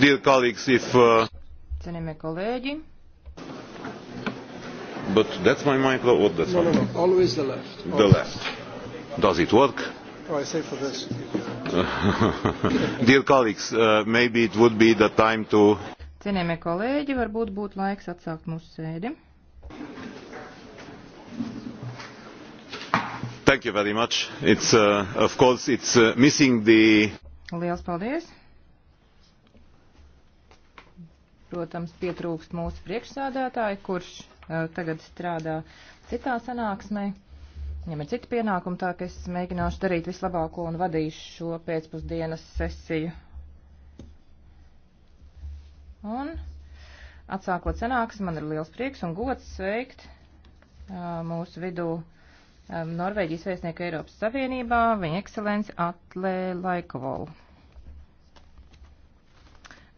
Dear colleagues, if. Uh... Cienījamie kolēģi. But that's my micro. What that's no, my no, no. Always the left. Always. The left. Does it work? Oh, I say for this. Dear colleagues, uh, maybe it would be the time to. Cienījamie kolēģi, varbūt būtu laiks atsākt mūsu sēdi. Thank you very much. It's, uh, of course, it's uh, missing the. Liels paldies! protams, pietrūkst mūsu priekšsādātāja, kurš uh, tagad strādā citā sanāksmē. Viņam ir citi pienākumi, tā ka es mēģināšu darīt vislabāko un vadīšu šo pēcpusdienas sesiju. Un atsākot sanāksmi, man ir liels prieks un gods sveikt uh, mūsu vidū um, Norvēģijas vēstnieku Eiropas Savienībā, viņa ekscelenci Atlē Laikovolu.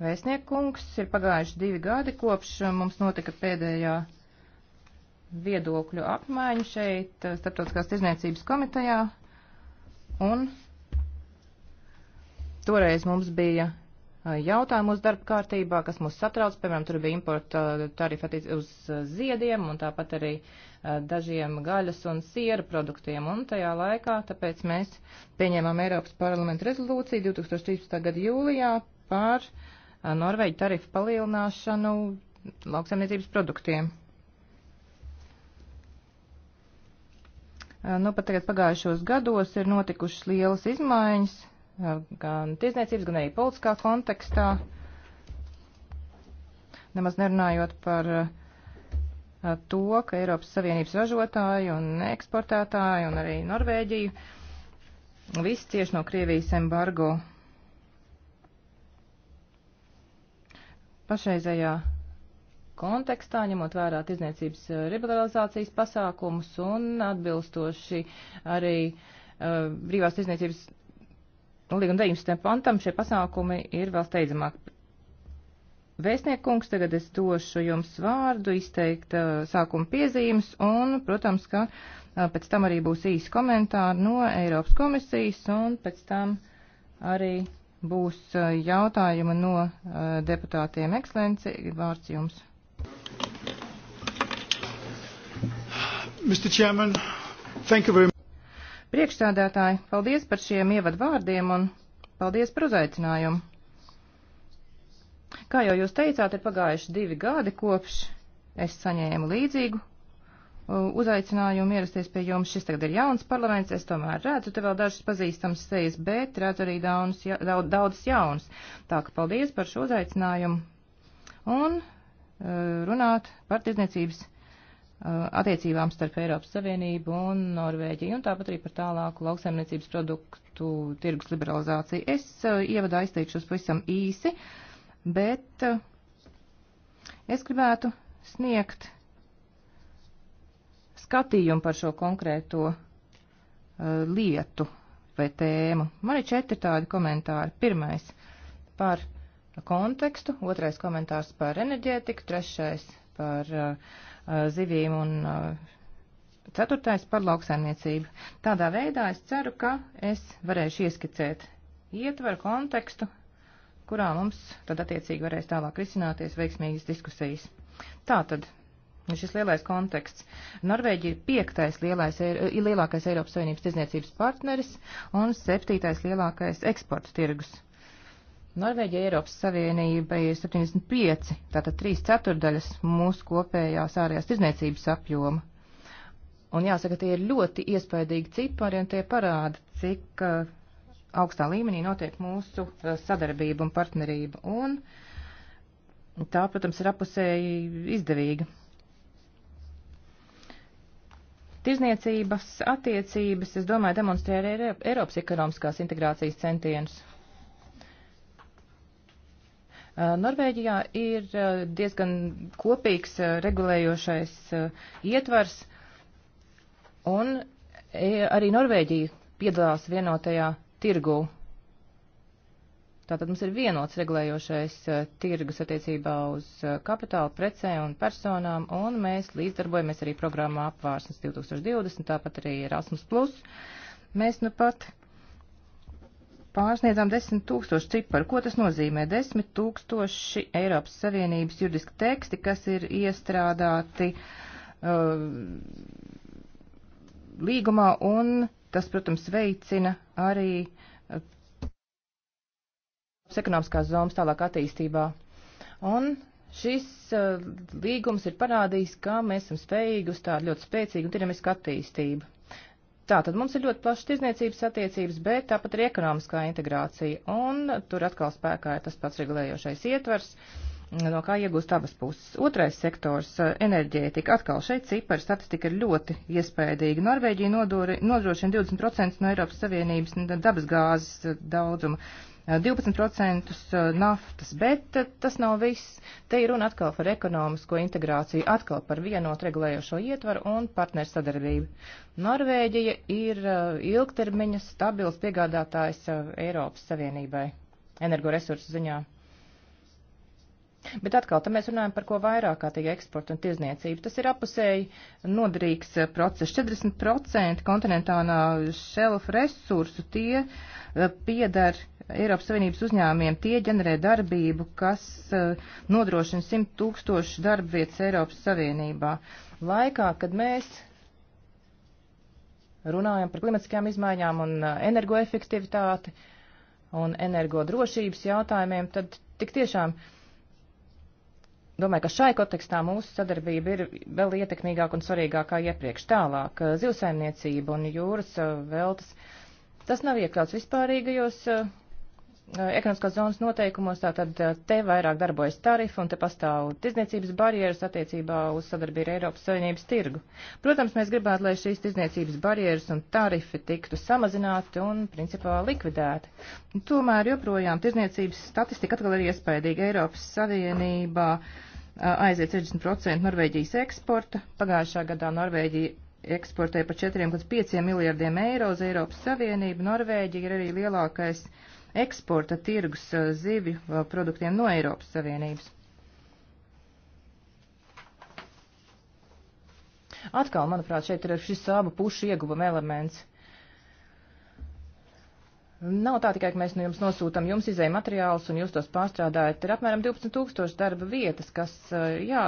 Vēstnieku kungs, ir pagājuši divi gadi kopš mums notika pēdējā viedokļu apmaiņa šeit eh, Starptautiskās tirzniecības komitejā, un toreiz mums bija eh, jautājumu uz darba kārtībā, kas mūs satrauc, piemēram, tur bija importa eh, tarifa uz ziediem un tāpat arī dažiem gaļas un siera produktiem. Un tajā laikā, tāpēc mēs pieņēmām Eiropas parlamenta rezolūciju 2013. gada jūlijā par uh, Norvēģi tarifu palielināšanu lauksaimniecības produktiem. Nu, pat tagad pagājušos gados ir notikušas lielas izmaiņas gan tiesniecības, gan arī politiskā kontekstā. Nemaz nerunājot par eh, to, ka Eiropas Savienības ražotāji un eksportētāji un arī Norvēģija viss cieši no Krievijas embargo pašreizējā kontekstā, ņemot vērā tirdzniecības eh, liberalizācijas pasākumus un atbilstoši arī uh, brīvās tirdzniecības līguma 19. pantam, šie pasākumi ir vēl steidzamāk. Vēstniekungs, tagad es došu jums vārdu, izteikt uh, sākuma piezīmes un, protams, ka uh, pēc tam arī būs īsi komentāri no Eiropas komisijas un pēc tam arī būs uh, jautājumi no uh, deputātiem. Ekscelenci, vārds jums. Mr. Chairman, thank you very much. Priekšstādātāji, paldies par šiem ievadvārdiem un paldies par uzaicinājumu. Kā jau jūs teicāt, ir pagājuši divi gadi kopš es saņēmu līdzīgu Uh, uzaicinājumu ierasties pie jums. Šis tagad ir jauns parlaments, es tomēr redzu te vēl dažas pazīstamas sejas, bet redzu arī daudz, daudz jaunas. Tā ka paldies par šo uzaicinājumu un uh, runāt par tirdzniecības uh, attiecībām starp Eiropas Savienību un Norvēģiju, un tāpat arī par tālāku lauksaimniecības produktu tirgus liberalizāciju. Es ievadā izteikšos pavisam īsi, bet es gribētu sniegt skatījumu par šo konkrēto uh, lietu vai tēmu. Man ir četri tādi komentāri. Pirmais par kontekstu, otrais komentārs par enerģētiku, trešais par uh, uh zivīm un uh, ceturtais par lauksaimniecību. Tādā veidā es ceru, ka es varēšu ieskicēt ietveru kontekstu, kurā mums tad attiecīgi varēs tālāk risināties veiksmīgas diskusijas. Tātad Šis lielais konteksts. Norvēģija ir piektais lielais, ir lielākais Eiropas Savienības tirzniecības partneris un septītais lielākais eksporta tirgus. Norvēģija Eiropas Savienība ir 75, tātad 3 ceturdaļas mūsu kopējās ārējās tirzniecības apjoma. Un jāsaka, tie ir ļoti iespaidīgi cipari un tie parāda, cik uh, augstā līmenī notiek mūsu uh, sadarbība un partnerība. Un tā, protams, ir apusēji izdevīga Tirzniecības attiecības, es domāju, demonstrē arī Eiropas ekonomiskās integrācijas centienus. Norvēģijā ir diezgan kopīgs regulējošais ietvars, un arī Norvēģija piedalās vienotajā tirgū Tātad mums ir vienots regulējošais eh, tirgus attiecībā uz eh, kapitālu, precē un personām, un mēs līdzdarbojamies arī programmā apvārsnes 2020, tāpat arī Erasmus. Mēs nu pat pārsniedzām 10 tūkstoši ciparu. Ko tas nozīmē? 10 tūkstoši Eiropas Savienības juridiski teksti, kas ir iestrādāti uh, līgumā, un tas, protams, veicina arī. Uh, ekonomiskās zomas tālāk attīstībā. Un šis uh, līgums ir parādījis, kā mēs esam spējīgi uz tādu ļoti spēcīgu un dinamisku attīstību. Tā tad mums ir ļoti plašas tirzniecības attiecības, bet tāpat ir ekonomiskā integrācija, un tur atkal spēkā ir tas pats regulējošais ietvers, mm, no kā iegūst abas puses. Otrais sektors eh, - enerģētika. Atkal šeit cipari statistika ir ļoti iespējīga. Norvēģija nodrošina 20% no Eiropas Savienības dabas gāzes eh, daudzuma. Uh, 12% eh, eh, naftas, bet eh, tas nav viss. Te ir runa atkal par ekonomisko integrāciju, atkal par vienotu regulējošo ietvaru un partneru sadarbību. Norvēģija ir ilgtermiņa stabils piegādātājs Eiropas Savienībai energoresursu ziņā. Bet atkal, tam mēs runājam par ko vairāk kā tikai eksportu un tirzniecību. Tas ir apusēji noderīgs eh, process. 40% kontinentālā šelfa resursu tie eh, piedar Eiropas Savienības uzņēmiem, tie ģenerē darbību, kas eh, nodrošina 100 tūkstošu darba vietas Eiropas Savienībā. Laikā, kad mēs runājam par klimatiskajām izmaiņām un energoefektivitāti un energodrošības jautājumiem, tad tik tiešām uh, Domāju, ka šai kontekstā mūsu sadarbība ir vēl ietekmīgāka un svarīgākā iepriekš. Tālāk, eh, zivsaimniecība un jūras eh, veltas. Tas nav iekļauts vispārīgajos eh, ekonomiskās zonas noteikumos, tātad te vairāk darbojas tarifa un te pastāv tirdzniecības barjeras attiecībā uz sadarbību Eiropas Savienības tirgu. Protams, mēs gribētu, lai šīs tirdzniecības barjeras un tarifi tiktu samazināti un principā likvidēti. Tomēr joprojām tirdzniecības statistika atkal ir iespaidīga Eiropas Savienībā. Uh, aiziet 60% Norvēģijas eksporta. Pagājušā gadā Norvēģija eksportēja par 4,5 miljardiem eiro uz Eiropas Savienību. Norvēģija ir arī lielākais eksporta tirgus zivju produktiem no Eiropas Savienības. Atkal, manuprāt, šeit ir šis abu pušu ieguvuma elements. Nav tā tikai, ka mēs no nu jums nosūtam jums izēja materiālus un jūs tos pārstrādājat. Ir apmēram 12 tūkstoši darba vietas, kas, eh, jā,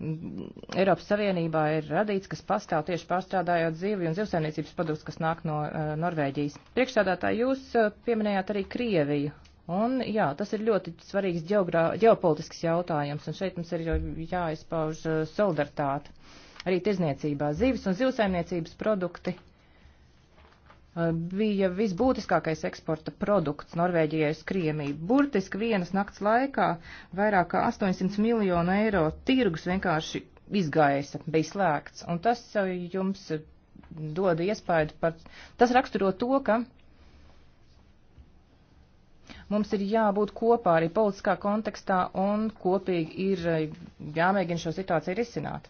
Eiropas Savienībā ir radīts, kas pastāv tieši pārstrādājot zīvi un zivsainiecības produktus, kas nāk no uh, Norvēģijas. Priekšstādātāji, jūs eh, pieminējāt arī Krieviju. Un, jā, tas ir ļoti svarīgs ģeogrā, ģeopolitisks jautājums, un šeit mums ir jāizpauž solidaritāte. Arī tirzniecībā zīves un zivsainiecības produkti bija visbūtiskākais eksporta produkts Norvēģijai uz Krieviju. Burtiski vienas nakts laikā vairāk kā 800 miljonu eiro tirgus vienkārši izgaisa, bija slēgts. Un tas jums dod iespēju par, tas raksturo to, ka mums ir jābūt kopā arī politiskā kontekstā un kopīgi ir jāmēģina šo situāciju risināt.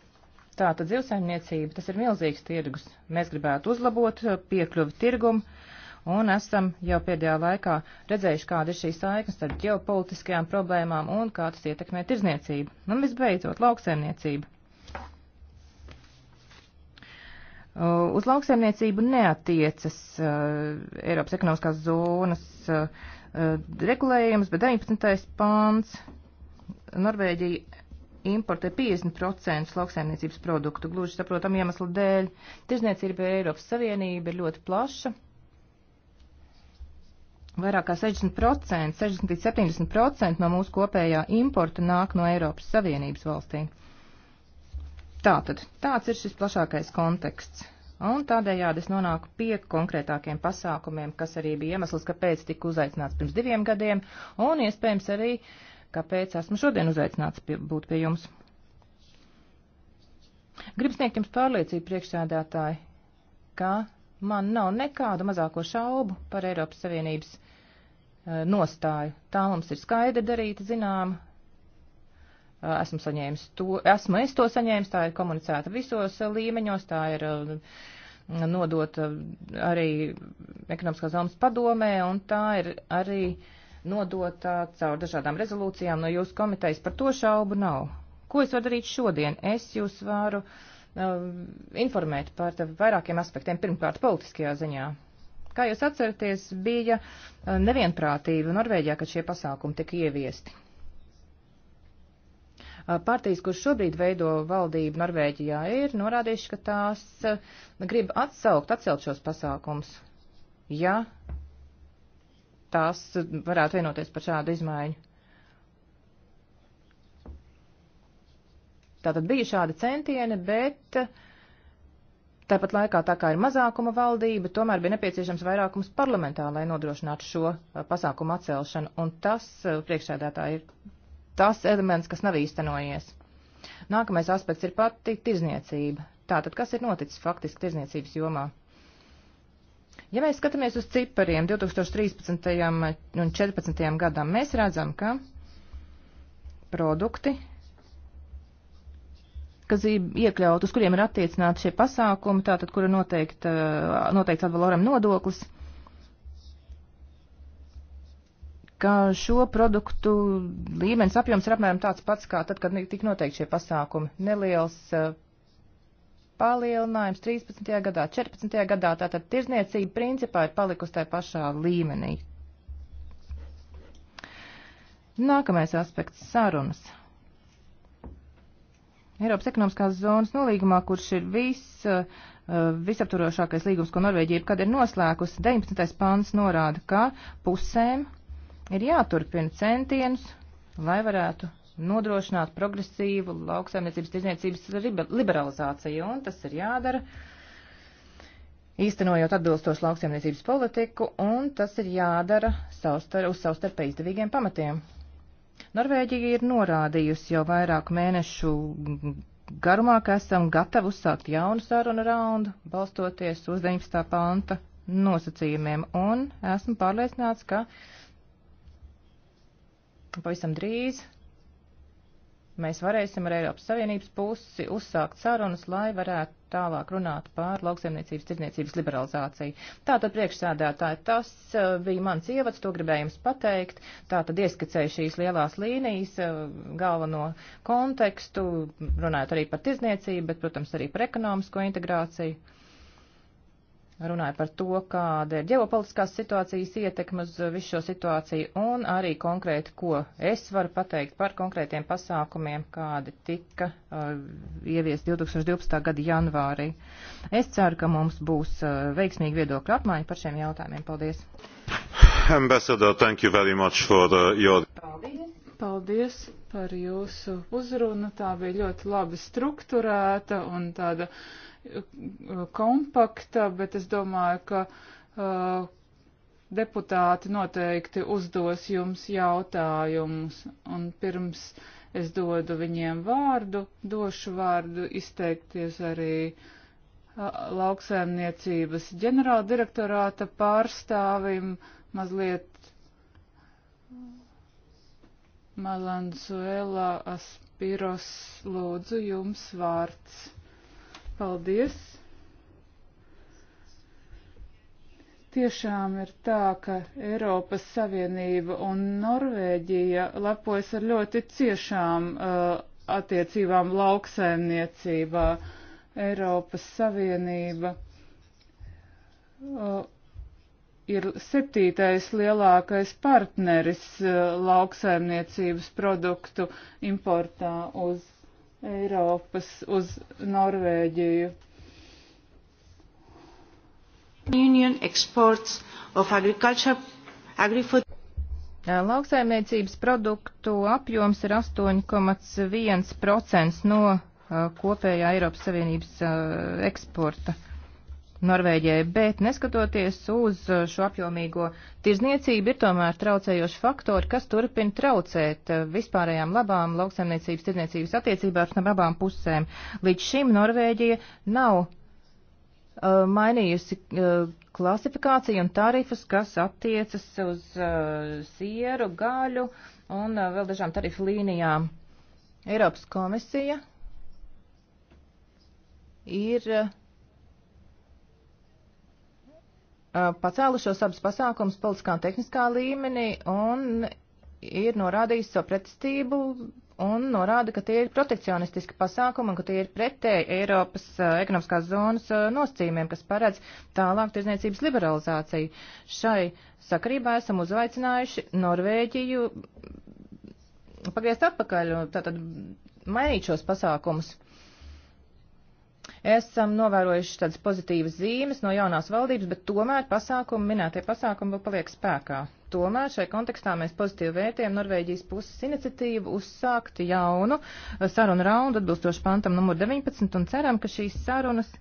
Tā tad zivsaimniecība, tas ir milzīgs tirgus. Mēs gribētu uzlabot eh, piekļuvi tirgumu un esam jau pēdējā laikā redzējuši, kāda ir šī saikne starp ģeopolitiskajām problēmām un kā tas ietekmē tirzniecību. Nu, un visbeidzot, lauksaimniecība. Eh, uz lauksaimniecību neatiecas uh, Eiropas ekonomiskās zonas uh, regulējums, bet 19. pāns Norvēģija importē 50% lauksaimniecības produktu, gluži saprotam iemeslu dēļ. Tirzniecība Eiropas Savienība ir ļoti plaša. Vairāk kā 60%, 60 līdz 70% no mūsu kopējā importa nāk no Eiropas Savienības valstīm. Tātad, tāds ir šis plašākais konteksts. Un tādējādi es nonāku pie konkrētākiem pasākumiem, kas arī bija iemesls, kāpēc tika uzaicināts pirms diviem gadiem, un iespējams arī uh, kāpēc esmu šodien uzaicināts pie, būt pie jums. Gribu sniegt jums pārliecību priekšsēdētāji, ka man nav nekādu mazāko šaubu par Eiropas Savienības uh, nostāju. Tā mums ir skaidri darīta, zinām. Uh, esmu saņēmis to, esmu es to saņēmis, tā ir komunicēta visos uh, līmeņos, tā ir nodota arī ekonomiskās zonas padomē, un tā ir arī uh, nodota caur dažādām rezolūcijām no jūsu komitejas. Par to šaubu nav. Ko es varu darīt šodien? Es jūs varu uh, informēt par vairākiem aspektiem, pirmkārt, politiskajā ziņā. Kā jūs atceraties, bija uh, nevienprātība Norvēģijā, kad šie pasākumi tika ieviesti. Uh, partijas, kurš šobrīd veido valdību Norvēģijā, ir norādījuši, ka tās grib atsaukt, atcelt šos pasākums, ja tās varētu vienoties par šādu izmaiņu. Tātad bija šādi centieni, bet tāpat laikā tā kā ir mazākuma valdība, tomēr bija nepieciešams vairākums parlamentā, lai nodrošinātu šo uh, pasākumu atcelšanu, un tas uh, priekšsēdētāji ir tas elements, kas nav īstenojies. Nākamais aspekts ir pati tirzniecība. Tātad, kas ir noticis faktiski tirzniecības jomā? Ja mēs skatāmies uz cipariem 2013. un 2014. gadam, mēs redzam, ka produkti, kas ir iekļauti, uz kuriem ir attiecināti šie pasākumi, tātad, kura noteikti, noteikti atvaloram nodoklis, ka šo produktu līmenis apjoms ir apmēram tāds pats, kā tad, kad tika noteikti šie pasākumi. Neliels palielinājums 13. gadā, 14. gadā, tātad tirzniecība principā ir palikusi tajā pašā līmenī. Nākamais aspekts - sarunas. Eiropas ekonomiskās zonas nolīgumā, kurš ir viss uh, visaptvarošākais līgums, ko Norvēģija jebkad ir noslēgusi, 19. pāns norāda, ka pusēm ir jāturpina centienus, lai varētu nodrošināt progresīvu lauksaimniecības tirdzniecības liberalizāciju, un tas ir jādara, īstenojot atbilstošu lauksaimniecības politiku, un tas ir jādara savstar, uz savstarpēji izdevīgiem pamatiem. Norvēģija ir norādījusi jau vairāku mēnešu garumā, ka esam gatavi uzsākt jaunu sarunu raundu, balstoties uz 19. panta nosacījumiem, un esmu pārliecināts, ka pavisam drīz mēs varēsim ar Eiropas Savienības pusi uzsākt sarunas, lai varētu tālāk runāt pār lauksaimniecības tirdzniecības liberalizāciju. Tātad priekšsēdētāji, tas uh, bija mans ievads, to gribēju jums pateikt. Tātad ieskicēju šīs lielās līnijas, uh, galveno kontekstu, runājot arī par tirdzniecību, bet, protams, arī par ekonomisko integrāciju runāja par to, kāda ir ģeopolitiskās situācijas ietekme uz visu šo situāciju un arī konkrēti, ko es varu pateikt par konkrētiem pasākumiem, kādi tika uh, ievies 2012. gada janvārī. Es ceru, ka mums būs uh, veiksmīgi viedokļu apmaiņa par šiem jautājumiem. Paldies! Ambassador, thank you very much for uh, your... Paldies! paldies par jūsu uzrunu. Tā bija ļoti labi strukturēta un tāda kompakta, bet es domāju, ka uh, deputāti noteikti uzdos jums jautājumus. Un pirms es dodu viņiem vārdu, došu vārdu izteikties arī uh, lauksēmniecības ģenerāldirektorāta pārstāvim mazliet Malanzuela Aspiros, lūdzu jums vārds. Paldies! Tiešām ir tā, ka Eiropas Savienība un Norvēģija lepojas ar ļoti ciešām uh, attiecībām lauksaimniecībā. Eiropas Savienība uh, ir septītais lielākais partneris uh, lauksaimniecības produktu importā uz Eiropas uz Norvēģiju. Union exports of agriculture, agrifood. Lauksaimniecības produktu apjoms ir 8,1% no kopējā Eiropas Savienības eksporta. Norvēģijai, bet neskatoties uz šo apjomīgo tirzniecību, ir tomēr traucējoši faktori, kas turpina traucēt eh, vispārējām labām lauksaimniecības tirzniecības attiecībām ar abām pusēm. Līdz šim Norvēģija nav uh, mainījusi uh, klasifikāciju un tarifus, kas attiecas uz uh, sieru, gaļu un uh, vēl dažām tarifu līnijām. Eiropas komisija ir. Uh, pacēlu šos abus pasākumus politiskā un tehniskā līmenī un ir norādījis savu pretestību un norāda, ka tie ir protekcionistiski pasākumi un ka tie ir pretēji Eiropas ekonomiskās zonas nosacījumiem, kas paredz tālāk tirzniecības liberalizāciju. Šai sakarībā esam uzvaicinājuši Norvēģiju pagriezt atpakaļ, tātad mainīt šos pasākumus. Esam novērojuši tādas pozitīvas zīmes no jaunās valdības, bet tomēr pasākumi, minētie pasākumi vēl paliek spēkā. Tomēr šai kontekstā mēs pozitīvi vērtējam Norvēģijas puses iniciatīvu uzsākt jaunu sarunu raundu atbilstoši pantam numur 19 un ceram, ka šīs sarunas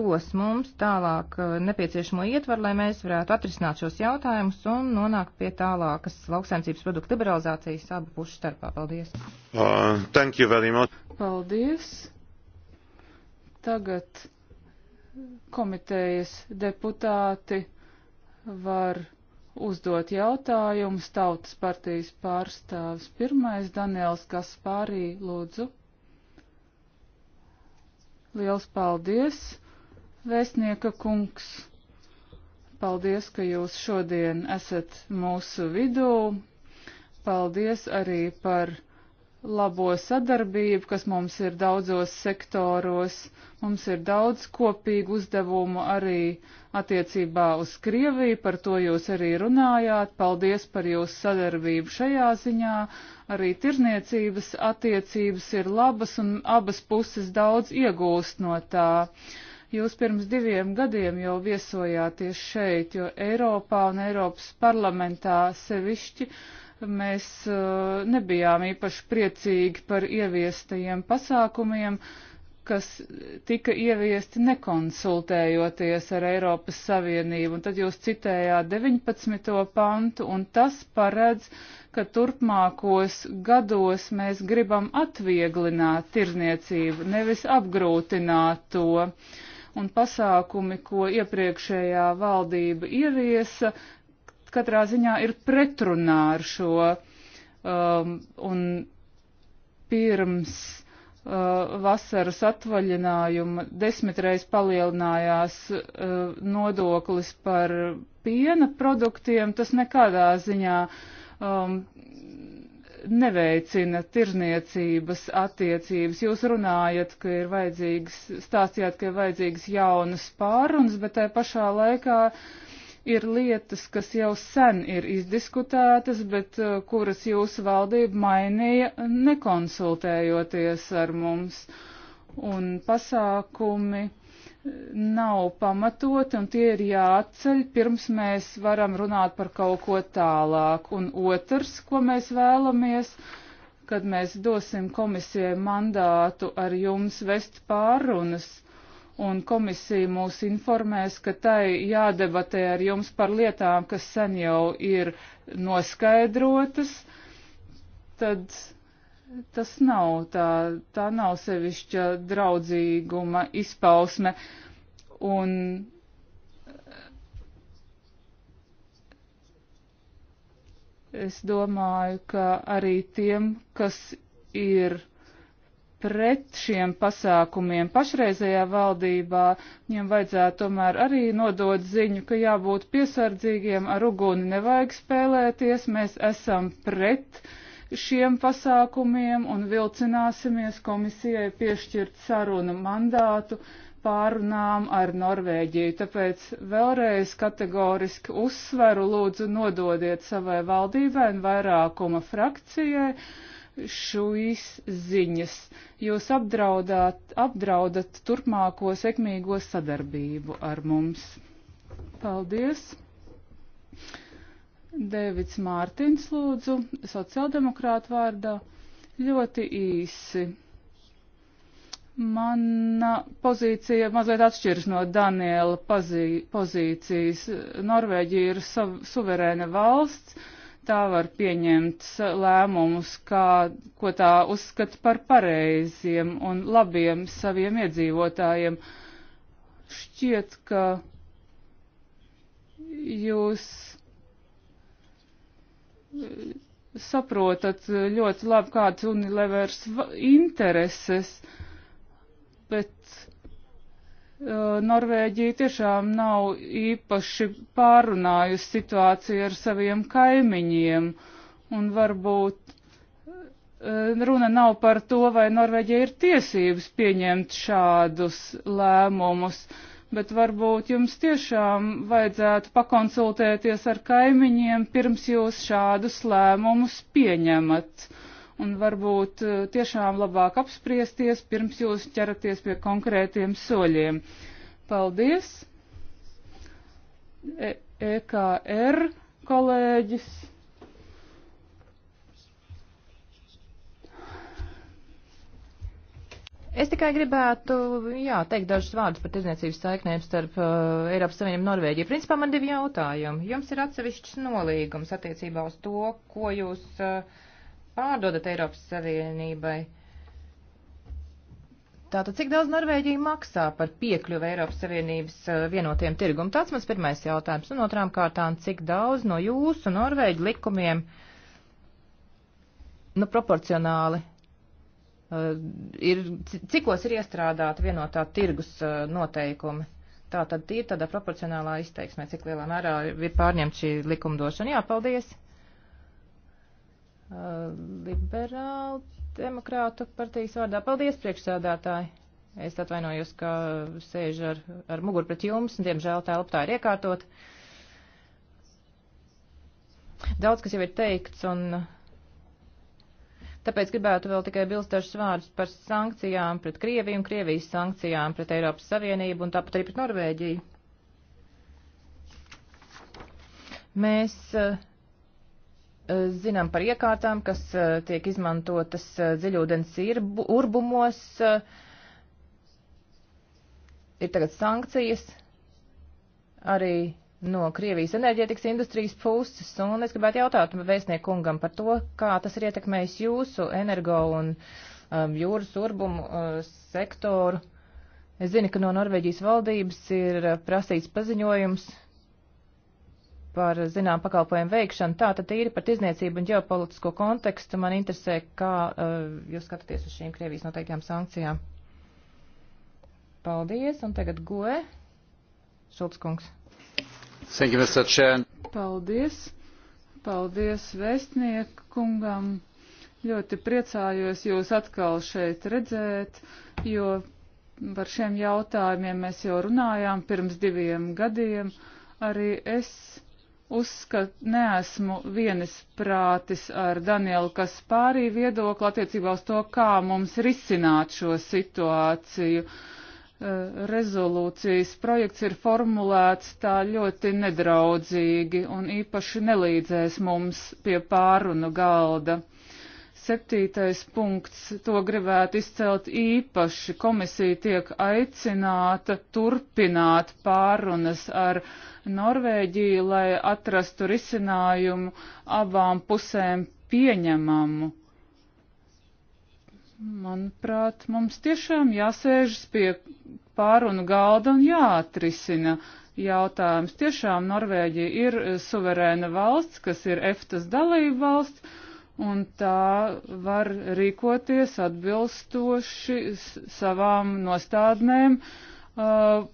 dos mums tālāk eh, nepieciešamo ietvaru, lai mēs varētu atrisināt šos jautājumus un nonākt pie tālākas lauksaimniecības produktu liberalizācijas abu pušu starpā. Paldies! Uh, thank you very much! Paldies! Tagad komitejas deputāti var uzdot jautājumus tautas partijas pārstāvis. Pirmais Daniels Kaspārī, lūdzu. Liels paldies, vēstnieka kungs. Paldies, ka jūs šodien esat mūsu vidū. Paldies arī par labo sadarbību, kas mums ir daudzos sektoros. Mums ir daudz kopīgu uzdevumu arī attiecībā uz Krieviju, par to jūs arī runājāt. Paldies par jūsu sadarbību šajā ziņā. Arī tirzniecības attiecības ir labas un abas puses daudz iegūst no tā. Jūs pirms diviem gadiem jau viesojāties šeit, jo Eiropā un Eiropas parlamentā sevišķi Mēs uh, nebijām īpaši priecīgi par ieviestajiem pasākumiem, kas tika ieviesti nekonsultējoties ar Eiropas Savienību. Un tad jūs citējāt 19. pantu, un tas paredz, ka turpmākos gados mēs gribam atvieglināt tirzniecību, nevis apgrūtināt to. Un pasākumi, ko iepriekšējā valdība ieviesa, katrā ziņā ir pretrunā ar šo. Um, un pirms uh, vasaras atvaļinājuma desmitreiz palielinājās uh, nodoklis par piena produktiem, tas nekādā ziņā um, neveicina tirzniecības attiecības. Jūs runājat, ka ir vajadzīgs, stāstījāt, ka ir vajadzīgas jaunas pārunas, bet tai pašā laikā uh, ir lietas, kas jau sen ir izdiskutētas, bet uh, kuras jūsu valdība mainīja nekonsultējoties ar mums. Un pasākumi uh, nav pamatoti, un tie ir jāatceļ, pirms mēs varam runāt par kaut ko tālāk. Un otrs, ko mēs vēlamies, kad mēs dosim komisijai mandātu ar jums vest pārunas un komisija mūs informēs, ka tai jādebatē ar jums par lietām, kas sen jau ir noskaidrotas, tad tas nav tā, tā nav sevišķa draudzīguma izpausme. Un es domāju, ka arī tiem, kas ir pret šiem pasākumiem pašreizējā valdībā, viņiem vajadzētu tomēr arī nodot ziņu, ka jābūt piesardzīgiem ar uguni, nevajag spēlēties, mēs esam pret šiem pasākumiem un vilcināsimies komisijai piešķirt sarunu mandātu pārunām ar Norvēģiju. Tāpēc vēlreiz kategoriski uzsveru lūdzu nododiet savai valdībai un vairākuma frakcijai šīs ziņas. Jūs apdraudāt, apdraudat turpmāko sekmīgo sadarbību ar mums. Paldies! Dēvids Mārtiņš lūdzu, sociāldemokrāta vārdā, ļoti īsi. Mana pozīcija mazliet atšķiras no Daniela pozī, pozīcijas. Norvēģija ir sav, suverēna valsts tā var pieņemt lēmumus, kā, ko tā uzskata par pareiziem un labiem saviem iedzīvotājiem. Šķiet, ka jūs eh, saprotat ļoti labi kāds Unilevers intereses, bet Eh, Norvēģija tiešām nav īpaši pārunājusi situāciju ar saviem kaimiņiem, un varbūt eh, runa nav par to, vai Norvēģija ir tiesības pieņemt šādus lēmumus, bet varbūt jums tiešām vajadzētu pakonsultēties ar kaimiņiem, pirms jūs šādus lēmumus pieņemat un varbūt eh, tiešām labāk apspriesties, pirms jūs ķeraties pie konkrētiem soļiem. Paldies! E EKR kolēģis. Es tikai gribētu, jā, teikt dažus vārdus par tirdzniecības saiknēm starp uh, Eiropas Savienību un Norvēģiju. Principā man divi jautājumi. Jums ir atsevišķs nolīgums attiecībā uz to, ko jūs uh, pārdodat Eiropas Savienībai. Tātad, cik daudz Norvēģija maksā par piekļuvu Eiropas Savienības eh, vienotiem tirgumam? Tāds mans pirmais jautājums. Un otrām kārtām, cik daudz no jūsu Norvēģu likumiem, nu, proporcionāli, eh, ir, cikos ir iestrādāti vienotā tirgus eh, noteikumi? Tātad, ir tādā proporcionālā izteiksmē, cik lielā mērā ir pārņemta šī likumdošana. Jā, paldies! Uh, liberālu demokrātu partijas vārdā. Paldies, priekšsēdētāji! Es atvainojos, ka sēžu ar, ar muguru pret jums, un, diemžēl, telpa tā, tā ir iekārtot. Daudz, kas jau ir teikts, un tāpēc gribētu vēl tikai bilst dažus vārdus par sankcijām pret Krieviju un Krievijas sankcijām pret Eiropas Savienību un tāpat arī pret Norvēģiju. Mēs uh, zinām par iekārtām, kas eh, tiek izmantotas eh, dziļūdens urbumos. Ir tagad sankcijas arī no Krievijas enerģētikas industrijas puses, un es gribētu jautāt vēstniekungam par to, kā tas ir ietekmējis jūsu energo un um, jūras urbumu uh, sektoru. Es zinu, ka no Norvēģijas valdības ir uh, prasīts paziņojums uh, par zinām pakalpojumu veikšanu. Tā tad tīri par tirzniecību un ģeopolitisko kontekstu man interesē, kā uh, jūs skatāties uz šīm Krievijas noteiktajām sankcijām. Paldies, un tagad goe. Šulc kungs. Paldies. Paldies vēstnieku kungam. Ļoti priecājos jūs atkal šeit redzēt, jo par šiem jautājumiem mēs jau runājām pirms diviem gadiem. Arī es uzskat, neesmu vienas prātis ar Danielu Kaspārī viedokli attiecībā uz to, kā mums risināt šo situāciju. Eh, rezolūcijas projekts ir formulēts tā ļoti nedraudzīgi un īpaši nelīdzēs mums pie pārunu galda. Septītais punkts, to gribētu izcelt īpaši. Komisija tiek aicināta turpināt pārunas ar Norvēģiju, lai atrastu risinājumu abām pusēm pieņemamu. Manuprāt, mums tiešām jāsēžas pie pārunu galda un jāatrisina jautājums. Tiešām Norvēģija ir suverēna valsts, kas ir EFTAS dalība valsts un tā var rīkoties atbilstoši savām nostādnēm, uh,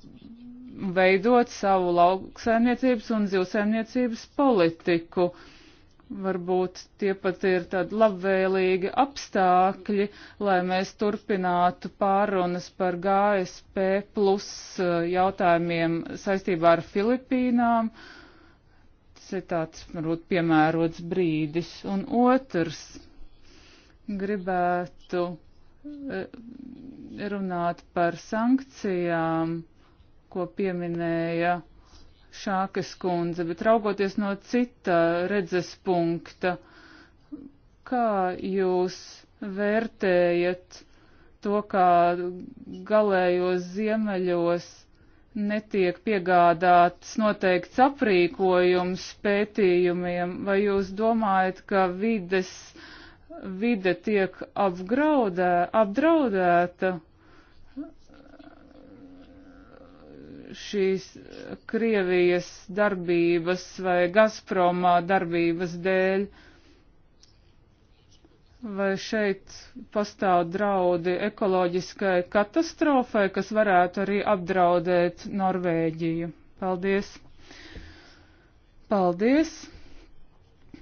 veidot savu lauksaimniecības un zivsaimniecības politiku. Varbūt tie pat ir tādi labvēlīgi apstākļi, lai mēs turpinātu pārunas par GSP plus uh, jautājumiem saistībā ar Filipīnām. Uh, ir tāds, varbūt, piemērots brīdis. Un otrs, gribētu e, runāt par sankcijām, ko pieminēja Šākas kundze, bet raugoties no cita redzes punkta, kā jūs vērtējat to, kā galējos ziemeļos netiek piegādāts noteikts aprīkojums pētījumiem, vai jūs domājat, ka vides, vide tiek apgraudē, apdraudēta šīs Krievijas darbības vai Gazpromā darbības dēļ? vai šeit pastāv draudi ekoloģiskai katastrofai, kas varētu arī apdraudēt Norvēģiju. Paldies! Paldies!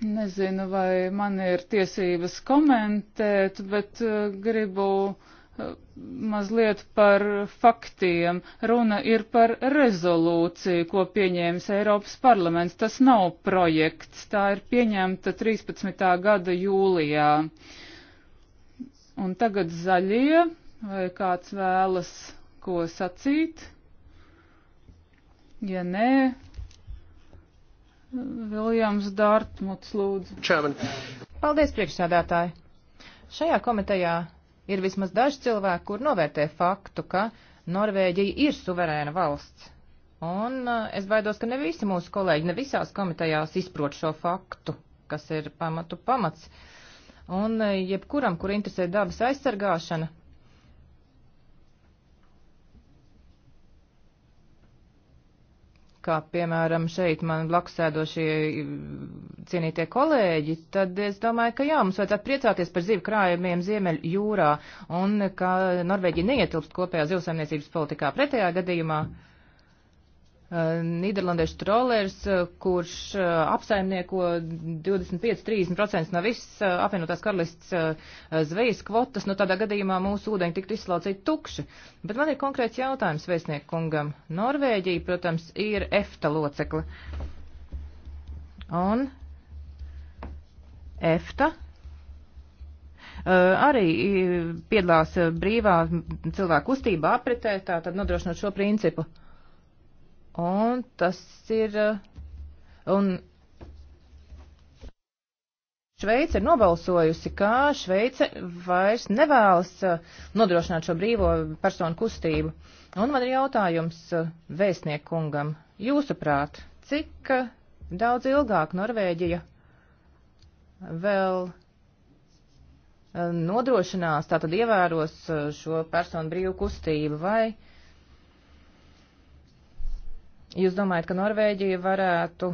Nezinu, vai man ir tiesības komentēt, bet eh, gribu uh, mazliet par faktiem. Runa ir par rezolūciju, ko pieņēmis Eiropas parlaments. Tas nav projekts, tā ir pieņemta 13. gada jūlijā. Un tagad zaļie, vai kāds vēlas ko sacīt? Ja nē, Viljams Dārtmuts lūdzu. Čermen. Paldies, priekšsādātāji. Šajā komitejā Ir vismaz daži cilvēki, kur novērtē faktu, ka Norvēģija ir suverēna valsts. Un eh, es baidos, ka ne visi mūsu kolēģi, ne visās komitejās izprot šo faktu, kas ir pamatu pamats. Un eh, jebkuram, kur interesē dabas aizsargāšana, kā piemēram šeit man blakus sēdošie cienītie kolēģi, tad es domāju, ka jā, mums vajadzētu priecāties par zivju krājumiem Ziemeļu jūrā un ka Norvēģija neietilpst kopējā zivsaimniecības politikā pretējā gadījumā. Mm. Nīderlandiešu trolērs, kurš eh, apsaimnieko 25-30% no visas eh, apvienotās karalists eh, zvejas kvotas, nu tādā gadījumā mūsu ūdeņi tiktu izslaucīti tukši. Bet man ir konkrēts jautājums vēstnieku kungam. Norvēģija, protams, ir EFTA locekla. Un EFTA arī piedalās brīvā cilvēku kustībā apritē, tā tad nodrošinot šo principu. Uh, Un tas ir. Uh, un Šveice ir nobalsojusi, ka Šveice vairs nevēlas uh, nodrošināt šo brīvo personu kustību. Un man ir jautājums uh, vēstniekungam. Jūsuprāt, cik daudz ilgāk Norvēģija vēl nodrošinās, tātad ievēros šo personu brīvu kustību vai? Jūs domājat, ka Norvēģija varētu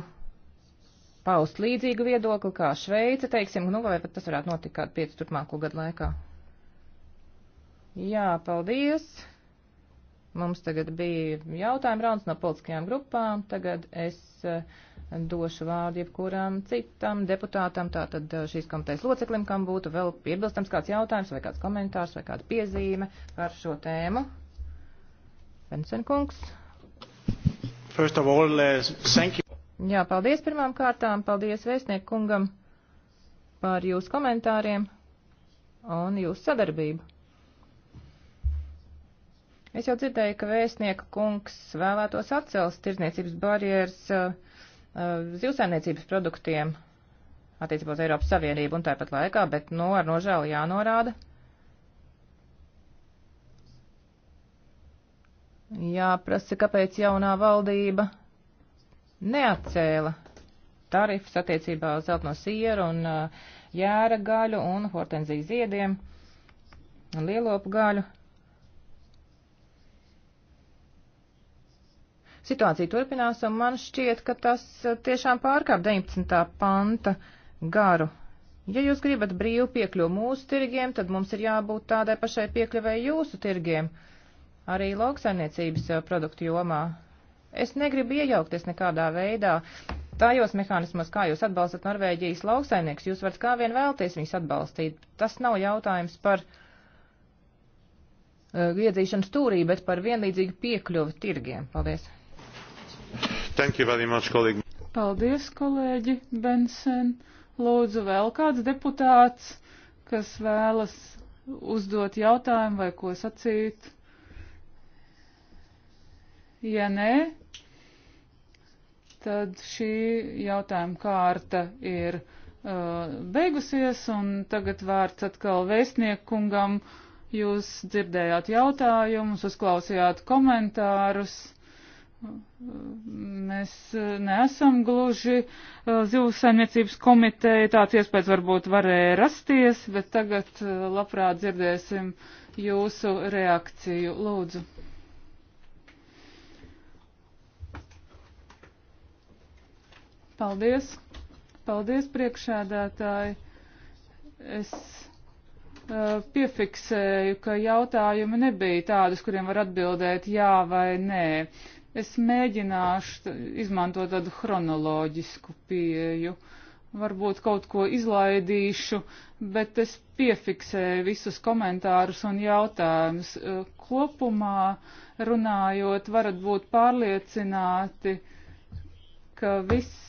paust līdzīgu viedokli kā Šveice, teiksim, nu, vai pat tas varētu notikt kādu piecu turpmāko gadu laikā? Jā, paldies. Mums tagad bija jautājuma rauns no politiskajām grupām. Tagad es eh, došu vārdu jebkuram citam deputātam, tātad eh, šīs komitejas loceklim, kam būtu vēl piebilstams kāds jautājums vai kāds komentārs vai kāda piezīme par šo tēmu. Bensenkungs. First of all, uh, thank you. Jā, paldies pirmām kārtām, paldies vēstnieku kungam par jūsu komentāriem un jūsu sadarbību. Es jau dzirdēju, ka vēstnieka kungs vēlētos atcelst tirzniecības barjeras uh, uh, zivsaimniecības produktiem attiecībā uz Eiropas Savienību un tāpat laikā, bet, nu, ar nožēlu jānorāda, Jāprasa, kāpēc jaunā valdība neatcēla tarifus attiecībā uz zeltno sieru un uh, jēra gaļu un hortenziju ziediem un lielopu gaļu. Situācija turpinās, un man šķiet, ka tas uh, tiešām pārkāp 19. panta garu. Ja jūs gribat brīvu piekļuvu mūsu tirgiem, tad mums ir jābūt tādai pašai piekļuvēji jūsu tirgiem. Uh, arī lauksaimniecības eh, produktu jomā. Es negribu iejaukties nekādā veidā tajos mehānismos, kā jūs atbalstat Norvēģijas lauksaimnieks. Jūs varat kā vien vēlties viņus atbalstīt. Tas nav jautājums par uh, eh, iedzīšanu stūrī, bet par vienlīdzīgu piekļuvu tirgiem. Paldies! Thank you very much, kolēģi. Paldies, kolēģi Bensen. Lūdzu, vēl kāds deputāts, kas vēlas uzdot jautājumu vai ko sacīt. Ja nē, tad šī jautājuma kārta ir uh, beigusies, un tagad vārds atkal vēstniekungam. Jūs dzirdējāt jautājumus, uzklausījāt komentārus. Mēs uh, neesam gluži uh, zivs saimniecības komiteja, tāds iespējas varbūt varēja rasties, bet tagad uh, labprāt dzirdēsim jūsu reakciju. Lūdzu. Paldies! Paldies, priekšēdētāji! Es uh, piefiksēju, ka jautājumi nebija tādus, kuriem var atbildēt jā vai nē. Es mēģināšu izmantot tādu chronoloģisku pieju. Varbūt kaut ko izlaidīšu, bet es piefiksēju visus komentārus un jautājumus. Kopumā runājot, varat būt pārliecināti, ka viss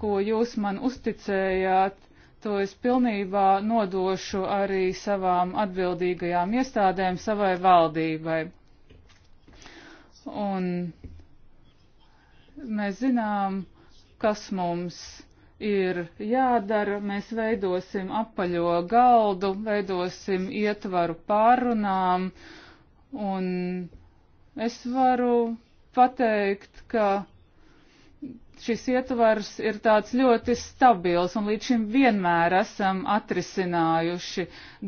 ko jūs man uzticējāt, to es pilnībā nodošu arī savām atbildīgajām iestādēm, savai valdībai. Un mēs zinām, kas mums ir jādara. Mēs veidosim apaļo galdu, veidosim ietvaru pārunām, un es varu pateikt, ka šis ietvars ir tāds ļoti stabils un līdz šim vienmēr esam atrisinājuši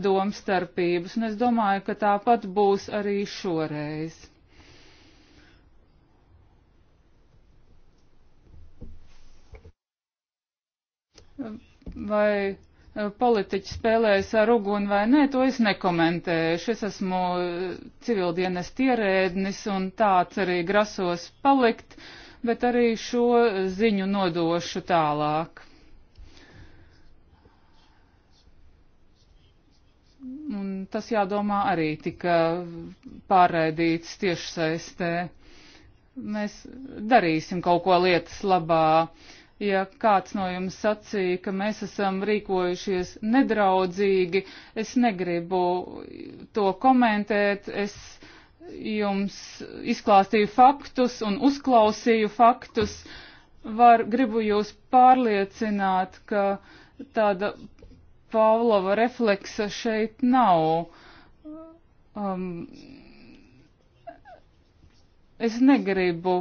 domstarpības, un es domāju, ka tāpat būs arī šoreiz. Vai e, politiķi spēlējas ar uguni vai nē, to es nekomentēšu. Es esmu e, civildienes ierēdnis un tāds arī grasos palikt. Uh, bet arī šo ziņu nodošu tālāk. Un tas jādomā arī tika pārraidīts tiešsaistē. Mēs darīsim kaut ko lietas labā. Ja kāds no jums sacīja, ka mēs esam rīkojušies nedraudzīgi, es negribu to komentēt. Es, uh, jums izklāstīju faktus un uzklausīju faktus. Var, gribu jūs pārliecināt, ka tāda Pāvlova refleksa šeit nav. Um, es negribu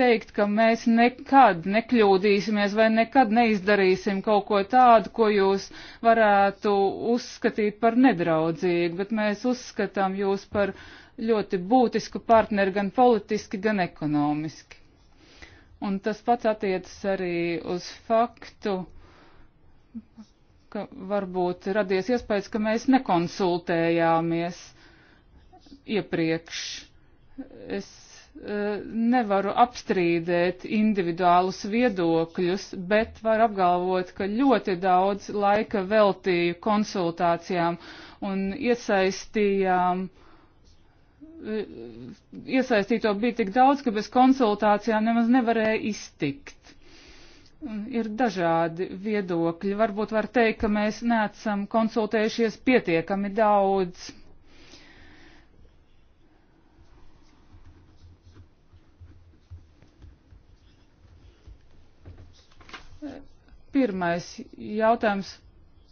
teikt, ka mēs nekad nekļūdīsimies vai nekad neizdarīsim kaut ko tādu, ko jūs varētu uzskatīt par nedraudzīgu, bet mēs uzskatām jūs par ļoti būtisku partneri gan politiski, gan ekonomiski. Un tas pats attiecas arī uz faktu, ka varbūt radies iespējas, ka mēs nekonsultējāmies iepriekš. Es e, nevaru apstrīdēt individuālus viedokļus, bet varu apgalvot, ka ļoti daudz laika veltīju konsultācijām un iesaistījām uh, Eh, iesaistīto bija tik daudz, ka bez konsultācijām nemaz nevarēja iztikt. Ir dažādi viedokļi. Varbūt var teikt, ka mēs neesam konsultējušies pietiekami daudz. Pirmais jautājums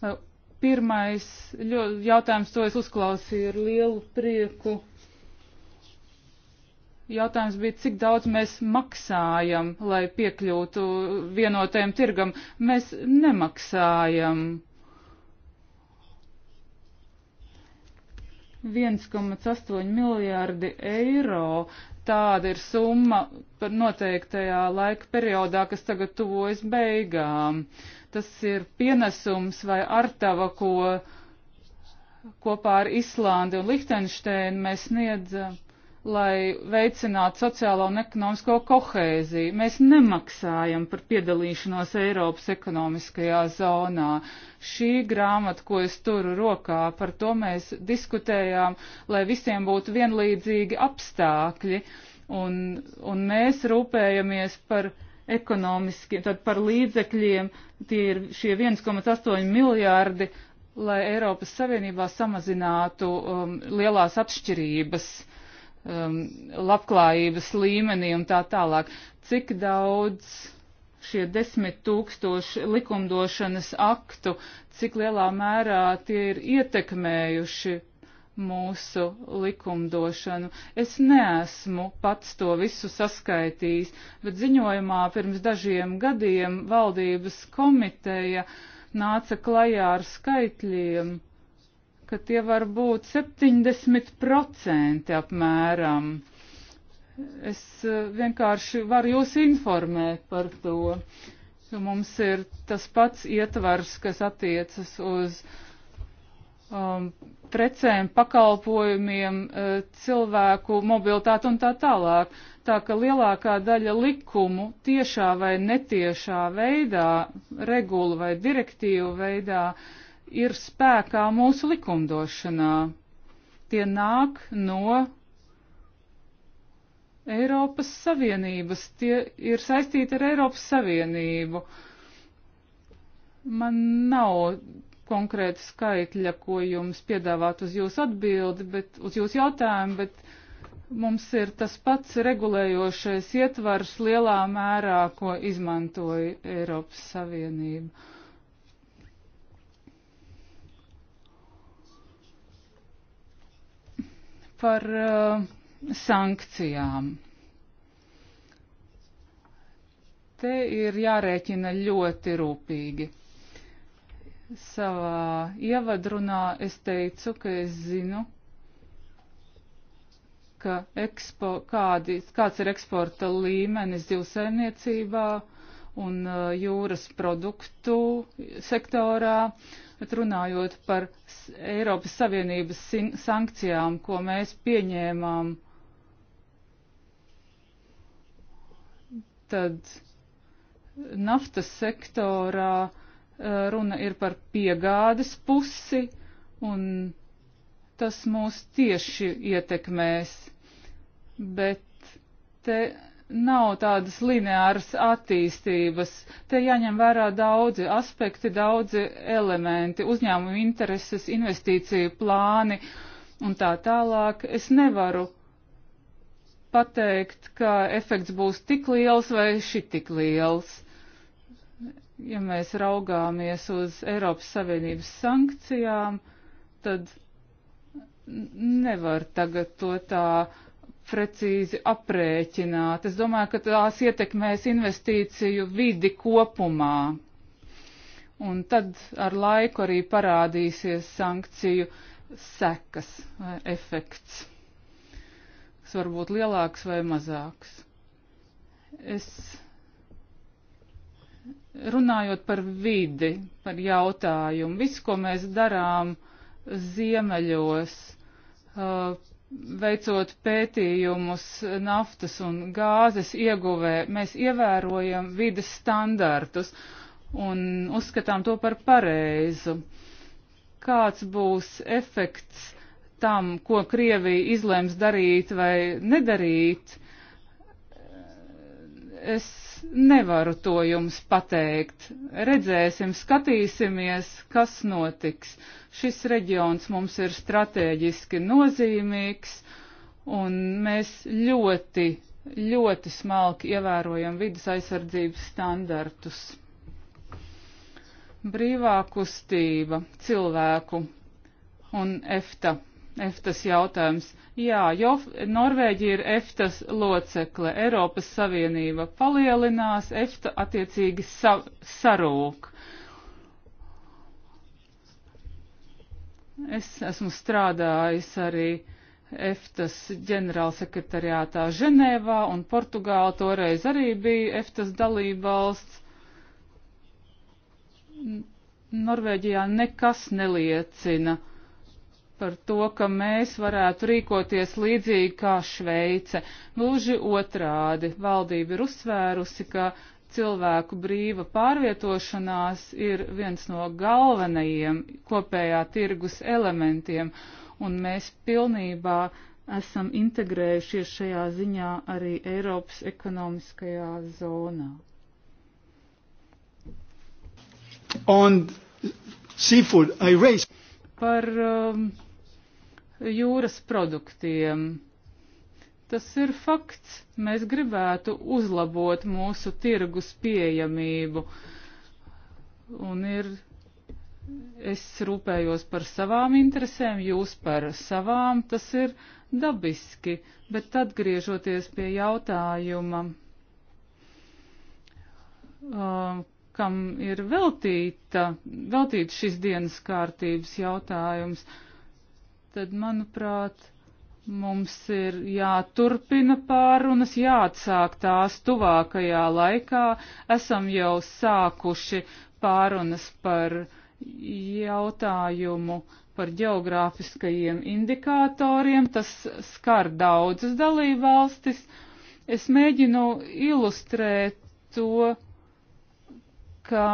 eh, pirmais ļo, jautājums, to es uzklausīju ar lielu prieku. Jautājums bija, cik daudz mēs maksājam, lai piekļūtu vienotajam tirgam. Mēs nemaksājam. 1,8 miljārdi eiro. Tāda ir summa par noteiktajā laika periodā, kas tagad tuvojas beigām. Tas ir pienesums vai artava, ko kopā ar Islandi un Lihtenšteinu mēs sniedzam lai veicinātu sociālo un ekonomisko kohēziju. Mēs nemaksājam par piedalīšanos Eiropas ekonomiskajā zonā. Šī grāmata, ko es turu rokā, par to mēs diskutējām, lai visiem būtu vienlīdzīgi apstākļi, un, un mēs rūpējamies par ekonomiskiem, tad par līdzekļiem, tie ir šie 1,8 miljārdi, lai Eiropas Savienībā samazinātu um, lielās atšķirības uh, um, labklājības līmenī un tā tālāk. Cik daudz šie desmit tūkstoši likumdošanas aktu, cik lielā mērā tie ir ietekmējuši mūsu likumdošanu. Es neesmu pats to visu saskaitījis, bet ziņojumā pirms dažiem gadiem valdības komiteja nāca klajā ar skaitļiem, ka tie var būt 70% apmēram. Es eh, vienkārši varu jūs informēt par to, jo mums ir tas pats ietvars, kas attiecas uz um, precēm, pakalpojumiem, eh, cilvēku mobilitāti un tā tālāk. Tā ka lielākā daļa likumu tiešā vai netiešā veidā, regulu vai direktīvu veidā uh, ir spēkā mūsu likumdošanā. Tie nāk no Eiropas Savienības, tie ir saistīti ar Eiropas Savienību. Man nav konkrēta skaitļa, ko jums piedāvāt uz jūsu atbildi, bet uz jūsu jautājumu, bet mums ir tas pats regulējošais ietvars lielā mērā, ko izmantoja Eiropas Savienība. par uh, sankcijām. Te ir jārēķina ļoti rūpīgi. Savā ievadrunā es teicu, ka es zinu, ka ekspo, kādi, kāds ir eksporta līmenis divsaimniecībā un uh, jūras produktu sektorā, bet runājot par Eiropas Savienības sankcijām, ko mēs pieņēmām, tad naftas sektorā uh, runa ir par piegādes pusi, un tas mūs tieši ietekmēs. Bet te nav tādas lineāras attīstības. Te jāņem vērā daudzi aspekti, daudzi elementi, uzņēmumu intereses, investīciju plāni un tā tālāk. Es nevaru pateikt, ka efekts būs tik liels vai šitik liels. Ja mēs raugāmies uz Eiropas Savienības sankcijām, tad nevar tagad to tā uh, precīzi aprēķināt. Es domāju, ka tās ietekmēs investīciju vidi kopumā. Un tad ar laiku arī parādīsies sankciju sekas vai efekts, kas var būt lielāks vai mazāks. Es runājot par vidi, par jautājumu, visu, ko mēs darām ziemeļos, uh, veicot pētījumus naftas un gāzes ieguvē, mēs ievērojam vides standartus un uzskatām to par pareizu. Kāds būs efekts tam, ko Krievija izlems darīt vai nedarīt? Es nevaru to jums pateikt. Redzēsim, skatīsimies, kas notiks. Šis reģions mums ir strateģiski nozīmīgs, un mēs ļoti, ļoti smalki ievērojam vidas aizsardzības standartus. Brīvā kustība cilvēku un EFTA EFTAS jautājums. Jā, jo Norvēģija ir EFTAS locekle, Eiropas Savienība palielinās, EFTA attiecīgi sa sarūk. Es esmu strādājis arī EFTAS ģenerālsekretariātā Ženēvā un Portugāla toreiz arī bija EFTAS dalībvalsts. Norvēģijā nekas neliecina par to, ka mēs varētu rīkoties līdzīgi kā Šveice. Gluži otrādi, valdība ir uzsvērusi, ka cilvēku brīva pārvietošanās ir viens no galvenajiem kopējā tirgus elementiem, un mēs pilnībā esam integrējušies šajā ziņā arī Eiropas ekonomiskajā zonā. On seafood, I raise. Par um, jūras produktiem. Tas ir fakts. Mēs gribētu uzlabot mūsu tirgus pieejamību. Un ir, es rūpējos par savām interesēm, jūs par savām, tas ir dabiski. Bet atgriežoties pie jautājuma, uh, kam ir veltīta, veltīts šis dienas kārtības jautājums, uh, tad, manuprāt, mums ir jāturpina pārunas, jāatsāk tās tuvākajā laikā. Esam jau sākuši pārunas par jautājumu par geogrāfiskajiem indikatoriem. Tas skar daudzas dalībvalstis. Es mēģinu ilustrēt to, ka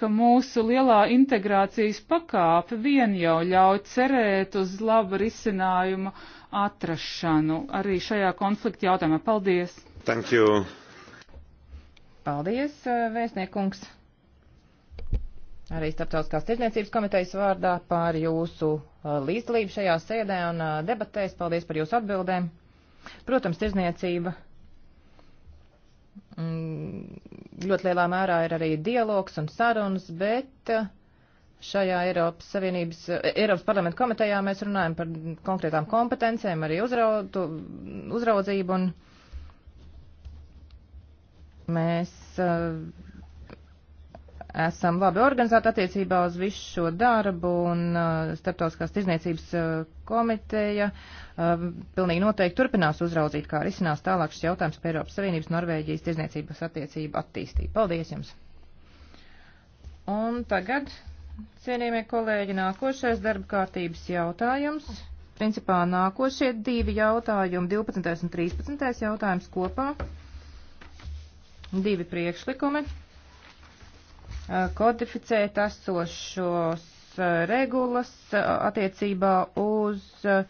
ka mūsu lielā integrācijas pakāpe vien jau ļauj cerēt uz labu risinājumu atrašanu arī šajā konflikta jautājumā. Paldies! Thank you! Paldies, eh, vēstniekungs! Arī Starptautiskās tirdzniecības komitejas vārdā par jūsu eh, līdzdalību šajā sēdē un eh, debatēs. Paldies par jūsu atbildēm. Protams, tirdzniecība. Mm, ļoti lielā mērā ir arī dialogs un sarunas, bet eh, šajā Eiropas Savienības, eh, Eiropas parlamenta komitejā mēs runājam par konkrētām kompetencijām, arī uzraudu, uzraudzību un mēs eh, esam labi organizēti attiecībā uz visu šo darbu un uh, starptautiskās tirzniecības uh, komiteja uh, pilnīgi noteikti turpinās uzraudzīt, kā risinās tālāk šis jautājums par Eiropas Savienības Norvēģijas tirzniecības attiecību attīstību. Paldies jums! Un tagad, cienījamie kolēģi, nākošais darba kārtības jautājums. Principā nākošie divi jautājumi, 12. un 13. jautājums kopā. Divi priekšlikumi kodificēt esošos eh, regulas eh, attiecībā uz eh,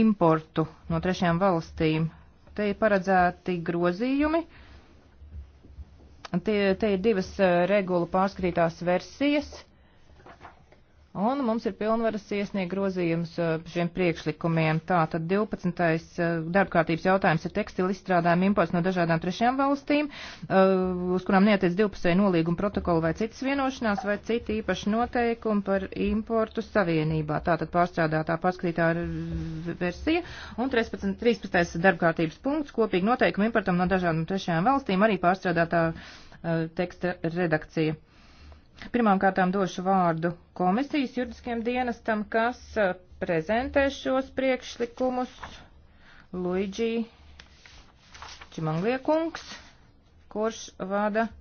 importu no trešajām valstīm. Te ir paredzēti grozījumi. Te, te ir divas regulu pārskatītās versijas. Un mums ir pilnvaras iesniegt grozījumus uh, šiem priekšlikumiem. Tātad 12. Uh, darbkārtības jautājums ir tekstila izstrādājuma imports no dažādām trešajām valstīm, uh, uz kurām neatiec divpusēja nolīguma protokola vai citas vienošanās vai citi īpaši noteikumi par importu savienībā. Tātad pārstrādātā pārskatītā versija. Un 13. 13. darbkārtības punkts kopīgi noteikumi importam no dažādām trešajām valstīm arī pārstrādātā teksta redakcija. Pirmām kārtām došu vārdu komisijas juridiskiem dienestam, kas uh, prezentēs šos priekšlikumus. Luigi Čimangliekungs, kurš vada uh,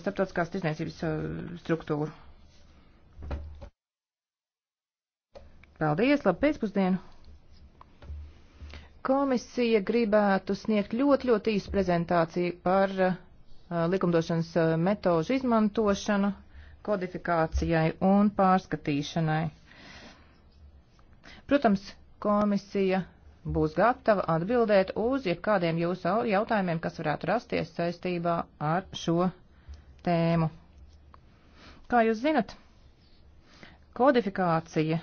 starptautiskās tirzniecības uh, struktūru. Paldies, labu pēcpusdienu! Komisija gribētu sniegt ļoti, ļoti īsu prezentāciju par uh, Uh, likumdošanas uh, metožu izmantošanu, kodifikācijai un pārskatīšanai. Protams, komisija būs gatava atbildēt uz jebkādiem jūsu jautājumiem, kas varētu rasties saistībā ar šo tēmu. Kā jūs zinat, kodifikācija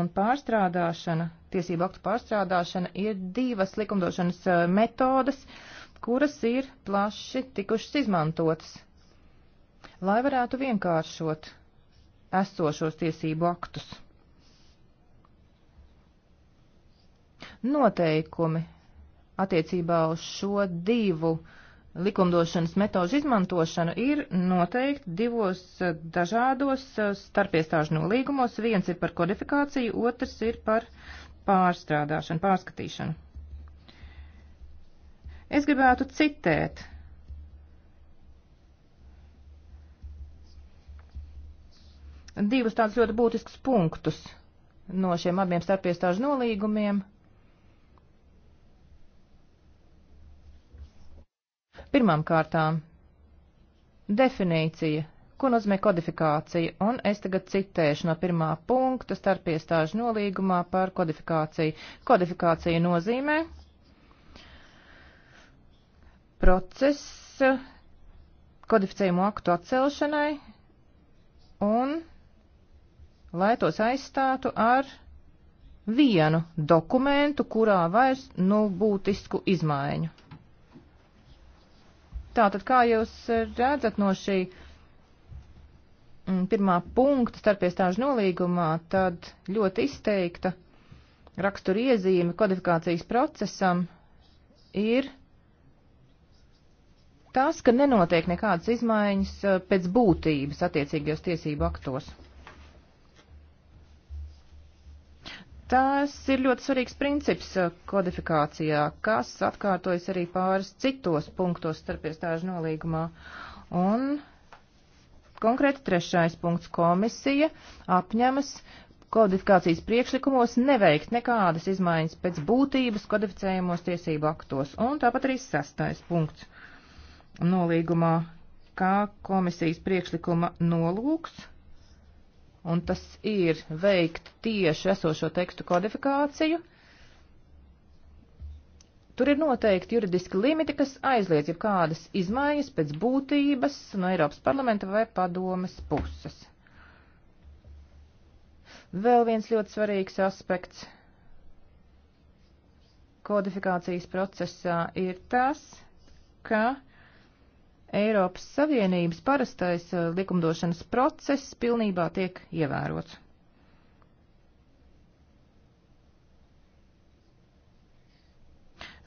un pārstrādāšana, tiesību aktu pārstrādāšana ir divas likumdošanas uh, metodas, uh, kuras ir plaši tikušas izmantotas, lai varētu vienkāršot esošos tiesību aktus. Noteikumi attiecībā uz šo divu likumdošanas metožu izmantošanu ir noteikti divos eh, dažādos eh, starpiestāžu nolīgumos. Viens ir par kodifikāciju, otrs ir par pārstrādāšanu, pārskatīšanu. Es gribētu citēt. Divus tādus ļoti būtiskus punktus no šiem abiem starpiestāžu nolīgumiem. Pirmām kārtām definīcija, ko nozīmē kodifikācija, un es tagad citēšu no pirmā punkta starpiestāžu nolīgumā par kodifikāciju. Kodifikācija nozīmē process kodificējumu aktu atcelšanai un lai tos aizstātu ar vienu dokumentu, kurā vairs nu būtisku izmaiņu. Tātad, kā jūs redzat no šī mm, pirmā punkta starpiestāžu nolīgumā, tad ļoti izteikta rakstura iezīme kodifikācijas procesam ir tas, ka nenotiek nekādas izmaiņas eh, pēc būtības attiecīgajos tiesību aktos. Tas ir ļoti svarīgs princips eh, kodifikācijā, kas atkārtojas arī pāris citos punktos starp iestāžu nolīgumā. Un konkrēti trešais punkts komisija apņemas kodifikācijas priekšlikumos neveikt nekādas izmaiņas pēc būtības kodificējumos tiesību aktos. Un tāpat arī sastais punkts nolīgumā, kā komisijas priekšlikuma nolūks, un tas ir veikt tieši esošo tekstu kodifikāciju. Tur ir noteikti juridiski limiti, kas aizliedz jau kādas izmaiņas pēc būtības no Eiropas parlamenta vai padomes puses. Vēl viens ļoti svarīgs aspekts kodifikācijas procesā ir tas, ka uh, Eiropas Savienības parastais eh, likumdošanas process pilnībā tiek ievērots.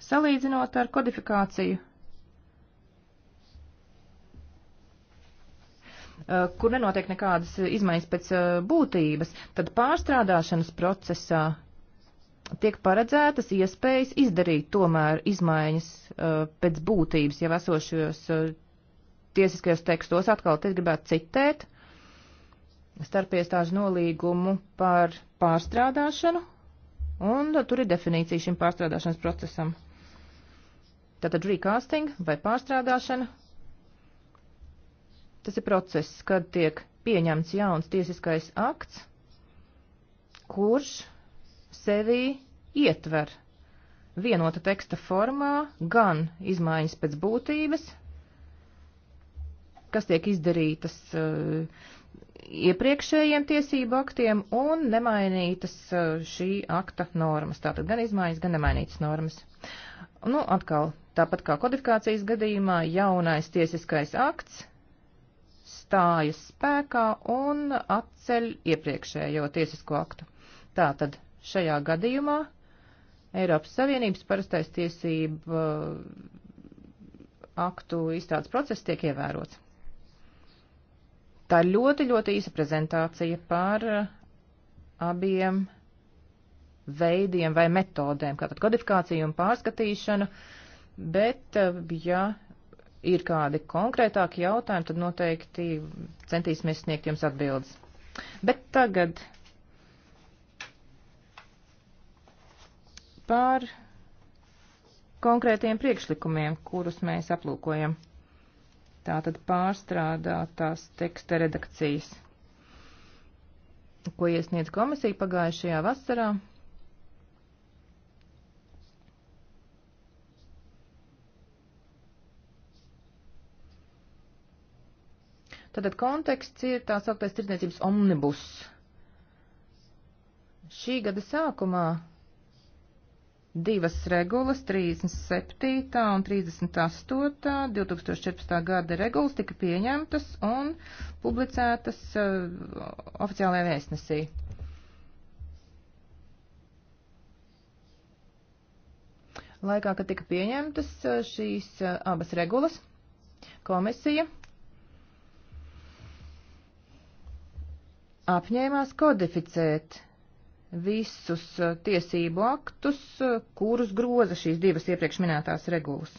Salīdzinot ar kodifikāciju, eh, kur nenotiek nekādas izmaiņas pēc eh, būtības, tad pārstrādāšanas procesā tiek paredzētas iespējas izdarīt tomēr izmaiņas pēc būtības jau esošajos tiesiskajos tekstos. Atkal te gribētu citēt starpiestāžu nolīgumu par pārstrādāšanu, un tur ir definīcija šim pārstrādāšanas procesam. Tātad recasting vai pārstrādāšana. Tas ir process, kad tiek pieņemts jauns tiesiskais akts, kurš sevī ietver vienota teksta formā gan izmaiņas pēc būtības, kas tiek izdarītas eh, iepriekšējiem tiesību aktiem un nemainītas eh, šī akta normas. Tātad gan izmaiņas, gan nemainītas normas. Nu, atkal, tāpat kā kodifikācijas gadījumā, jaunais tiesiskais akts stājas spēkā un atceļ iepriekšējo tiesisko aktu. Tātad šajā gadījumā Eiropas Savienības parastais tiesību eh, aktu izstrādes process tiek ievērots. Tā ir ļoti, ļoti īsa prezentācija par uh, abiem veidiem vai metodēm, kā tad kodifikācija un pārskatīšana, bet uh, ja ir kādi konkrētāki jautājumi, tad noteikti centīsimies sniegt jums atbildes. Bet tagad par konkrētiem priekšlikumiem, kurus mēs aplūkojam tātad pārstrādātās teksta redakcijas, ko iesniedz komisija pagājušajā vasarā. Tātad konteksts ir tā sauktais tirdzniecības omnibus. Šī gada sākumā divas regulas, 37. un 38. 2014. gada regulas tika pieņemtas un publicētas uh, oficiālajā vēstnesī. Laikā, kad tika pieņemtas uh, šīs uh, abas regulas, komisija apņēmās kodificēt visus eh, tiesību aktus, eh, kurus groza šīs divas iepriekš minētās regulas.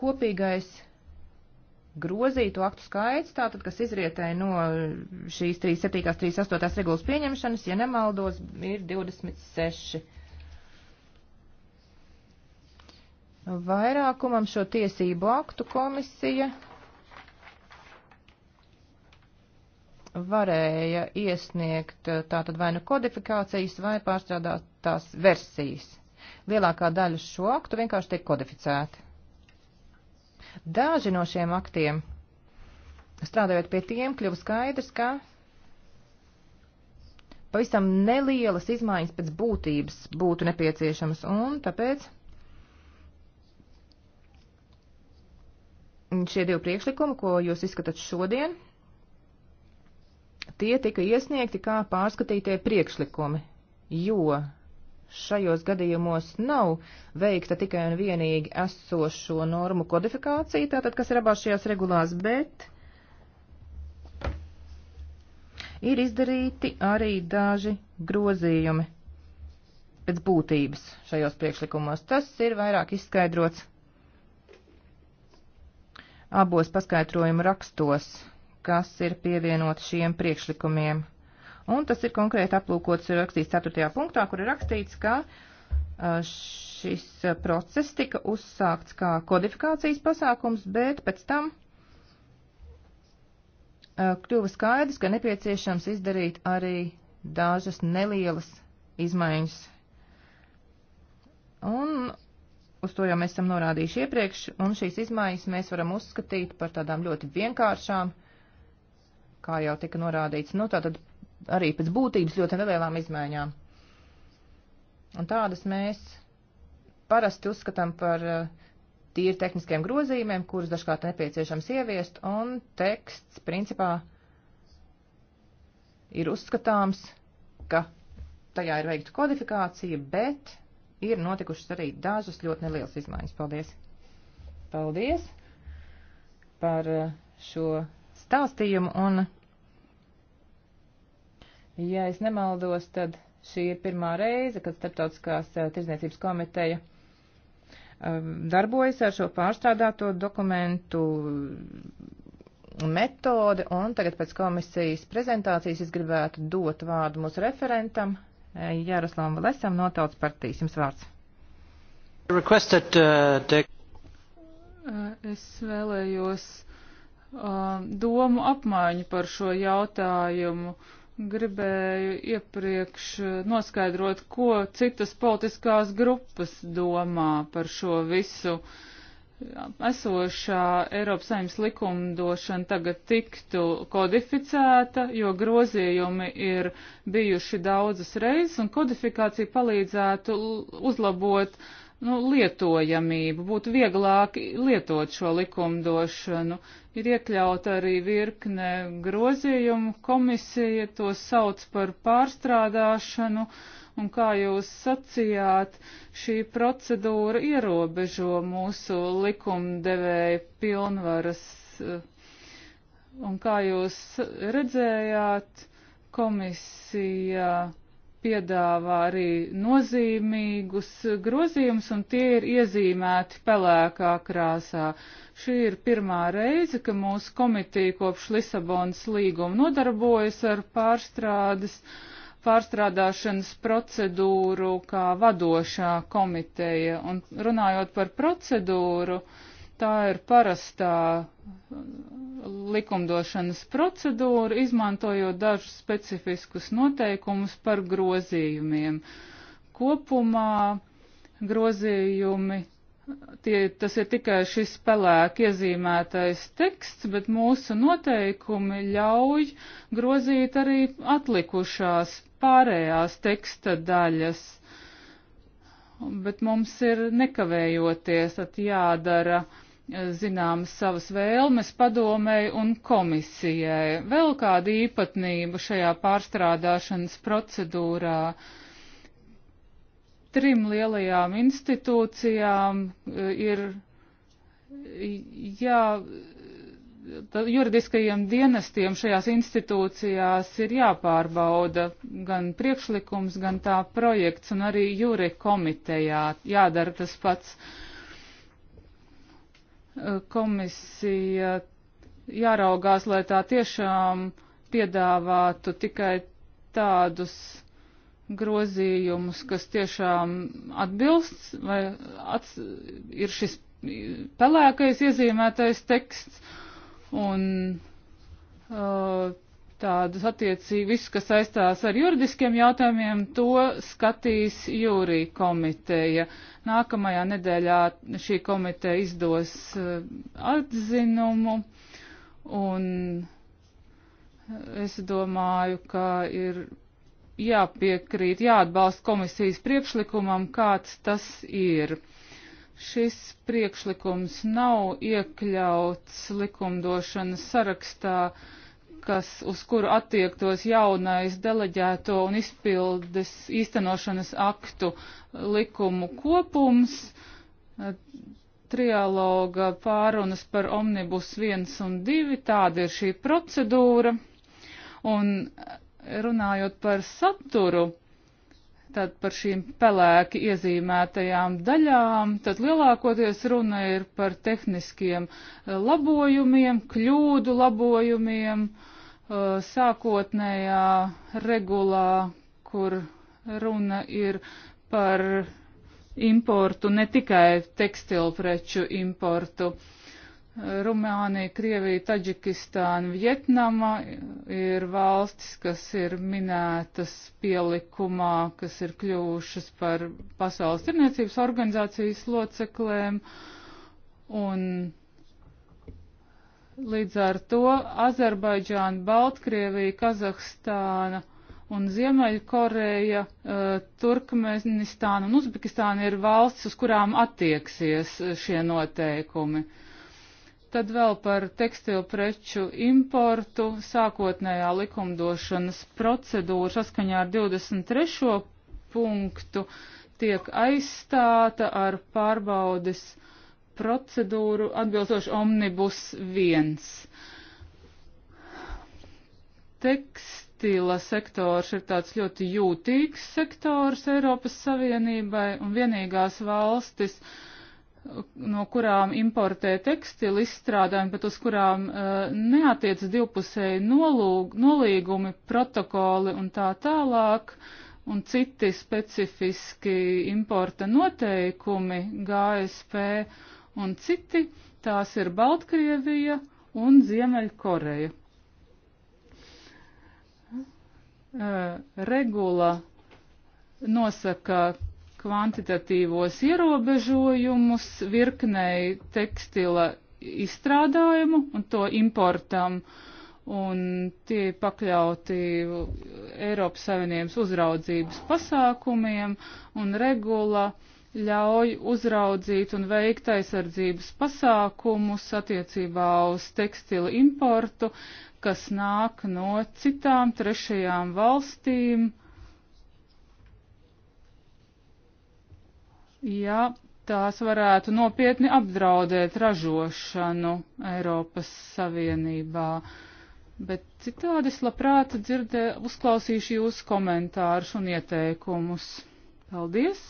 Kopīgais grozīto aktu skaits, tātad, kas izrietēja no šīs 37. 38. regulas pieņemšanas, ja nemaldos, ir 26. Vairākumam šo tiesību aktu komisija varēja iesniegt eh, tātad vai nu kodifikācijas vai pārstrādātās versijas. Lielākā daļa šo aktu vienkārši tiek kodificēti. Daži no šiem aktiem, strādājot pie tiem, kļuva skaidrs, ka pavisam nelielas izmaiņas pēc būtības būtu nepieciešamas, un tāpēc šie divi priekšlikumi, ko jūs izskatāt šodien, tie tika iesniegti kā pārskatītie priekšlikumi, jo šajos gadījumos nav veikta tikai un vienīgi esošo normu kodifikācija, tātad kas ir abās šajās regulās, bet ir izdarīti arī daži grozījumi pēc būtības šajos priekšlikumos. Tas ir vairāk izskaidrots abos paskaidrojumu rakstos, kas ir pievienot šiem priekšlikumiem. Un tas ir konkrēti aplūkots ir rakstīts 4. punktā, kur ir rakstīts, ka šis process tika uzsākts kā kodifikācijas pasākums, bet pēc tam kļuva skaidrs, ka nepieciešams izdarīt arī dažas nelielas izmaiņas. Un uz to jau mēs esam norādījuši iepriekš, un šīs izmaiņas mēs varam uzskatīt par tādām ļoti vienkāršām uh, kā jau tika norādīts. Nu, tātad arī pēc būtības ļoti nelielām izmaiņām. Un tādas mēs parasti uzskatām par eh, tīri tehniskiem grozījumiem, kurus dažkārt nepieciešams ieviest, un teksts principā ir uzskatāms, ka tajā ir veikta kodifikācija, bet ir notikušas arī dažas ļoti nelielas izmaiņas. Paldies! Paldies par eh, šo stāstījumu, un, ja es nemaldos, tad šī ir pirmā reize, kad Starptautiskās eh, tirzniecības komiteja eh, darbojas ar šo pārstrādāto dokumentu metodi, un tagad pēc komisijas prezentācijas es gribētu dot vārdu mūsu referentam eh, Jaroslavam Valesam no Tautas partijas. Jums vārds. Requested, uh, uh, Es vēlējos Uh, domu apmaiņu par šo jautājumu. Gribēju iepriekš noskaidrot, ko citas politiskās grupas domā par šo visu. Esošā Eiropas saimnes likumdošana tagad tiktu kodificēta, jo grozījumi ir bijuši daudzas reizes, un kodifikācija palīdzētu uzlabot uh, nu, lietojamību, būtu vieglāk lietot šo likumdošanu. Ir iekļauta arī virkne grozījumu, komisija to sauc par pārstrādāšanu, un kā jūs sacījāt, šī procedūra ierobežo mūsu likumdevēja pilnvaras, un kā jūs redzējāt, komisija piedāvā arī nozīmīgus grozījumus, un tie ir iezīmēti pelēkā krāsā. Šī ir pirmā reize, ka mūsu komiteja kopš Lisabonas līguma nodarbojas ar pārstrādes, pārstrādāšanas procedūru kā vadošā komiteja. Un runājot par procedūru, uh, Tā ir parastā uh, likumdošanas procedūra, izmantojot dažus specifiskus noteikumus par grozījumiem. Kopumā grozījumi, tie, tas ir tikai šis pelēk iezīmētais teksts, bet mūsu noteikumi ļauj grozīt arī atlikušās pārējās teksta daļas bet mums ir nekavējoties jādara zinām savas vēlmes padomēji un komisijai. Vēl kāda īpatnība šajā pārstrādāšanas procedūrā. Trim lielajām institūcijām e, ir jā, juridiskajiem dienestiem šajās institūcijās ir jāpārbauda gan priekšlikums, gan tā projekts, un arī jūri komitejā jādara tas pats. Uh, komisija jāraugās, lai tā tiešām piedāvātu tikai tādus grozījumus, kas tiešām atbilst vai ats, ir šis pelēkais iezīmētais teksts un uh, tādas attiecīgi viss, kas saistās ar juridiskiem jautājumiem, to skatīs jūrī komiteja. Nākamajā nedēļā šī komiteja izdos eh, atzinumu un eh, es domāju, ka ir jāpiekrīt, jāatbalsta komisijas priekšlikumam, kāds tas ir. Šis priekšlikums nav iekļauts likumdošanas sarakstā, uh, kas, uz kuru attiektos jaunais deleģēto un izpildes īstenošanas aktu likumu kopums, eh, trialoga pārunas par omnibus 1 un 2, tāda ir šī procedūra. Un eh, runājot par saturu, Tad par šīm pelēki iezīmētajām daļām, tad lielākoties runa ir par tehniskiem eh, labojumiem, kļūdu labojumiem, eh, sākotnējā regulā, kur runa ir par importu, ne tikai tekstilpreču importu. Uh, Rumānija, Krievija, Taģikistāna, Vietnama ir valstis, kas ir minētas pielikumā, kas ir kļuvušas par pasaules tirniecības organizācijas loceklēm. Un līdz ar to Azerbaidžāna, Baltkrievija, Kazahstāna un Ziemeļkoreja, eh, Turkmenistāna un Uzbekistāna ir valstis, uz kurām attieksies eh, šie noteikumi. Uh, Tad vēl par tekstilu preču importu sākotnējā likumdošanas procedūra saskaņā ar 23. punktu tiek aizstāta ar pārbaudes procedūru atbilstoši Omnibus 1. Tekstila sektors ir tāds ļoti jūtīgs sektors Eiropas Savienībai un vienīgās valstis, uh, no kurām importē tekstilu izstrādājumi, bet uz kurām uh, neatiec divpusēji nolūg, nolīgumi, protokoli un tā tālāk, un citi specifiski importa noteikumi, GSP un citi, tās ir Baltkrievija un Ziemeļkoreja. Uh, regula nosaka, kvantitatīvos ierobežojumus virknei tekstila izstrādājumu un to importam. Un tie pakļauti Eiropas Savienības uzraudzības pasākumiem un regula ļauj uzraudzīt un veikt aizsardzības pasākumus attiecībā uz tekstilu importu, kas nāk no citām trešajām valstīm. Uh, ja tās varētu nopietni apdraudēt ražošanu Eiropas Savienībā. Bet citādi es labprāt dzirdē, uzklausīšu jūsu komentārus un ieteikumus. Paldies!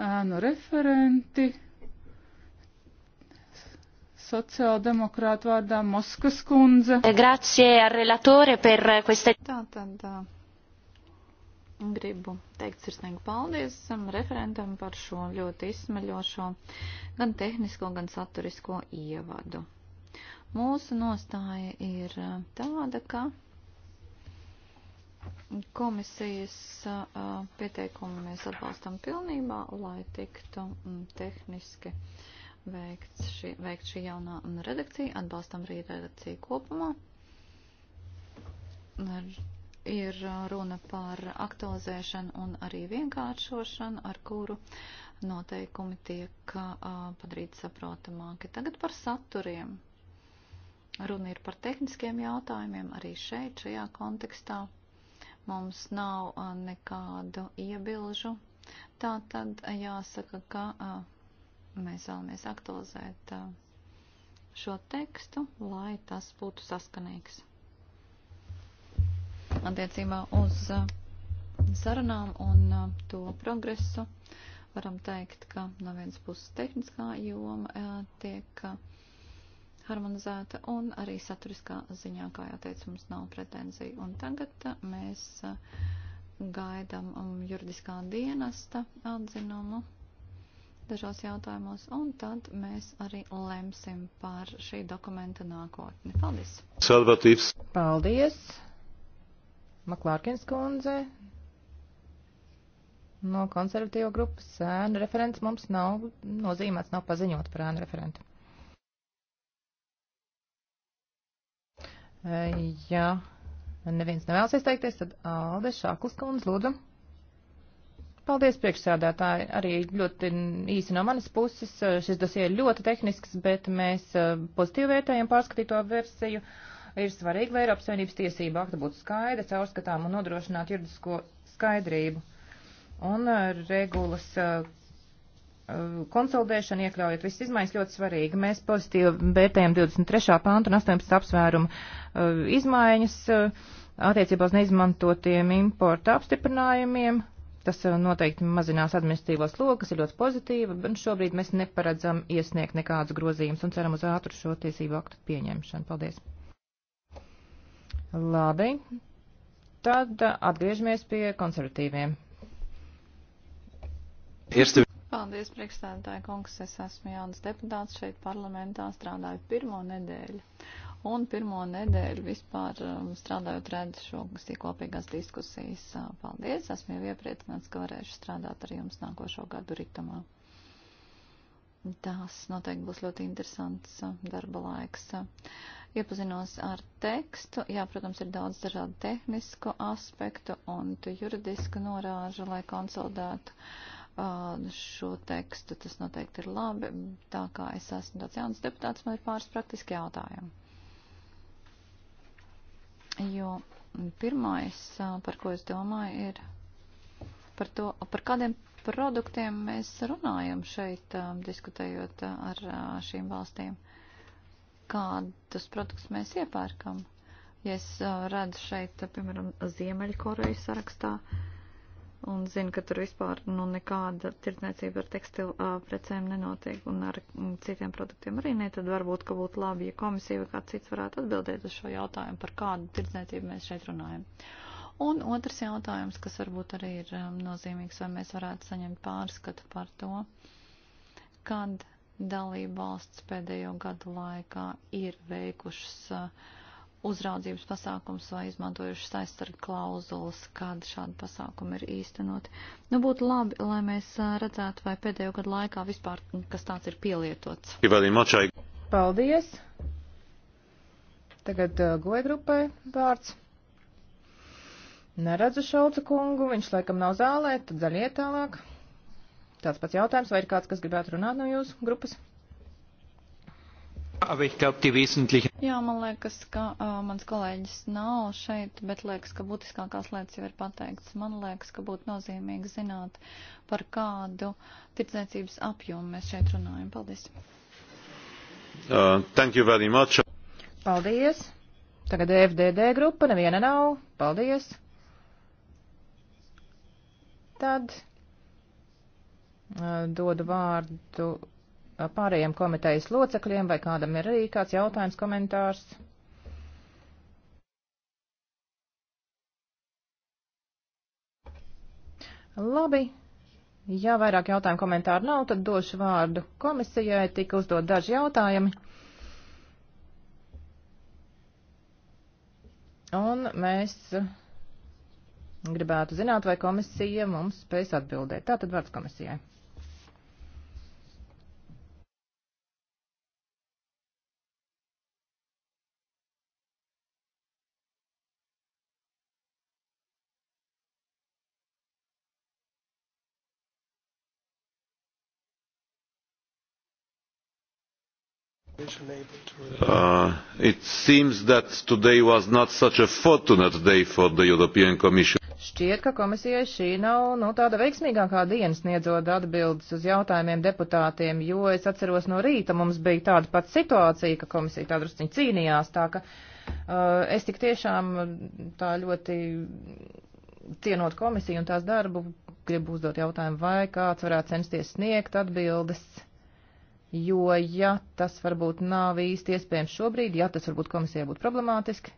Ēnu referenti. Sociāldemokrāta vārdā Moskas kundze. Grazie al relatore per questa. Tā, tā, tā gribu teikt sirsnīgi paldies um, referentam par šo ļoti izsmeļošo, gan tehnisko, gan saturisko ievadu. Mūsu nostāja ir uh, tāda, ka komisijas uh, pieteikumu mēs atbalstam pilnībā, lai tiktu um, tehniski veikt šī, veikt šī jaunā um, redakcija, atbalstam arī redakciju kopumā. Ar ir uh, runa par aktualizēšanu un arī vienkāršošanu, ar kuru noteikumi tiek uh, padarīti saprotamāki. Tagad par saturiem. Runa ir par tehniskiem jautājumiem arī šeit, šajā kontekstā. Mums nav uh, nekādu iebilžu. Tā tad jāsaka, ka mēs vēlamies aktualizēt šo tekstu, lai tas būtu saskanīgs attiecībā uz uh, sarunām un uh, to progresu. Varam teikt, ka no vienas puses tehniskā joma uh, tiek harmonizēta un arī saturiskā ziņā, kā jau teicu, mums nav pretenzija. Un tagad mēs gaidām um, juridiskā dienesta atzinumu dažos jautājumos, un tad mēs arī lemsim par šī dokumenta nākotni. Paldies! Salvatīvs! Paldies! Maklārkins kundze no konservatīvo grupas ēnu referents mums nav nozīmēts, nav paziņot par ēnu referentu. E, ja neviens nevēlas izteikties, tad Alde Šāklis kundze lūdzu. Paldies, priekšsēdētāji. Arī ļoti īsi no manas puses. Šis dosie ir ļoti tehnisks, bet mēs e, pozitīvi vērtējam pārskatīto versiju. Uh, ir svarīgi, lai Eiropas Savienības tiesība akta būtu skaidra, caurskatām un nodrošināt juridisko skaidrību. Un uh, regulas uh, uh, konsolidēšana, iekļaujot visas izmaiņas, ļoti svarīga. Mēs pozitīvi vērtējam 23. pāntu un 18. apsvērumu izmaiņas attiecībā uz neizmantotiem importa apstiprinājumiem. Tas noteikti mazinās administratīvos lokus, ir ļoti pozitīva, bet šobrīd mēs neparedzam iesniegt nekādus grozījumus un ceram uz ātru šo tiesību aktu pieņemšanu. Paldies! Labi, tad uh, atgriežamies pie konservatīviem. Erste. Paldies, priekšstādātāji kungs. Es esmu jauns deputāts šeit parlamentā, strādāju pirmo nedēļu. Un pirmo nedēļu vispār um, strādājot redzu šokas tie kopīgās diskusijas. Uh, paldies, esmu jau iepriecināts, ka varēšu strādāt ar jums nākošo gadu ritamā. Tās noteikti būs ļoti interesants uh, darba laiks. Uh, iepazinos ar tekstu. Jā, protams, ir daudz dažādu tehnisku aspektu un juridisku norāžu, lai konsolidētu uh, šo tekstu. Tas noteikti ir labi. Tā kā es esmu tāds jauns deputāts, man ir pāris praktiski jautājumi. Jo pirmais, uh, par ko es domāju, ir par to, par kādiem produktiem mēs runājam šeit, uh, diskutējot ar šīm valstīm kādus produktus mēs iepērkam. Ja es uh, redzu šeit, piemēram, Ziemeļkoreju sarakstā un zinu, ka tur vispār nu, nekāda tirdzniecība ar tekstilu uh, precēm nenotiek un ar citiem produktiem arī ne, tad varbūt, ka būtu labi, ja komisija vai kāds cits varētu atbildēt uz šo jautājumu, par kādu tirdzniecību mēs šeit runājam. Un otrs jautājums, kas varbūt arī ir um, nozīmīgs, vai mēs varētu saņemt pārskatu par to, kad dalību valsts pēdējo gadu laikā ir veikušas uh, uzraudzības pasākums vai izmantojušas aizsargu klauzulas, kad šādi pasākumi ir īstenoti. Nu, būtu labi, lai mēs uh, redzētu, vai pēdējo gadu laikā vispār mm, kas tāds ir pielietots. Paldies! Tagad uh, goja grupai vārds. Neredzu šauca kungu, viņš laikam nav zālē, tad zaļiet tālāk tāds pats jautājums, vai ir kāds, kas gribētu runāt no jūsu grupas? Jā, man liekas, ka uh, mans kolēģis nav šeit, bet liekas, ka būtiskākās lietas jau ir pateikts. Man liekas, ka būtu nozīmīgi zināt, par kādu tirdzniecības apjomu mēs šeit runājam. Paldies! Uh, thank you very much. Paldies! Tagad FDD grupa, neviena nav. Paldies! Tad Uh, dodu vārdu uh, pārējiem komitejas locekļiem, vai kādam ir arī kāds jautājums, komentārs. Labi, ja vairāk jautājumu komentāru nav, tad došu vārdu komisijai, tika uzdot daži jautājumi. Un mēs gribētu zināt, vai komisija mums spēs atbildēt. Tātad vārds komisijai. Uh, it seems that today was not such a fortunate day for the European Commission. Šķiet, ka komisijai šī nav nu, tāda veiksmīgākā diena sniedzot atbildes uz jautājumiem deputātiem, jo es atceros no rīta mums bija tāda pat situācija, ka komisija tā drusciņi cīnījās, tā ka uh, es tik tiešām tā ļoti cienot komisiju un tās darbu, gribu uzdot jautājumu, vai kāds varētu censties sniegt atbildes jo, ja tas varbūt nav īsti iespējams šobrīd, ja tas varbūt komisijai būtu problemātiski.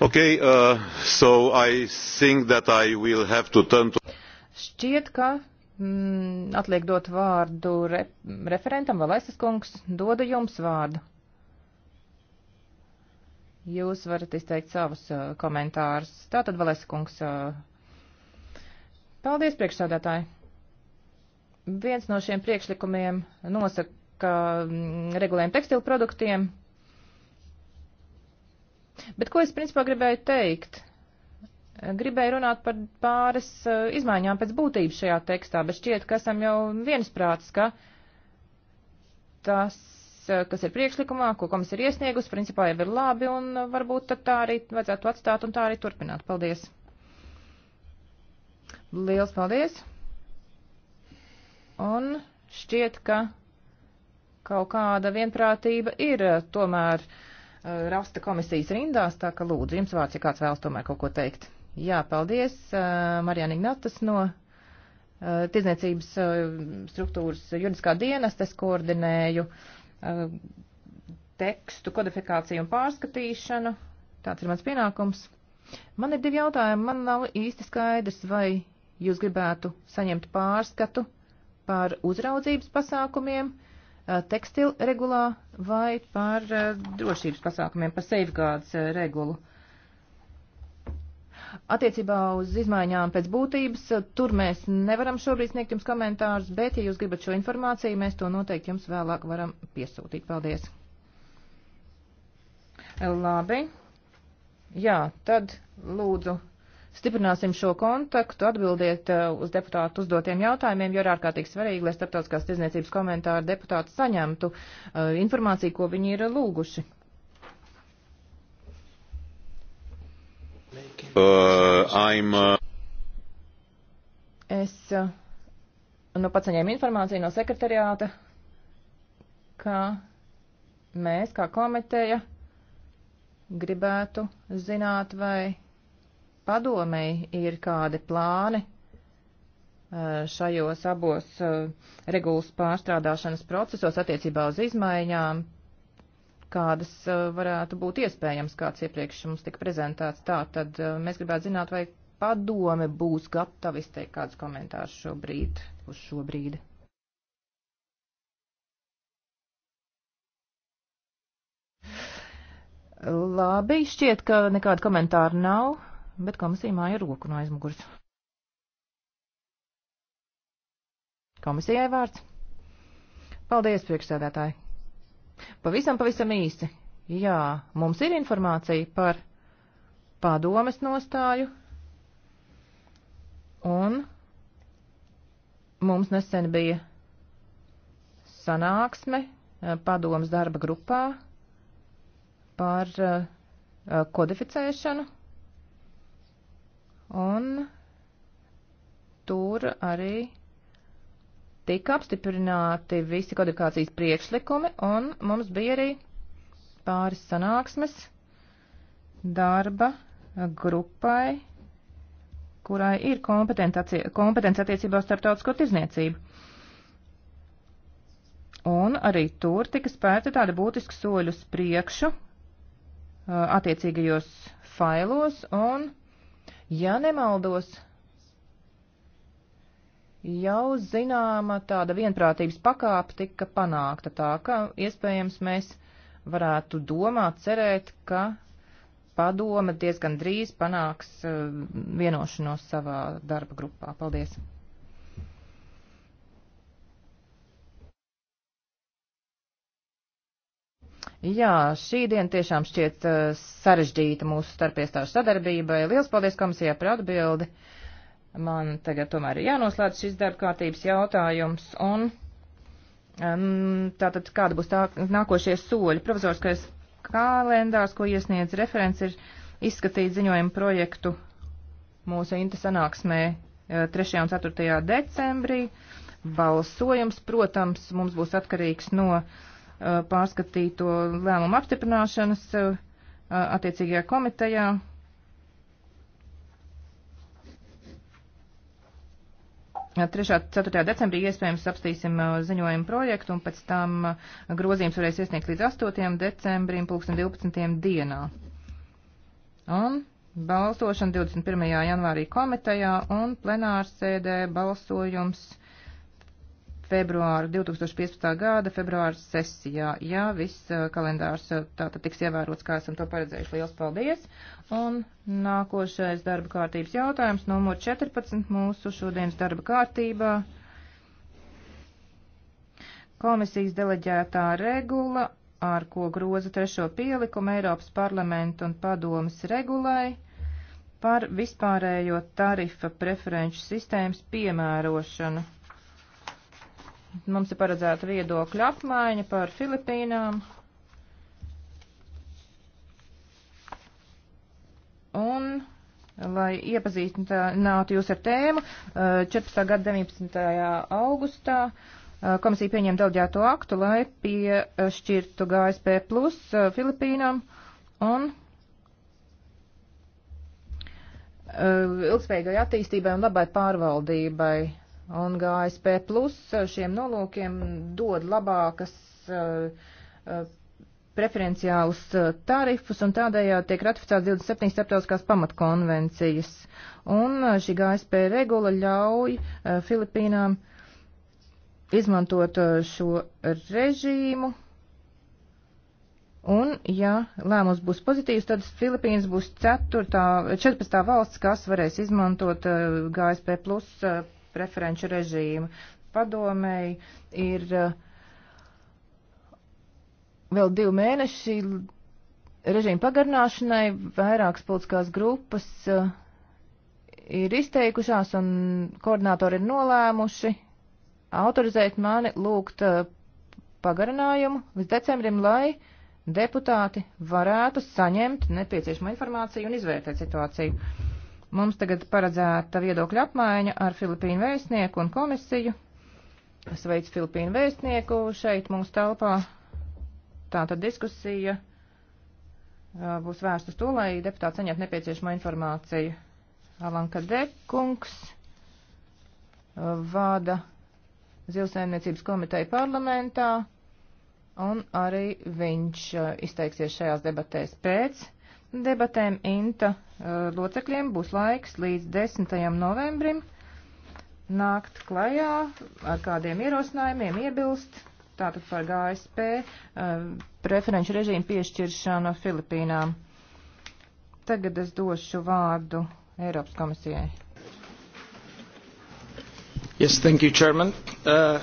Okay, uh, so I think that I will have to turn to. Šķiet, ka mm, atliek dot vārdu re, referentam, vēl aizsas kungs, doda jums vārdu. Jūs varat izteikt savus uh, komentārus. Tātad, vēl aizsas kungs. Uh, paldies, priekšsādātāji. Viens no šiem priekšlikumiem nosaka mm, regulējumu tekstilu produktiem. Bet ko es principā gribēju teikt? Gribēju runāt par pāris eh, izmaiņām pēc būtības šajā tekstā, bet šķiet, ka esam jau viensprāts, ka tas, eh, kas ir priekšlikumā, ko komisija ir iesniegus, principā jau ir labi un varbūt tad tā arī vajadzētu atstāt un tā arī turpināt. Paldies! Liels paldies! Un šķiet, ka kaut kāda vienprātība ir eh, tomēr rasta komisijas rindās, tā ka lūdzu, jums vārds, ja kāds vēlas tomēr kaut ko teikt. Jā, paldies. Eh, Marijana Ignatas no eh, Tirzniecības eh, struktūras juridiskā dienesta es koordinēju tekstu kodifikāciju un pārskatīšanu. Tāds ir mans pienākums. Man ir divi jautājumi. Man nav īsti skaidrs, vai jūs gribētu saņemt pārskatu par uzraudzības pasākumiem tekstilu regulā vai par drošības pasākumiem, par safeguards regulu. Attiecībā uz izmaiņām pēc būtības, tur mēs nevaram šobrīd sniegt jums komentārus, bet, ja jūs gribat šo informāciju, mēs to noteikti jums vēlāk varam piesūtīt. Paldies! Labi. Jā, tad lūdzu stiprināsim šo kontaktu, atbildiet uh, uz deputātu uzdotiem jautājumiem, jo ir ārkārtīgi svarīgi, lai starptautiskās tirzniecības komentāri deputāti saņemtu uh, informāciju, ko viņi ir lūguši. Uh, I'm, uh... Es uh, nu pats saņēmu informāciju no sekretariāta, ka mēs kā komiteja gribētu zināt, vai padomei ir kādi plāni uh, šajos abos uh, regulas pārstrādāšanas procesos attiecībā uz izmaiņām kādas eh, varētu būt iespējams, kāds iepriekš mums tika prezentēts. Tā tad eh, mēs gribētu zināt, vai padome būs gatava izteikt kādus komentārus šobrīd, uz šo brīdi. Labi, šķiet, ka nekāda komentāra nav, bet komisija māja roku no aizmugurs. Komisijai vārds. Paldies, priekšsēdētāji. Pavisam, pavisam īsi. Jā, mums ir informācija par padomes nostāju, un mums nesen bija sanāksme eh, padomas darba grupā par eh, kodificēšanu, un tur arī tika apstiprināti visi kodifikācijas priekšlikumi, un mums bija arī pāris sanāksmes darba grupai, kurai ir kompetence attiecībā uz starptautisko tirzniecību. Un arī tur tika spērti tādi būtiski soļi uz priekšu uh, attiecīgajos failos, un, ja nemaldos, jau zināma tāda vienprātības pakāpe tika panākta tā, ka iespējams mēs varētu domāt, cerēt, ka padome diezgan drīz panāks eh, vienošanos savā darba grupā. Paldies! Jā, šī diena tiešām šķiet eh, sarežģīta mūsu starpiestāžu sadarbībai. Liels paldies komisijā par atbildi! Man tagad tomēr ir jānoslēdz šis darba kārtības jautājums un um, tātad kāda būs tā nākošie soļi. Provizorskais kalendārs, ko iesniedz referents, ir izskatīt ziņojumu projektu mūsu Inta sanāksmē 3. Uh, un 4. decembrī. Balsojums, protams, mums būs atkarīgs no uh, pārskatīto lēmumu apstiprināšanas uh, attiecīgajā komitejā. 3. un 4. decembrī iespējams apstīsim uh, ziņojumu projektu un pēc tam uh, grozījums varēs iesniegt līdz 8. decembrim 2012. dienā. Un balsošana 21. janvārī komitejā un plenārsēdē balsojums februāra 2015. gada februāra sesijā, ja viss eh, kalendārs eh, tātad tiks ievērots, kā esam to paredzējuši. Liels paldies! Un nākošais darba kārtības jautājums, numur 14 mūsu šodienas darba kārtībā. Komisijas deleģētā regula, ar ko groza trešo pielikumu Eiropas parlamentu un padomas regulai par vispārējo tarifa preferenču sistēmas piemērošanu. Mums ir paredzēta viedokļa apmaiņa par Filipīnām. Un, lai iepazīstinātu jūs ar tēmu, 14. Eh, gada 19. augustā eh, komisija pieņēma delģēto aktu, lai piešķirtu GSP plus eh, Filipīnām un ilgspējīgai attīstībai un labai pārvaldībai Un GSP plus šiem nolūkiem dod labākas eh, eh, preferenciālus eh, tarifus un tādējādi tiek ratificēts 27 starptautiskās pamatkonvencijas. Un šī GSP regula ļauj Filipīnām izmantot šo režīmu. Un, ja lēmums būs pozitīvs, tad Filipīnas būs 4. 14. valsts, kas varēs izmantot GSP plus preferenču režīmu. Padomēji ir eh, vēl divi mēneši režīmu pagarināšanai, vairākas politiskās grupas eh, ir izteikušās un koordinātori ir nolēmuši autorizēt mani lūgt eh, pagarinājumu līdz decembrim, lai deputāti varētu saņemt nepieciešamo informāciju un izvērtēt situāciju. Mums tagad paredzēta viedokļa apmaiņa ar Filipīnu vēstnieku un komisiju. Sveic Filipīnu vēstnieku šeit mūsu telpā. Tātad diskusija uh, būs vērsta uz to, lai deputāts saņemtu nepieciešamo informāciju. Alanka Dekungs uh, vada Zilsēmniecības komiteja parlamentā, un arī viņš uh, izteiksies šajās debatēs pēc Debatēm Inta eh, locekļiem būs laiks līdz 10. novembrim nākt klajā ar kādiem ierosinājumiem, iebilst, tātad par GSP eh, preferenču režīmu piešķiršanu Filipīnām. Tagad es došu vārdu Eiropas komisijai. Yes, thank you, Chairman. Uh,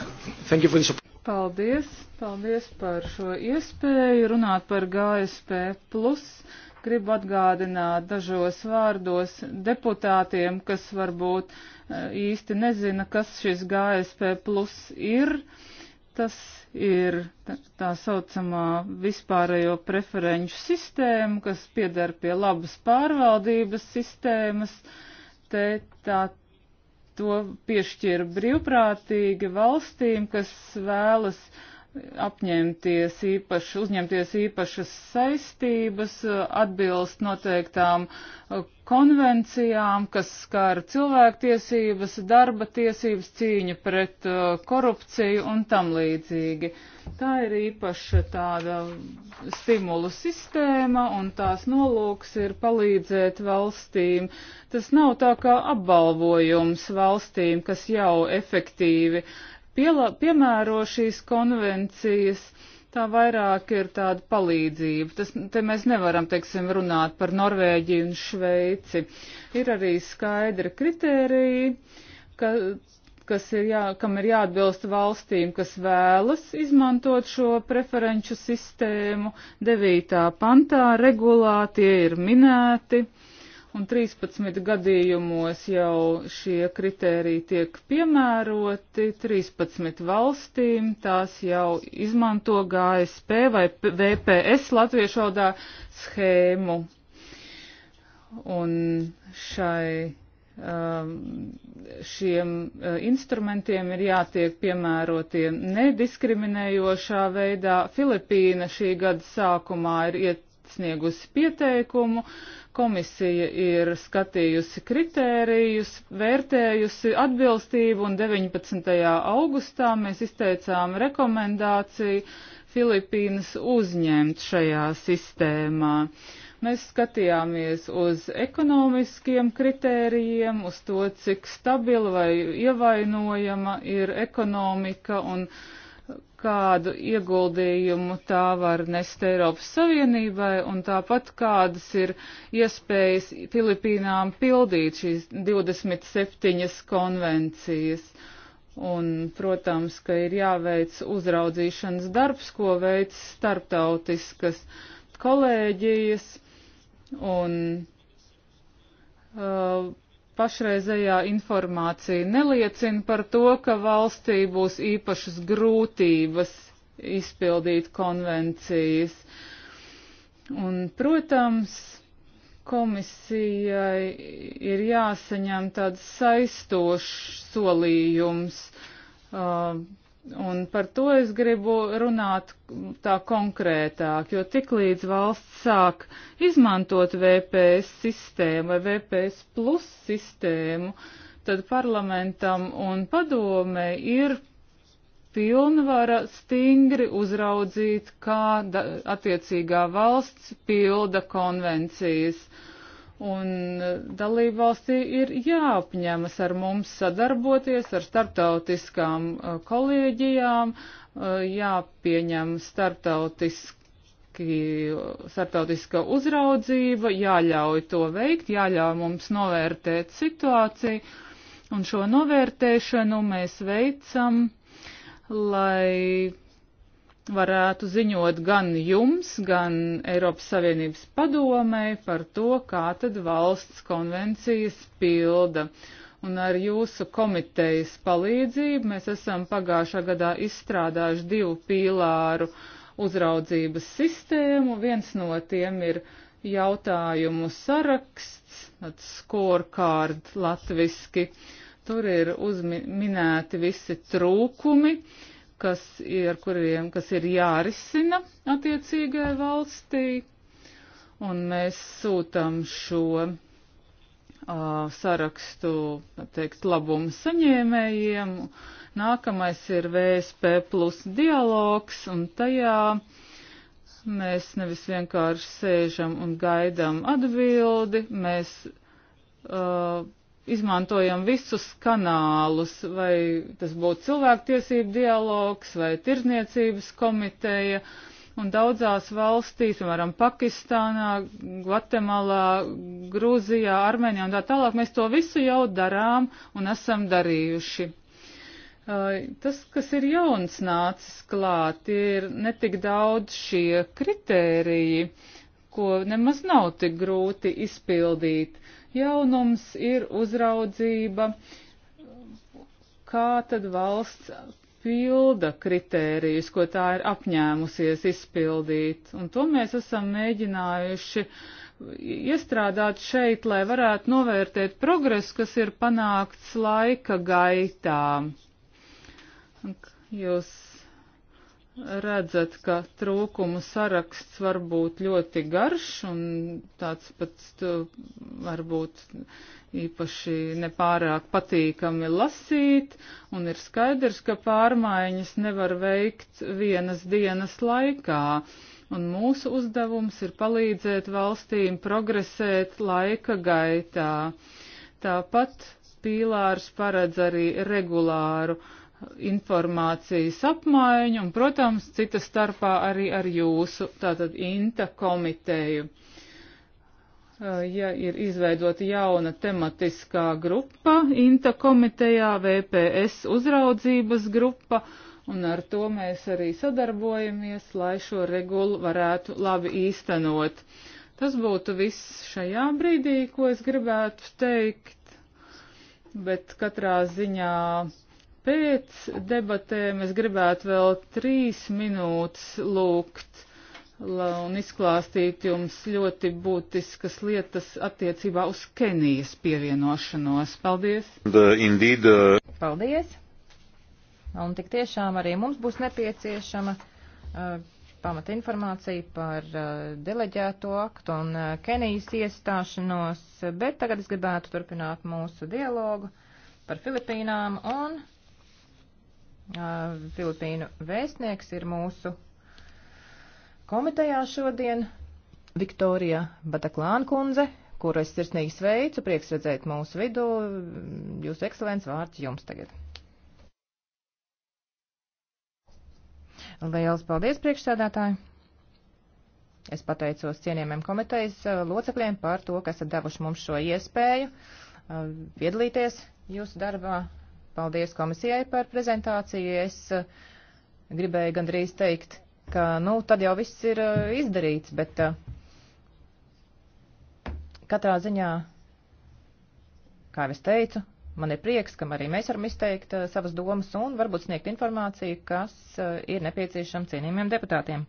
thank you for this. Paldies, paldies par šo iespēju runāt par GSP plus gribu atgādināt dažos vārdos deputātiem, kas varbūt eh, īsti nezina, kas šis GSP plus ir. Tas ir tā saucamā vispārējo preferenču sistēma, kas piedara pie labas pārvaldības sistēmas. Te tā to piešķir brīvprātīgi valstīm, kas vēlas uh, apņemties īpaši, uzņemties īpašas saistības, atbilst noteiktām uh, konvencijām, kas skar cilvēktiesības, darba tiesības, cīņu pret uh, korupciju un tam līdzīgi. Tā ir īpaša tāda stimulu sistēma un tās nolūks ir palīdzēt valstīm. Tas nav tā kā apbalvojums valstīm, kas jau efektīvi pielā, piemēro šīs konvencijas, tā vairāk ir tāda palīdzība. Tas, te mēs nevaram, teiksim, runāt par Norvēģiju un Šveici. Ir arī skaidri kriteriji, ka, kas ir jā, kam ir jāatbilst valstīm, kas vēlas izmantot šo preferenču sistēmu. Devītā pantā regulā tie ir minēti. Uh, un 13 gadījumos jau šie kritēriji tiek piemēroti, 13 valstīm tās jau izmanto GSP vai VPS latviešu valodā schēmu. Un šai, um, šiem uh, instrumentiem ir jātiek piemērotiem nediskriminējošā veidā. Filipīna šī gada sākumā ir iet sniegusi pieteikumu, komisija ir skatījusi kritērijus, vērtējusi atbilstību un 19. augustā mēs izteicām rekomendāciju Filipīnas uzņemt šajā sistēmā. Mēs skatījāmies uz ekonomiskiem kritērijiem, uz to, cik stabila vai ievainojama ir ekonomika un ekonomika kādu ieguldījumu tā var nest Eiropas Savienībai un tāpat kādas ir iespējas Filipīnām pildīt šīs 27 konvencijas. Un, protams, ka ir jāveic uzraudzīšanas darbs, ko veic starptautiskas kolēģijas un uh, pašreizējā informācija neliecina par to, ka valstī būs īpašas grūtības izpildīt konvencijas. Un, protams, komisijai ir jāsaņem tāds saistošs solījums uh, Un par to es gribu runāt tā konkrētāk, jo tiklīdz valsts sāk izmantot VPS sistēmu vai VPS plus sistēmu, tad parlamentam un padomē ir pilnvara stingri uzraudzīt, kā attiecīgā valsts pilda konvencijas. Uh, un e, dalībvalstī ir jāapņemas ar mums sadarboties ar starptautiskām e, kolēģijām, e, jāpieņem starptautiska uzraudzība, jāļauj to veikt, jāļauj mums novērtēt situāciju, un šo novērtēšanu mēs veicam, lai varētu ziņot gan jums, gan Eiropas Savienības padomē par to, kā tad valsts konvencijas pilda. Un ar jūsu komitejas palīdzību mēs esam pagājušā gadā izstrādājuši divu pīlāru uzraudzības sistēmu. Viens no tiem ir jautājumu saraksts, scorecard latviski. Tur ir uzminēti visi trūkumi. Uh, kas ir, kuriem, kas ir jārisina attiecīgai valstī, un mēs sūtam šo uh, sarakstu, teikt, labumu saņēmējiem. Nākamais ir VSP plus dialogs, un tajā mēs nevis vienkārši sēžam un gaidām atbildi, mēs uh, izmantojam visus kanālus, vai tas būtu cilvēktiesību dialogs vai tirzniecības komiteja. Un daudzās valstīs, piemēram, Pakistānā, Gvatemalā, Grūzijā, Armēnijā un tā tālāk, mēs to visu jau darām un esam darījuši. Tas, kas ir jauns nācis klāt, ir netik daudz šie kritēriji, ko nemaz nav tik grūti izpildīt Jaunums ir uzraudzība, kā tad valsts pilda kritērijus, ko tā ir apņēmusies izpildīt. Un to mēs esam mēģinājuši iestrādāt šeit, lai varētu novērtēt progresu, kas ir panākts laika gaitā. Jūs redzat, ka trūkumu saraksts var būt ļoti garš un tāds pat varbūt īpaši nepārāk patīkami lasīt, un ir skaidrs, ka pārmaiņas nevar veikt vienas dienas laikā, un mūsu uzdevums ir palīdzēt valstīm progresēt laika gaitā. Tāpat pīlārs paredz arī regulāru informācijas apmaiņu un, protams, cita starpā arī ar jūsu, tātad INTA komiteju. Ja ir izveidota jauna tematiskā grupa INTA komitejā, VPS uzraudzības grupa, un ar to mēs arī sadarbojamies, lai šo regulu varētu labi īstenot. Tas būtu viss šajā brīdī, ko es gribētu teikt, bet katrā ziņā pēc debatēm es gribētu vēl trīs minūtes lūgt un izklāstīt jums ļoti būtiskas lietas attiecībā uz Kenijas pievienošanos. Paldies! The, indeed, uh... Paldies! Un tik tiešām arī mums būs nepieciešama uh, pamata informācija par uh, deleģēto aktu un uh, Kenijas iestāšanos, bet tagad es gribētu turpināt mūsu dialogu par Filipīnām un Filipīnu vēstnieks ir mūsu komitejā šodien Viktorija Bataklāna kundze, kuru es sirsnīgi sveicu, prieks redzēt mūsu vidū. Jūsu ekscelents vārds jums tagad. Liels paldies, priekšsēdētāji! Es pateicos cienījumiem komitejas locekļiem par to, ka esat devuši mums šo iespēju piedalīties jūsu darbā Paldies komisijai par prezentāciju. Es eh, gribēju gandrīz teikt, ka, nu, tad jau viss ir eh, izdarīts, bet eh, katrā ziņā, kā jau es teicu, man ir prieks, ka arī mēs varam izteikt savas domas un varbūt sniegt informāciju, kas ir nepieciešama cienījumiem deputātiem.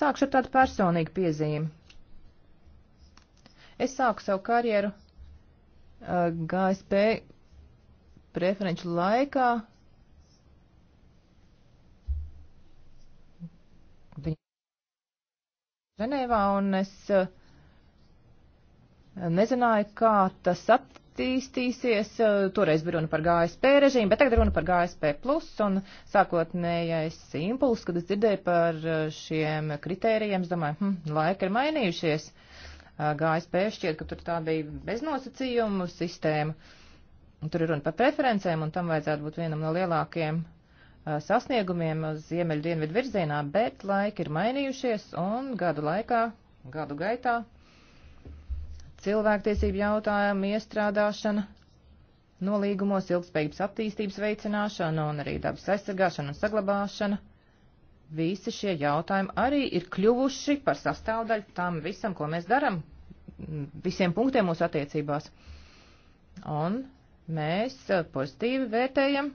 Sākšu ar tādu personīgu piezīmi. Es sāku savu karjeru GSP preferenču laikā Ženēvā, un es eh, nezināju, kā tas attīstīsies. Toreiz bija runa par GSP režīmu, bet tagad runa par GSP plus, un sākotnējais impuls, kad es dzirdēju par eh, šiem kritērijiem, es domāju, hm, laika ir mainījušies. Uh, GSP šķiet, ka tur tā bija beznosacījumu sistēma. Tur ir runa par preferencēm, un tam vajadzētu būt vienam no lielākajiem sasniegumiem uz ziemeļu dienvidu virzienā, bet laiki ir mainījušies, un gadu laikā, gadu gaitā cilvēktiesību jautājumu iestrādāšana nolīgumos ilgspējības attīstības veicināšana un arī dabas aizsargāšana un saglabāšana visi šie jautājumi arī ir kļuvuši par sastāvdaļu tam visam, ko mēs daram, visiem punktiem mūsu attiecībās. Un mēs eh, pozitīvi vērtējam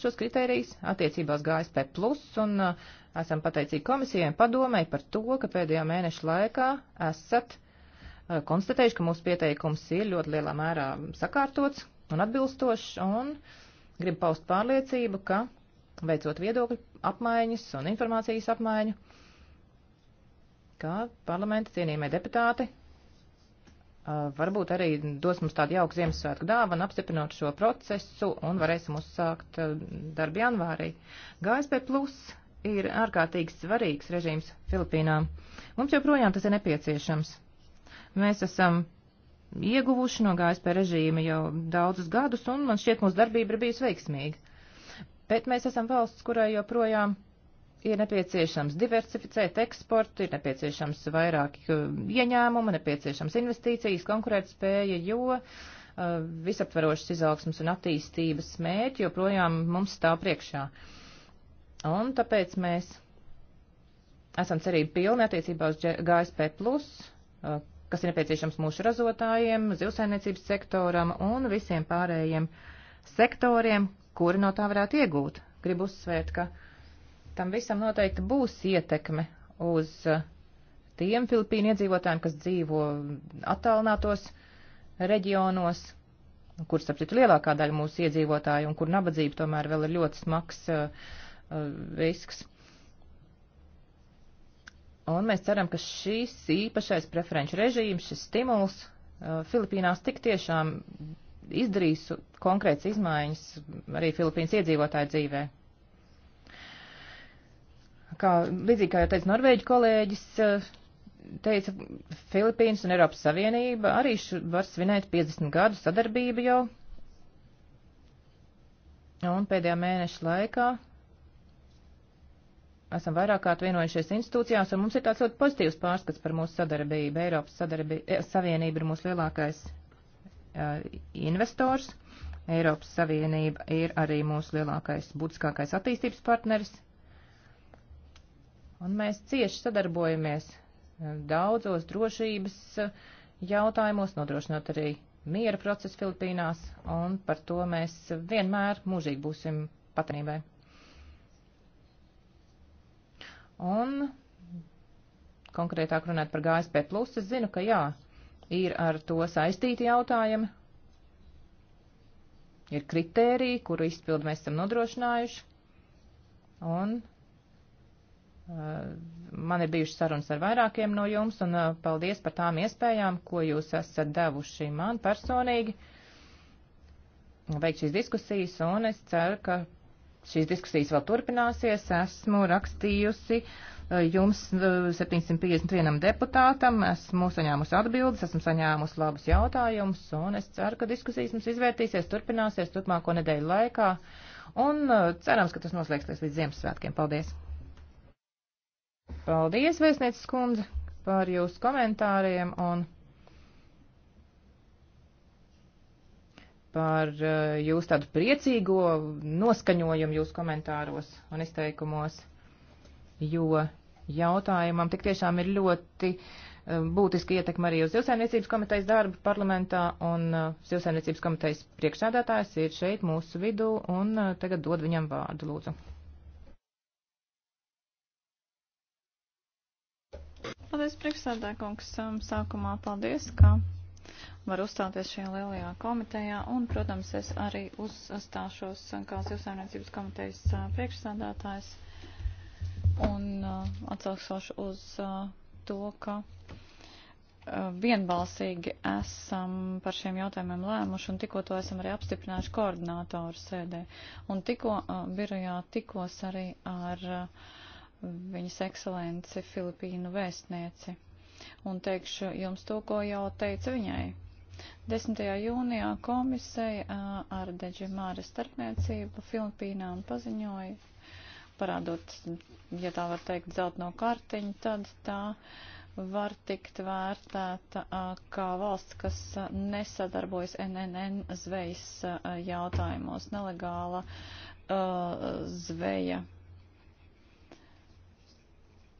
šos kriterijus attiecībās GSP plus un eh, esam pateicīgi komisijai un padomē par to, ka pēdējā mēneša laikā esat eh, konstatējuši, ka mūsu pieteikums ir ļoti lielā mērā sakārtots un atbilstošs un gribu paust pārliecību, ka veicot viedokļu apmaiņas un informācijas apmaiņu, kā parlamenta cienījumie deputāti varbūt arī dos mums tādu jauku Ziemassvētku dāvanu, apstiprinot šo procesu un varēsim uzsākt darbu janvārī. GSP Plus ir ārkārtīgi svarīgs režīms Filipīnām. Mums joprojām tas ir nepieciešams. Mēs esam ieguvuši no GSP režīma jau daudzus gadus, un man šķiet, mūsu darbība ir bijusi veiksmīga. Bet mēs esam valsts, kurai joprojām ir nepieciešams diversificēt eksportu, ir nepieciešams vairāk uh, ieņēmumu, nepieciešams investīcijas, konkurētspēja, jo uh, visaptverošas izaugsmas un attīstības mērķi joprojām mums stāv priekšā. Un tāpēc mēs esam cerību pilni attiecībā uz GSP, uh, kas ir nepieciešams mūsu razotājiem, zivsainiecības sektoram un visiem pārējiem sektoriem, kuri no tā varētu iegūt. Gribu uzsvērt, ka tam visam noteikti būs ietekme uz eh, tiem Filipīnu iedzīvotājiem, kas dzīvo attālinātos reģionos, kur, starp citu, lielākā daļa mūsu iedzīvotāju un kur nabadzība tomēr vēl ir ļoti smags uh, risks. Un mēs ceram, ka šīs īpašais preferenču režīms, šis stimuls uh, Filipīnās tik tiešām izdarīs konkrēts izmaiņas arī Filipīnas iedzīvotāju dzīvē. Kā līdzīgi kā jau teica Norvēģi kolēģis, eh, teica Filipīnas un Eiropas Savienība arī var svinēt 50 gadu sadarbību jau. Un pēdējā mēneša laikā esam vairāk kārt vienojušies institūcijās, un mums ir tāds ļoti pozitīvs pārskats par mūsu sadarbību. Eiropas sadarbi, eh, Savienība ir mūsu lielākais Eh, investors. Eiropas Savienība ir arī mūsu lielākais, būtiskākais attīstības partneris. Un mēs cieši sadarbojamies eh, daudzos drošības eh, jautājumos, nodrošinot arī miera procesu Filipīnās, un par to mēs vienmēr mūžīgi būsim patnībai. Un konkrētāk runāt par GSP plus, es zinu, ka jā, ir ar to saistīti jautājumi, ir kritēriji, kuru izpildu mēs esam nodrošinājuši, un uh, man ir bijušas sarunas ar vairākiem no jums, un uh, paldies par tām iespējām, ko jūs esat devuši man personīgi veikt šīs diskusijas, un es ceru, ka šīs diskusijas vēl turpināsies. Esmu rakstījusi uh, jums 751 eh, deputātam. Esmu saņēmusi atbildes, esmu saņēmusi labus jautājumus, un es ceru, ka diskusijas mums izvērtīsies, turpināsies turpmāko nedēļu laikā, un eh, cerams, ka tas noslēgsies līdz Ziemassvētkiem. Paldies! Paldies, Vēstnieces kundze, par jūsu komentāriem un par eh, jūsu tādu priecīgo noskaņojumu jūsu komentāros un izteikumos jo jautājumam tik tiešām ir ļoti eh, būtiski ietekma arī uz Zilsēmniecības komitejas darbu parlamentā, un eh, Zilsēmniecības komitejas priekšsēdētājs ir šeit mūsu vidū, un eh, tagad dod viņam vārdu, lūdzu. Paldies, priekšsēdē, kungs. Um, sākumā paldies, ka var uzstāties šajā lielajā komitejā, un, protams, es arī uzstāšos kā Zilsēmniecības komitejas uh, priekšsēdētājs. Un uh, atsaukšos uz uh, to, ka uh, vienbalsīgi esam par šiem jautājumiem lēmuši un tikko to esam arī apstiprinājuši koordinātoru sēdē. Un tikko uh, birojā tikos arī ar uh, viņas ekscelenci Filipīnu vēstnieci. Un teikšu jums to, ko jau teicu viņai. 10. jūnijā komisija uh, ar Deģimāra starpniecību Filipīnām paziņoja parādot, ja tā var teikt, zeltno kartiņu, tad tā var tikt vērtēta kā valsts, kas nesadarbojas NNN zvejas jautājumos, nelegāla zveja.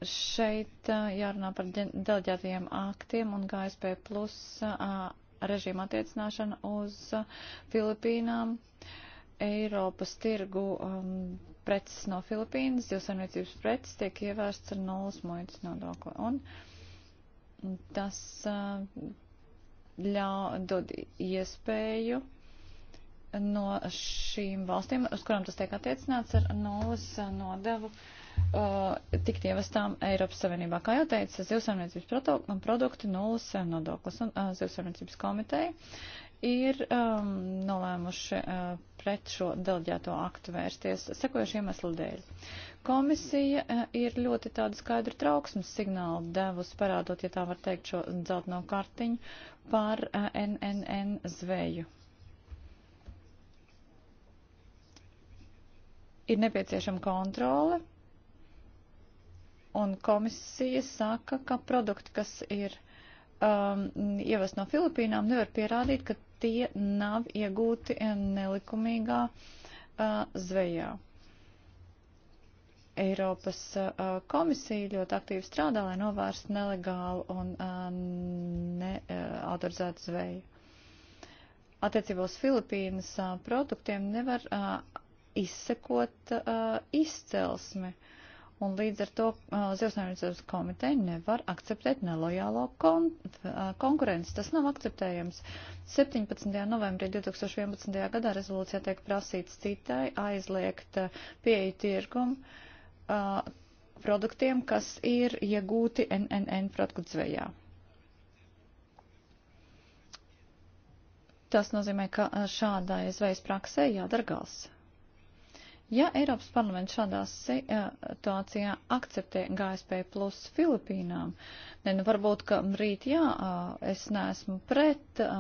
Šeit jārunā par deleģētajiem aktiem un GSP plus režīmu attiecināšanu uz Filipīnām. Eiropas tirgu um, preces no Filipīnas, divsaimniecības preces tiek ievērsts ar nulles muitas nodokli. Un tas ļau, dod iespēju no šīm valstīm, uz kurām tas tiek attiecināts ar nulles nodevu, tikt ievestām Eiropas Savienībā. Kā jau teicu, zivsaimniecības produkti nulles nodoklis un zivsaimniecības komiteja ir um, nolēmuši uh, pret šo deleģēto aktu vērsties sekojuši iemeslu dēļ. Komisija uh, ir ļoti tādu skaidru trauksmes signālu devusi, parādot, ja tā var teikt, šo dzeltno kartiņu par uh, NNN zveju. Ir nepieciešama kontrole, un komisija saka, ka produkti, kas ir um, ievest no Filipīnām, nevar pierādīt, ka tie nav iegūti nelikumīgā zvejā. Eiropas komisija ļoti aktīvi strādā, lai novērstu nelegālu un neautorizētu zveju. Attiecībā uz Filipīnas produktiem nevar izsekot izcelsmi. Uh, Un līdz ar to uh, Zivsnēmniecības komiteja nevar akceptēt nelojālo kon uh, konkurenci. Tas nav akceptējams. 17. novembrī 2011. gadā rezolūcijā tiek prasīts citai aizliegt uh, pieeja tirgumu uh, produktiem, kas ir iegūti NNN produktu zvejā. Tas nozīmē, ka šādai zvejas praksē jādara gals. Ja Eiropas parlaments šādā eh, situācijā akceptē GSP plus Filipīnām, ne, nu varbūt, ka rīt jā, eh, es neesmu pret eh,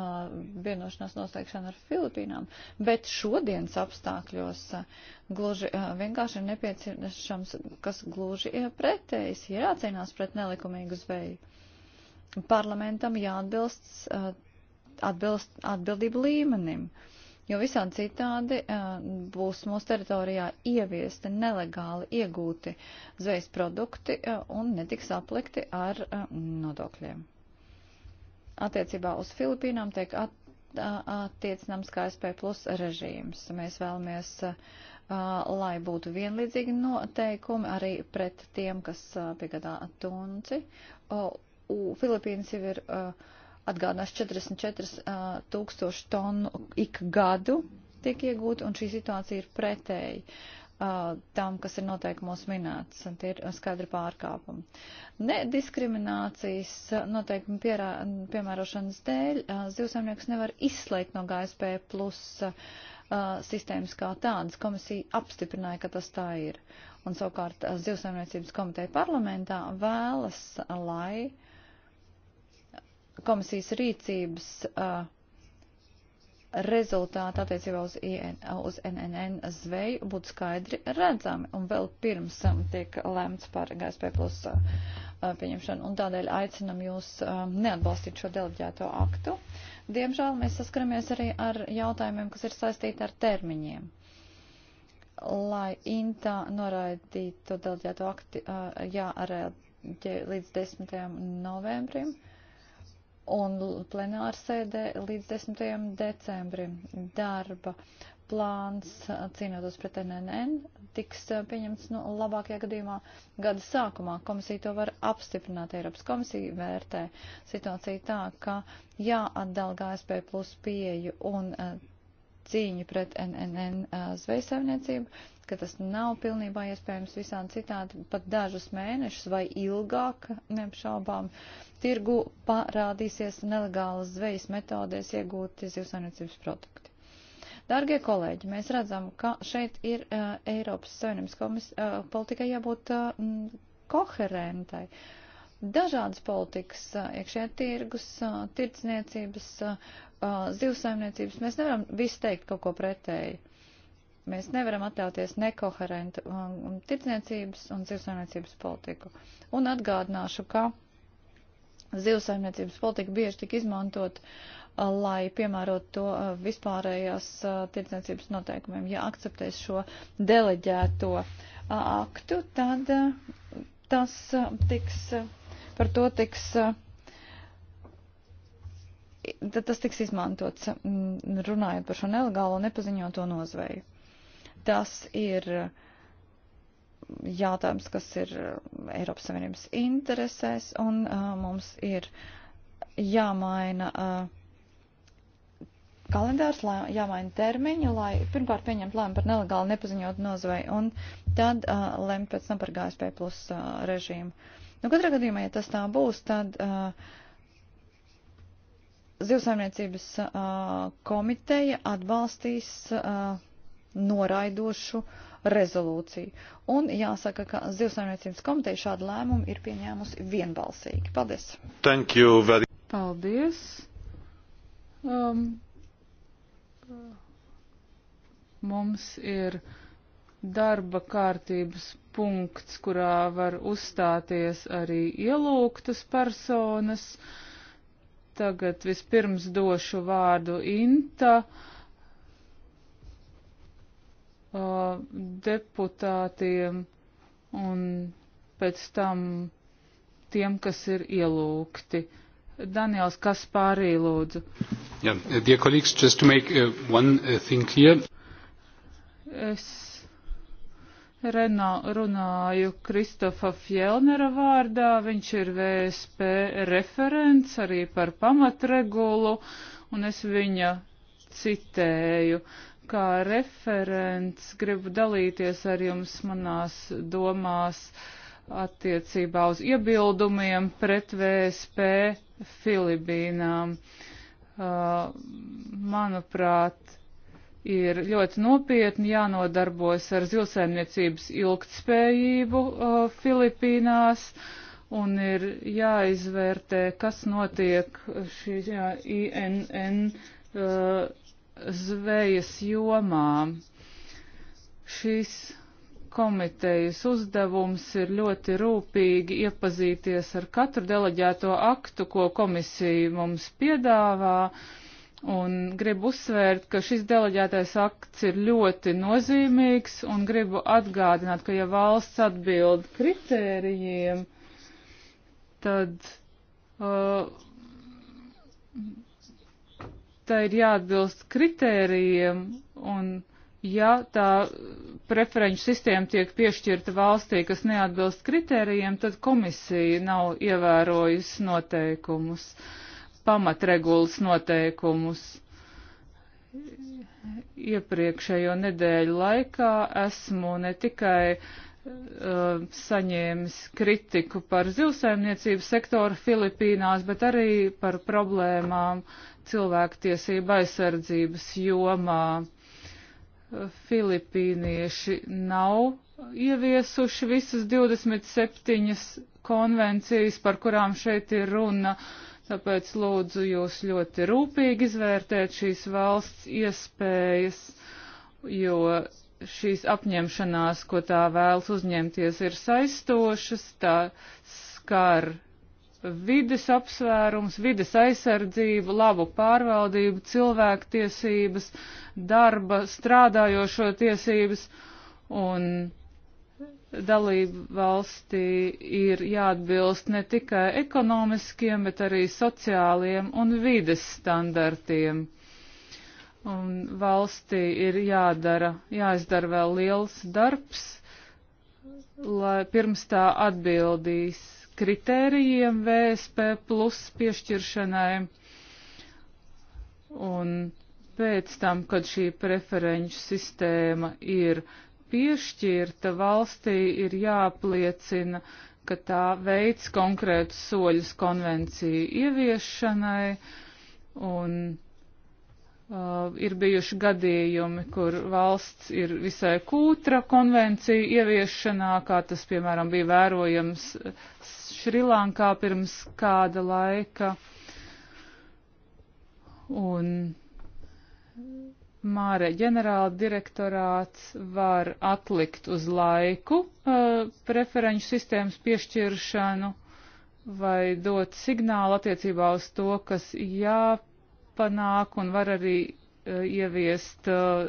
vienošanās noslēgšanu ar Filipīnām, bet šodienas apstākļos gluži vienkārši ir nepieciešams, kas gluži ir pretējs, ir jācīnās pret nelikumīgu zveju. Parlamentam jāatbilst atbilst, atbildību līmenim. Uh, jo visādi citādi būs mūsu teritorijā ieviesti nelegāli iegūti zvejas produkti un netiks aplikti ar nodokļiem. Attiecībā uz Filipīnām tiek at, attiecināms KSP plus režīms. Mēs vēlamies, lai būtu vienlīdzīgi noteikumi arī pret tiem, kas piegādā tunci. Filipīnas jau ir uh, atgādinās 44 tūkstoši tonu ik gadu tiek iegūti, un šī situācija ir pretēji tam, kas ir noteikumos minēts, un tie ir skaidri pārkāpumi. Nediskriminācijas noteikumi pierā, piemērošanas dēļ zivsaimnieks nevar izslēgt no GSP plus uh, sistēmas kā tādas. Komisija apstiprināja, ka tas tā ir. Un savukārt zivsaimniecības komiteja parlamentā vēlas, lai uh, komisijas rīcības uh, rezultāti attiecībā uz, IN, uh, uz NNN zveju būtu skaidri redzami un vēl pirms um, tiek lēmts par GSP plus uh, uh, pieņemšanu. Un tādēļ aicinam jūs um, neatbalstīt šo deleģēto aktu. Diemžēl mēs saskaramies arī ar jautājumiem, kas ir saistīti ar termiņiem. Lai INTA noraidītu deleģēto aktu uh, jāarēģē līdz 10. novembrim. Uh, un plenārsēdē līdz 10. decembrim darba plāns cīnoties pret NNN tiks pieņemts nu, labākajā gadījumā gada sākumā. Komisija to var apstiprināt. Eiropas komisija vērtē situāciju tā, ka jāatdala GSP plus pieju un cīņu pret NNN zvejsaimniecību, ka tas nav pilnībā iespējams visādi citādi, pat dažus mēnešus vai ilgāk neapšaubām. Uh, tirgu parādīsies nelegālas zvejas metodēs iegūti zivsainiecības produkti. Dārgie kolēģi, mēs redzam, ka šeit ir uh, Eiropas Savienības komis, uh, politikai jābūt uh, koherentai. Dažādas politikas, uh, iekšējā tirgus, uh, tirdzniecības, uh, uh, zivsaimniecības, mēs nevaram visu teikt kaut ko pretēji. Mēs nevaram atļauties nekoherentu uh, tirdzniecības un zivsaimniecības politiku. Un atgādināšu, ka Zivsaimniecības politika bieži tika izmantot, lai piemērot to vispārējās tirdzniecības noteikumiem. Ja akceptēs šo deleģēto aktu, tad tas tiks, par to tiks tad tas tiks izmantots, runājot par šo nelegālo nepaziņoto nozveju. Tas ir uh, jautājums, kas ir eh, Eiropas Savienības interesēs, un uh, mums ir jāmaina uh, kalendārs, lai, jāmaina termiņu, lai pirmkārt pieņemtu lēmumu par nelegāli nepaziņotu nozvei, un tad uh, lem pēc tam par GSP plus uh, režīmu. Nu, katrā gadījumā, ja tas tā būs, tad. Uh, Zivsaimniecības uh, komiteja atbalstīs uh, noraidošu uh, rezolūciju. Un jāsaka, ka Zivsaimniecības komiteja šādu lēmumu ir pieņēmusi vienbalsīgi. Paldies! Thank you very... Paldies! Um, mums ir darba kārtības punkts, kurā var uzstāties arī ielūgtas personas. Tagad vispirms došu vārdu Inta uh, deputātiem un pēc tam tiem, kas ir ielūgti. Daniels Kaspārī lūdzu. Yeah, dear colleagues, just to make uh, one uh, thing clear. Es renā, runāju Kristofa Fjellnera vārdā, viņš ir VSP referents arī par pamatregulu, un es viņa citēju kā referents gribu dalīties ar jums manās domās attiecībā uz iebildumiem pret VSP Filipīnām. Uh, manuprāt, ir ļoti nopietni jānodarbojas ar zilsēmniecības ilgtspējību uh, Filipīnās un ir jāizvērtē, kas notiek šī jā, INN. Uh, zvejas jomā. Šīs komitejas uzdevums ir ļoti rūpīgi iepazīties ar katru deleģēto aktu, ko komisija mums piedāvā. Un gribu uzsvērt, ka šis deleģētais akts ir ļoti nozīmīgs un gribu atgādināt, ka ja valsts atbild kritērijiem, tad uh, tā ir jāatbilst kritērijiem, un ja tā preferenču sistēma tiek piešķirta valstī, kas neatbilst kritērijiem, tad komisija nav ievērojusi noteikumus, pamatregulas noteikumus. Iepriekšējo nedēļu laikā esmu ne tikai uh, saņēmis kritiku par zivsaimniecības sektoru Filipīnās, bet arī par problēmām cilvēktiesība aizsardzības jomā. Filipīnieši nav ieviesuši visas 27 konvencijas, par kurām šeit ir runa, tāpēc lūdzu jūs ļoti rūpīgi izvērtēt šīs valsts iespējas, jo šīs apņemšanās, ko tā vēlas uzņemties, ir saistošas, tā skar vides apsvērums, vides aizsardzību, labu pārvaldību, cilvēktiesības, darba, strādājošo tiesības un dalību valstī ir jāatbilst ne tikai ekonomiskiem, bet arī sociāliem un vides standartiem. Un valstī ir jādara, jāizdara vēl liels darbs, lai pirms tā atbildīs kritērijiem VSP plus piešķiršanai. Un pēc tam, kad šī preferenču sistēma ir piešķirta, valstī ir jāpliecina, ka tā veids konkrētus soļus konvenciju ieviešanai un uh, ir bijuši gadījumi, kur valsts ir visai kūtra konvenciju ieviešanā, kā tas, piemēram, bija vērojams Šrilankā pirms kāda laika. Un Māre ģenerāla direktorāts var atlikt uz laiku uh, preferenču sistēmas piešķiršanu vai dot signālu attiecībā uz to, kas jāpanāk un var arī uh, ieviest uh,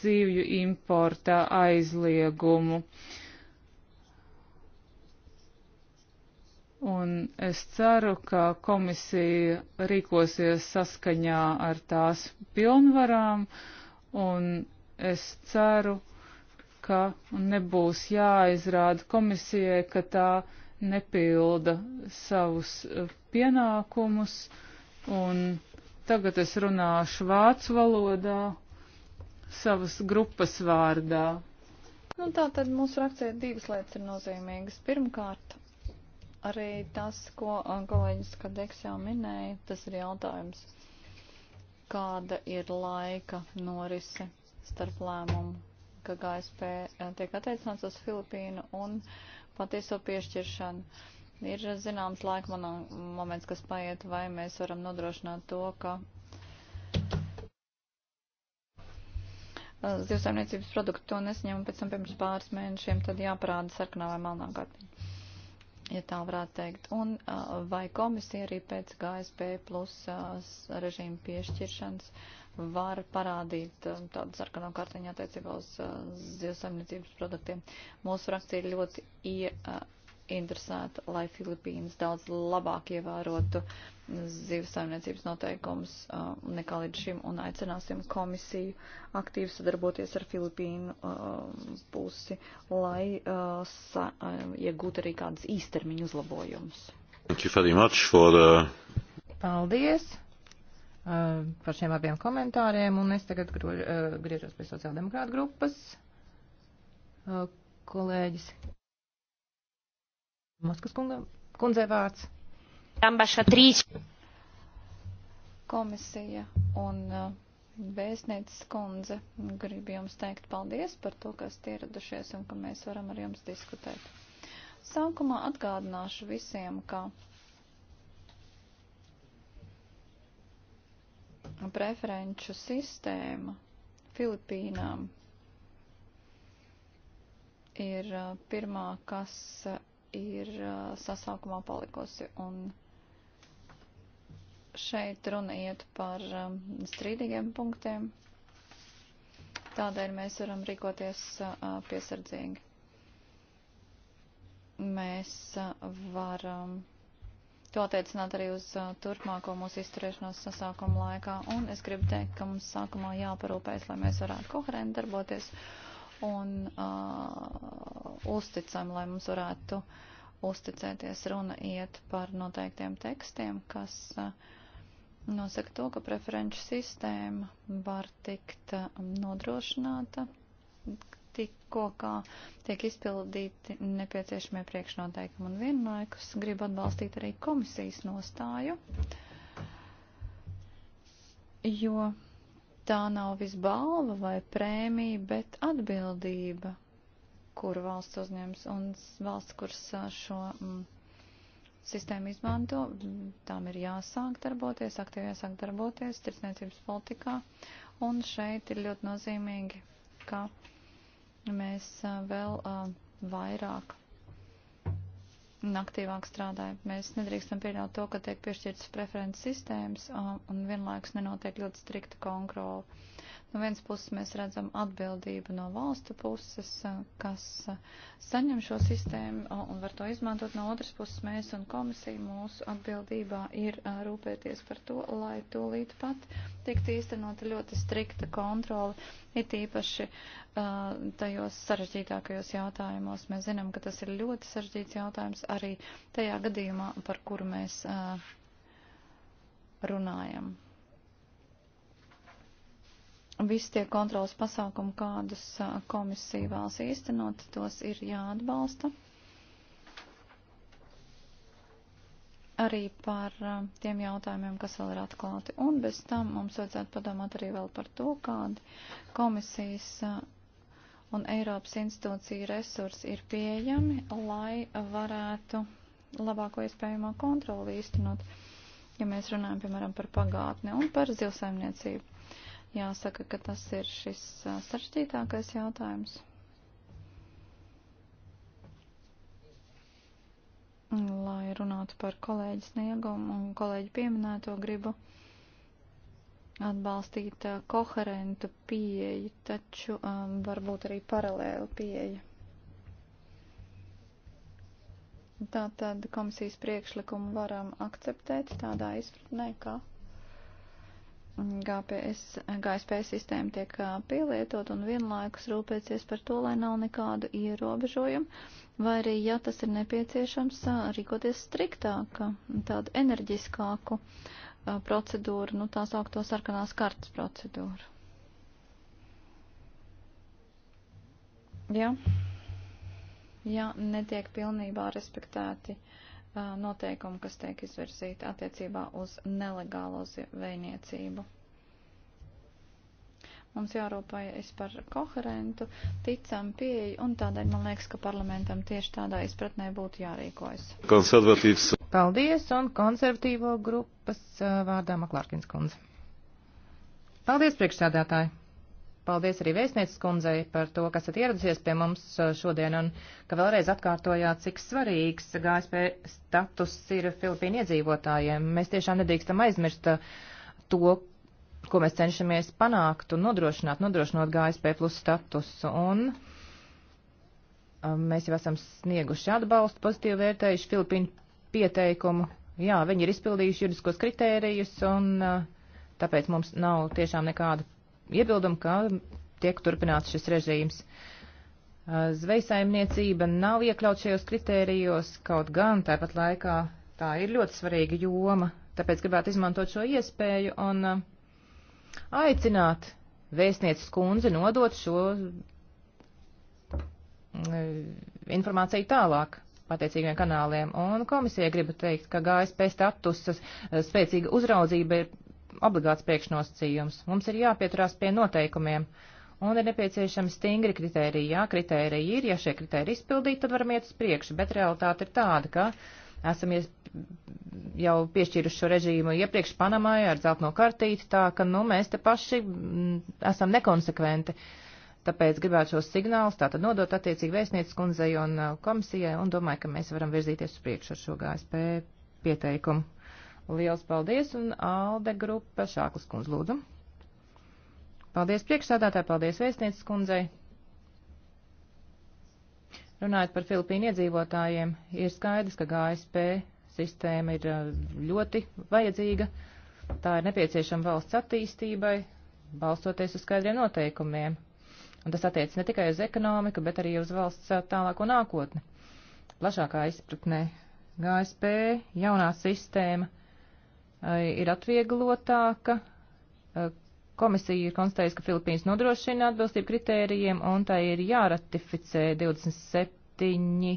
zīvju importa aizliegumu. Uh, un es ceru, ka komisija rīkosies saskaņā ar tās pilnvarām, un es ceru, ka nebūs jāizrāda komisijai, ka tā nepilda savus eh, pienākumus, un tagad es runāšu vācu valodā savas grupas vārdā. Nu, tā tad mūsu rakstē divas lietas ir nozīmīgas. Pirmkārt, arī tas, ko kolēģis Kadeks jau minēja, tas ir jautājums, kāda ir laika norise starp lēmumu, ka GSP tiek attiecināts uz Filipīnu un patieso piešķiršanu. Ir zināms laika moments, kas paiet, vai mēs varam nodrošināt to, ka zivsaimniecības produktu to nesaņem un pēc tam pirms pāris mēnešiem tad jāparāda sarkanā vai melnā kartiņa ja tā varētu teikt. Un vai komisija arī pēc GSP plus režīmu piešķiršanas var parādīt tādu sarkano kartiņu attiecībā uz zivsaimniecības produktiem? Mūsu frakcija ļoti ie, interesēta, lai Filipīnas daudz labāk ievērotu zivs saimniecības noteikumus uh, nekā līdz šim un aicināsim komisiju aktīvi sadarboties ar Filipīnu uh, pusi, lai uh, sa, uh, iegūtu arī kādas īstermiņu uzlabojumus. For, uh... Paldies uh, par šiem abiem komentāriem un es tagad grož, uh, griežos pie sociāldemokrāta grupas. Uh, kolēģis Maskas kungam, kundzē vārds. Ambaša 3. Komisija un uh, vēstnieces kundze grib jums teikt paldies par to, kas ieradušies un ka mēs varam ar jums diskutēt. Sākumā atgādināšu visiem, ka preferenču sistēma Filipīnām ir uh, pirmā, kas ir sasaukumā palikusi. Un šeit runa iet par strīdīgiem punktiem. Tādēļ mēs varam rīkoties piesardzīgi. Mēs varam to attiecināt arī uz turpmāko mūsu izturēšanos sasākuma laikā. Un es gribu teikt, ka mums sākumā jāparūpēs, lai mēs varētu koherenti darboties un uh, uzticam, lai mums varētu uzticēties. Runa iet par noteiktiem tekstiem, kas uh, nosaka to, ka preferenču sistēma var tikt uh, nodrošināta tikko, kā tiek izpildīti nepieciešamie priekšnoteikumi. Un vienlaikus gribu atbalstīt arī komisijas nostāju, jo tā nav visbalva vai prēmija, bet atbildība, kuru valsts uzņems un valsts, kuras šo mm, sistēmu izmanto, tām ir jāsāk darboties, aktīvi jāsāk darboties tirsniecības politikā. Un šeit ir ļoti nozīmīgi, ka mēs vēl vairāk un aktīvāk strādāja. Mēs nedrīkstam pieļaut to, ka tiek piešķirtas preferences sistēmas un vienlaikus nenotiek ļoti strikta kontrola. No vienas puses mēs redzam atbildību no valstu puses, kas saņem šo sistēmu un var to izmantot. No otras puses mēs un komisija mūsu atbildībā ir rūpēties par to, lai tūlīt pat tiktu īstenota ļoti strikta kontrola, it īpaši tajos sarežģītākajos jautājumos. Mēs zinām, ka tas ir ļoti sarežģīts jautājums arī tajā gadījumā, par kuru mēs runājam visi tie kontrolas pasākumi, kādus komisija vēlas īstenot, tos ir jāatbalsta. Arī par tiem jautājumiem, kas vēl ir atklāti. Un bez tam mums vajadzētu padomāt arī vēl par to, kādi komisijas un Eiropas institūcija resursi ir pieejami, lai varētu labāko iespējamo kontroli īstenot, ja mēs runājam, piemēram, par pagātni un par zilsaimniecību Jāsaka, ka tas ir šis sarežģītākais jautājums. Lai runātu par kolēģi sniegumu un kolēģi pieminēto, gribu atbalstīt koherentu pieeju, taču um, varbūt arī paralēlu pieeju. Tātad komisijas priekšlikumu varam akceptēt tādā izpratnē, ka. Kā GPS, GSP sistēma tiek pielietot un vienlaikus rūpēties par to, lai nav nekādu ierobežojumu, vai arī, ja tas ir nepieciešams, rīkoties striktāk, tādu enerģiskāku procedūru, nu tā saukto sarkanās kartas procedūru. Ja, ja netiek pilnībā respektēti uh, noteikumu, kas tiek izvirzīta attiecībā uz nelegālo zvejniecību. Mums jārūpējas par koherentu, ticam pieeju, un tādēļ man liekas, ka parlamentam tieši tādā izpratnē būtu jārīkojas. Konservatīvs. Paldies, un konservatīvo grupas vārdā Maklārkins kundze. Paldies, priekšsēdētāji! paldies arī vēstnieces kundzei par to, kas esat ieradusies pie mums uh, šodien un ka vēlreiz atkārtojāt, cik svarīgs GSP status ir Filipīnu iedzīvotājiem. Mēs tiešām nedrīkstam aizmirst uh, to, ko mēs cenšamies panākt un nodrošināt, nodrošinot GSP plus statusu. Un uh, mēs jau esam snieguši atbalstu, pozitīvi vērtējuši Filipīnu pieteikumu. Jā, viņi ir izpildījuši juridiskos kritērijus un tāpēc mums nav tiešām nekāda iebildumu, ka tiek turpināts šis režīms. Zvejsaimniecība nav iekļaut šajos kritērijos, kaut gan tāpat laikā tā ir ļoti svarīga joma, tāpēc gribētu izmantot šo iespēju un aicināt vēstnieces kundzi nodot šo informāciju tālāk attiecīgiem kanāliem. Un komisija gribu teikt, ka GSP statusas spēcīga uzraudzība ir obligāts priekšnosacījums. Mums ir jāpieturās pie noteikumiem. Un ir nepieciešami stingri kritēriji. Jā, kritēriji ir, ja šie kritēriji izpildīti, tad varam iet uz priekšu, bet realitāte ir tāda, ka esam jau piešķīruši šo režīmu iepriekš Panamai ar zeltno kartīti, tā ka, nu, mēs te paši mm, esam nekonsekventi. Tāpēc gribētu šos signālus tātad nodot attiecīgi vēstnieces kundzei un uh, komisijai un domāju, ka mēs varam virzīties uz priekšu ar šo GSP pieteikumu. Liels paldies un Alde grupa Šāklas kundz lūdzu. Paldies priekšsādātāji, paldies vēstnieces kundzei. Runājot par Filipīnu iedzīvotājiem, ir skaidrs, ka GSP sistēma ir uh, ļoti vajadzīga. Tā ir nepieciešama valsts attīstībai, balstoties uz skaidriem noteikumiem. Un tas attiec ne tikai uz ekonomiku, bet arī uz valsts uh, tālāko nākotni. Plašākā izpratnē GSP jaunā sistēma ir atvieglotāka. Komisija ir konstatējusi, ka Filipīnas nodrošina atbilstību kritērijiem, un tai ir jāratificē 27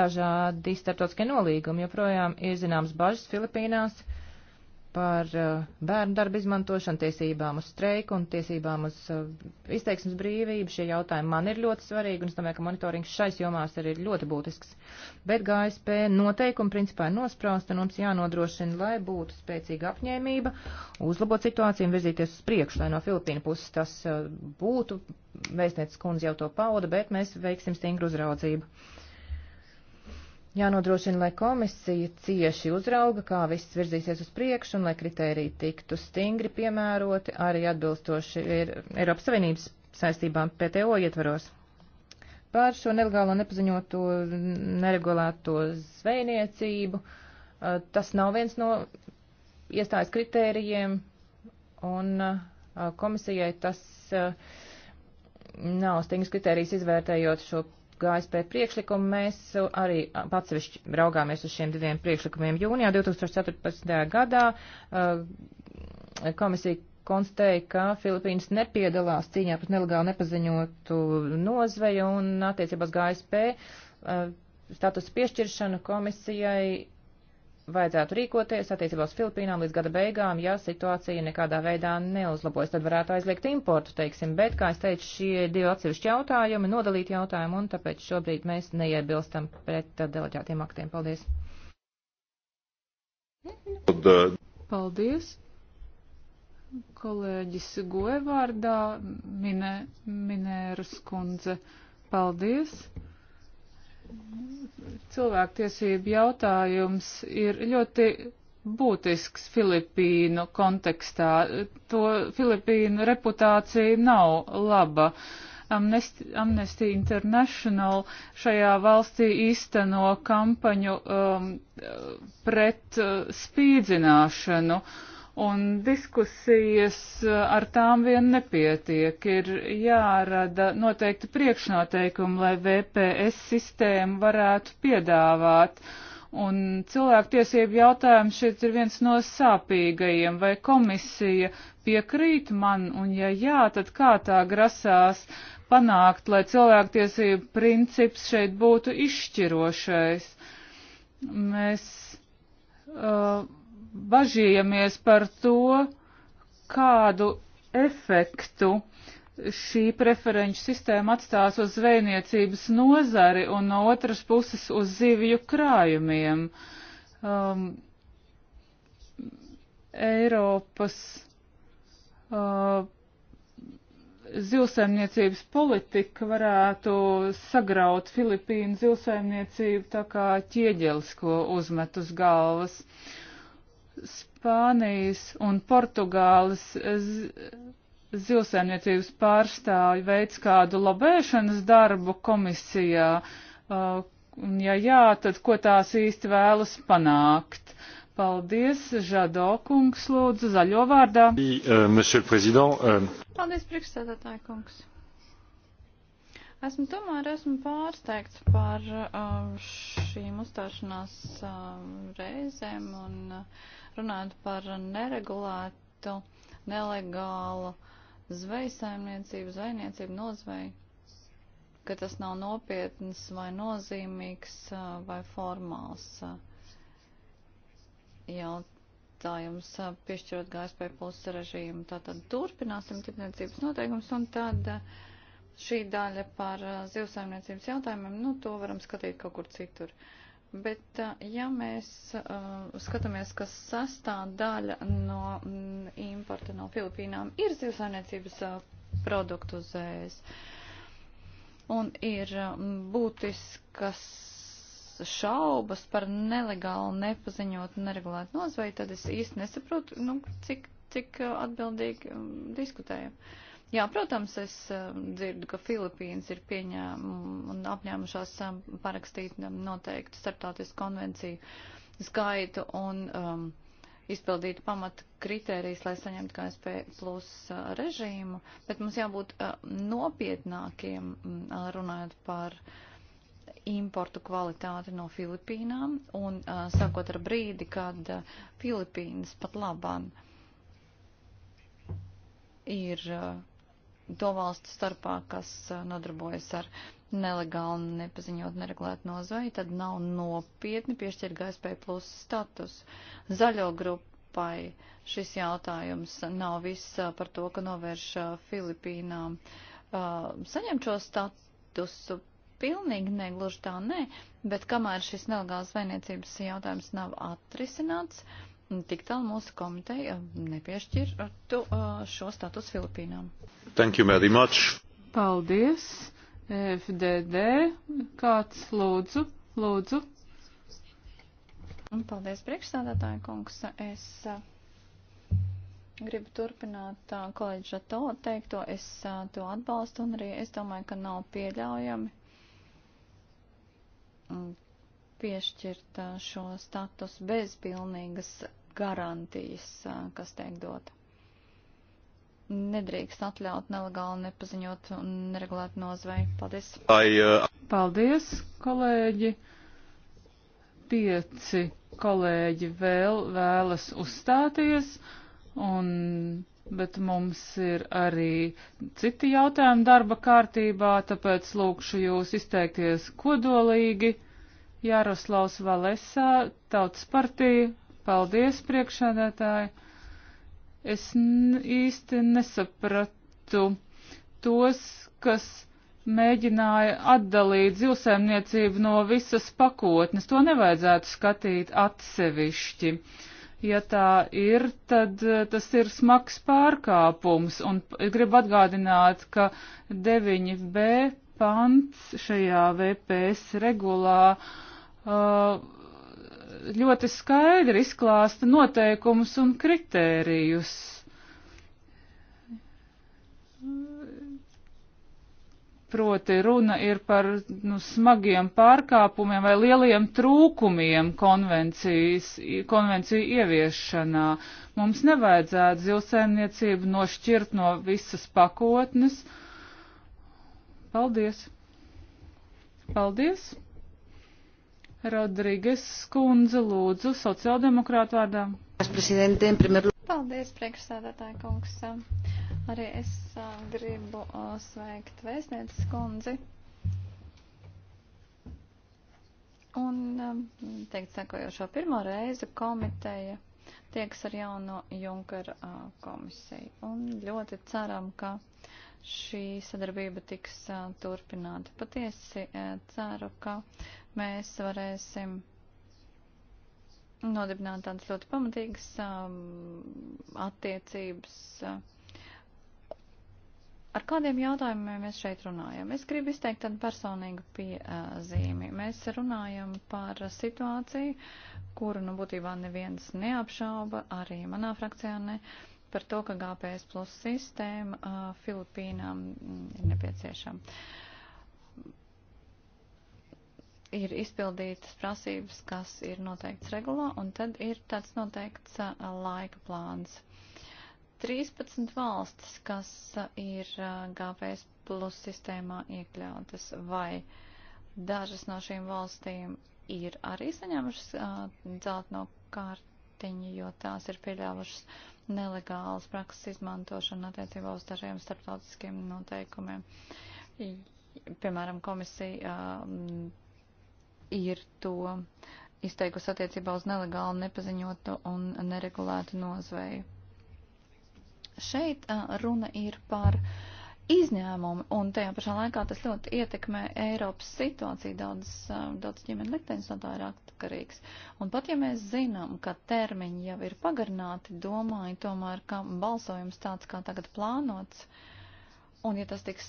dažādi starptautiskie nolīgumi. Joprojām ir zināms bažas Filipīnās. Uh, par eh, bērnu darbu izmantošanu, tiesībām uz streiku un tiesībām uz eh, izteiksmes brīvību. Šie jautājumi man ir ļoti svarīgi, un es domāju, ka monitorings šais jomās arī ir ļoti būtisks. Bet GSP noteikumi principā ir nosprausti, un mums jānodrošina, lai būtu spēcīga apņēmība uzlabot situāciju un virzīties uz priekšu, lai no Filipīnu puses tas eh, būtu. Vēstniecis kundze jau to pauda, bet mēs veiksim stingru uzraudzību. Jānodrošina, lai komisija cieši uzrauga, kā viss virzīsies uz priekšu un lai kritēriji tiktu stingri piemēroti arī atbilstoši Eiropas Savienības saistībām PTO ietvaros. Pār šo nelegālo nepaziņoto neregulēto zvejniecību eh, tas nav viens no iestājas kritērijiem un eh, komisijai tas eh, nav stingrs kritērijs izvērtējot šo GSP priekšlikumu, mēs arī atsevišķi raugāmies uz šiem diviem priekšlikumiem. Jūnijā 2014. gadā uh, komisija konstatēja, ka Filipīnas nepiedalās cīņā pret nelegāli nepaziņotu nozveju un attiecībās GSP uh, status piešķiršanu komisijai vajadzētu rīkoties attiecībā uz Filipīnām līdz gada beigām, ja situācija nekādā veidā neuzlabojas, tad varētu aizliegt importu, teiksim, bet, kā es teicu, šie divi atsevišķi jautājumi, nodalīti jautājumi, un tāpēc šobrīd mēs neiebilstam pret uh, deleģētiem aktiem. Paldies! Uh, paldies! Kolēģis Goevārdā minē, Minēras kundze, paldies! cilvēktiesību jautājums ir ļoti būtisks Filipīnu kontekstā. To Filipīnu reputācija nav laba. Amnesty, Amnesty International šajā valstī īsteno kampaņu um, pret uh, spīdzināšanu. Uh, un diskusijas eh, ar tām vien nepietiek. Ir jārada noteikti priekšnoteikumi, lai VPS sistēmu varētu piedāvāt. Un cilvēktiesību jautājums šeit ir viens no sāpīgajiem, vai komisija piekrīt man, un ja jā, tad kā tā grasās panākt, lai cilvēktiesību princips šeit būtu izšķirošais. Mēs uh, bažījamies par to, kādu efektu šī preferenču sistēma atstās uz zvejniecības nozari un no otras puses uz zivju krājumiem. Um, Eiropas uh, zivsaimniecības politika varētu sagraut Filipīnu zivsaimniecību tā kā ķieģelis, ko uzmet uz galvas. Uh, Spānijas un Portugāles zilsēmniecības pārstāvji veids kādu lobēšanas darbu komisijā? Uh, un ja jā, tad ko tās īsti vēlas panākt? Paldies, Žado kungs, lūdzu, zaļo vārdā. Euh, euh, Paldies, priekšsēdētāji kungs. Esmu tomēr esmu pārsteigts par uh, šīm uzstāšanās uh, reizēm un uh, Runājot par neregulētu, nelegālu zvejsaimniecību, zvejniecību, nozveju, ka tas nav nopietns vai nozīmīgs vai formāls jautājums piešķirot GSP plus režīmu. Tātad turpināsim tirdzniecības noteikums un tad šī daļa par zivsaimniecības jautājumiem, nu to varam skatīt kaut kur citur. Uh, Bet, uh, ja mēs uh, skatāmies, ka sastāvdaļa no mm, importa no Filipīnām ir zivsainiecības uh, produktu zēs, un ir um, būtiskas šaubas par nelegālu, nepaziņotu, neregulētu nozveju, tad es īsti nesaprotu, nu, cik, cik uh, atbildīgi um, diskutējam. Uh, Jā, protams, es eh, dzirdu, ka Filipīnas ir pieņēmuši un apņēmušās eh, parakstīt noteiktu starptautisku konvenciju skaitu un um, izpildīt pamata kritērijas, lai saņemtu KSP plus eh, režīmu, bet mums jābūt nopietnākiem mm, runājot par importu kvalitāti no Filipīnām un sākot ar brīdi, kad Filipīnas pat labāk ir to valstu starpā, kas nodarbojas ar nelegālu, nepaziņot, neregulētu nozveju, tad nav nopietni piešķirt GSP plus status. Zaļo grupai šis jautājums nav viss par to, ka novērš Filipīnām saņemt šo statusu. Pilnīgi negluži tā nē, bet kamēr šis nelegāls zvejniecības jautājums nav atrisināts, uh, Tik tālu mūsu komiteja eh, nepiešķir tu, eh, šo status Filipīnām. Thank you very much. Paldies. FDD. Kāds lūdzu? Lūdzu. Paldies, priekšstādātāja kungs. Es eh, gribu turpināt kolēģi Žato teikto. Es to atbalstu un arī es domāju, ka nav pieļaujami mm, piešķirt šo status bez pilnīgas garantijas, kas tiek dota. Nedrīkst atļaut nelegāli nepaziņot un neregulēt nozvei. Paldies. Paldies, kolēģi. Pieci kolēģi vēl vēlas uzstāties, un, bet mums ir arī citi jautājumi darba kārtībā, tāpēc lūkšu jūs izteikties kodolīgi. Jāroslavs Valesā, Tautas partija, Paldies, priekšādātāji. Es īsti nesapratu tos, kas mēģināja atdalīt zivsēmniecību no visas pakotnes. To nevajadzētu skatīt atsevišķi. Ja tā ir, tad eh, tas ir smags pārkāpums. Un gribu atgādināt, ka 9b pants šajā VPS regulā uh, ļoti skaidri izklāsta noteikumus un kritērijus. Proti runa ir par nu, smagiem pārkāpumiem vai lieliem trūkumiem konvenciju ieviešanā. Mums nevajadzētu zilsēmniecību nošķirt no visas pakotnes. Paldies! Paldies! Rodrīgas skundze, lūdzu, sociāldemokrātu vārdā. Paldies, priekšsēdētāji kungs. Arī es gribu sveikt vēstnieces skundzi. Un teikt sakojošo pirmo reizi komiteja tieks ar jauno Junkara komisiju. Un ļoti ceram, ka šī sadarbība tiks turpināta. Patiesi ceru, ka mēs varēsim nodibināt tādas ļoti pamatīgas um, attiecības. Uh, ar kādiem jautājumiem mēs šeit runājam? Es gribu izteikt tādu personīgu piezīmi. Mēs runājam par situāciju, kuru, nu, būtībā neviens neapšauba, arī manā frakcijā ne, par to, ka GPS plus sistēma uh, Filipīnām mm, ir nepieciešama ir izpildītas prasības, kas ir noteikts regulā, un tad ir tāds noteikts laika plāns. 13 valstis, kas ir GPS plus sistēmā iekļautas, vai dažas no šīm valstīm ir arī saņēmušas dzeltno kārtiņu, jo tās ir pieļāvušas nelegālas prakses izmantošanu attiecībā uz dažiem starptautiskiem noteikumiem. Piemēram, komisija ir to izteikusi attiecībā uz nelegālu, nepaziņotu un neregulētu nozveju. Šeit runa ir par izņēmumu, un tajā pašā laikā tas ļoti ietekmē Eiropas situāciju. Daudz, daudz ģimeņu likteņus no tā ir atkarīgs. Un pat ja mēs zinām, ka termiņi jau ir pagarināti, domāju tomēr, ka balsojums tāds kā tagad plānots, uh, Un, ja tas tiks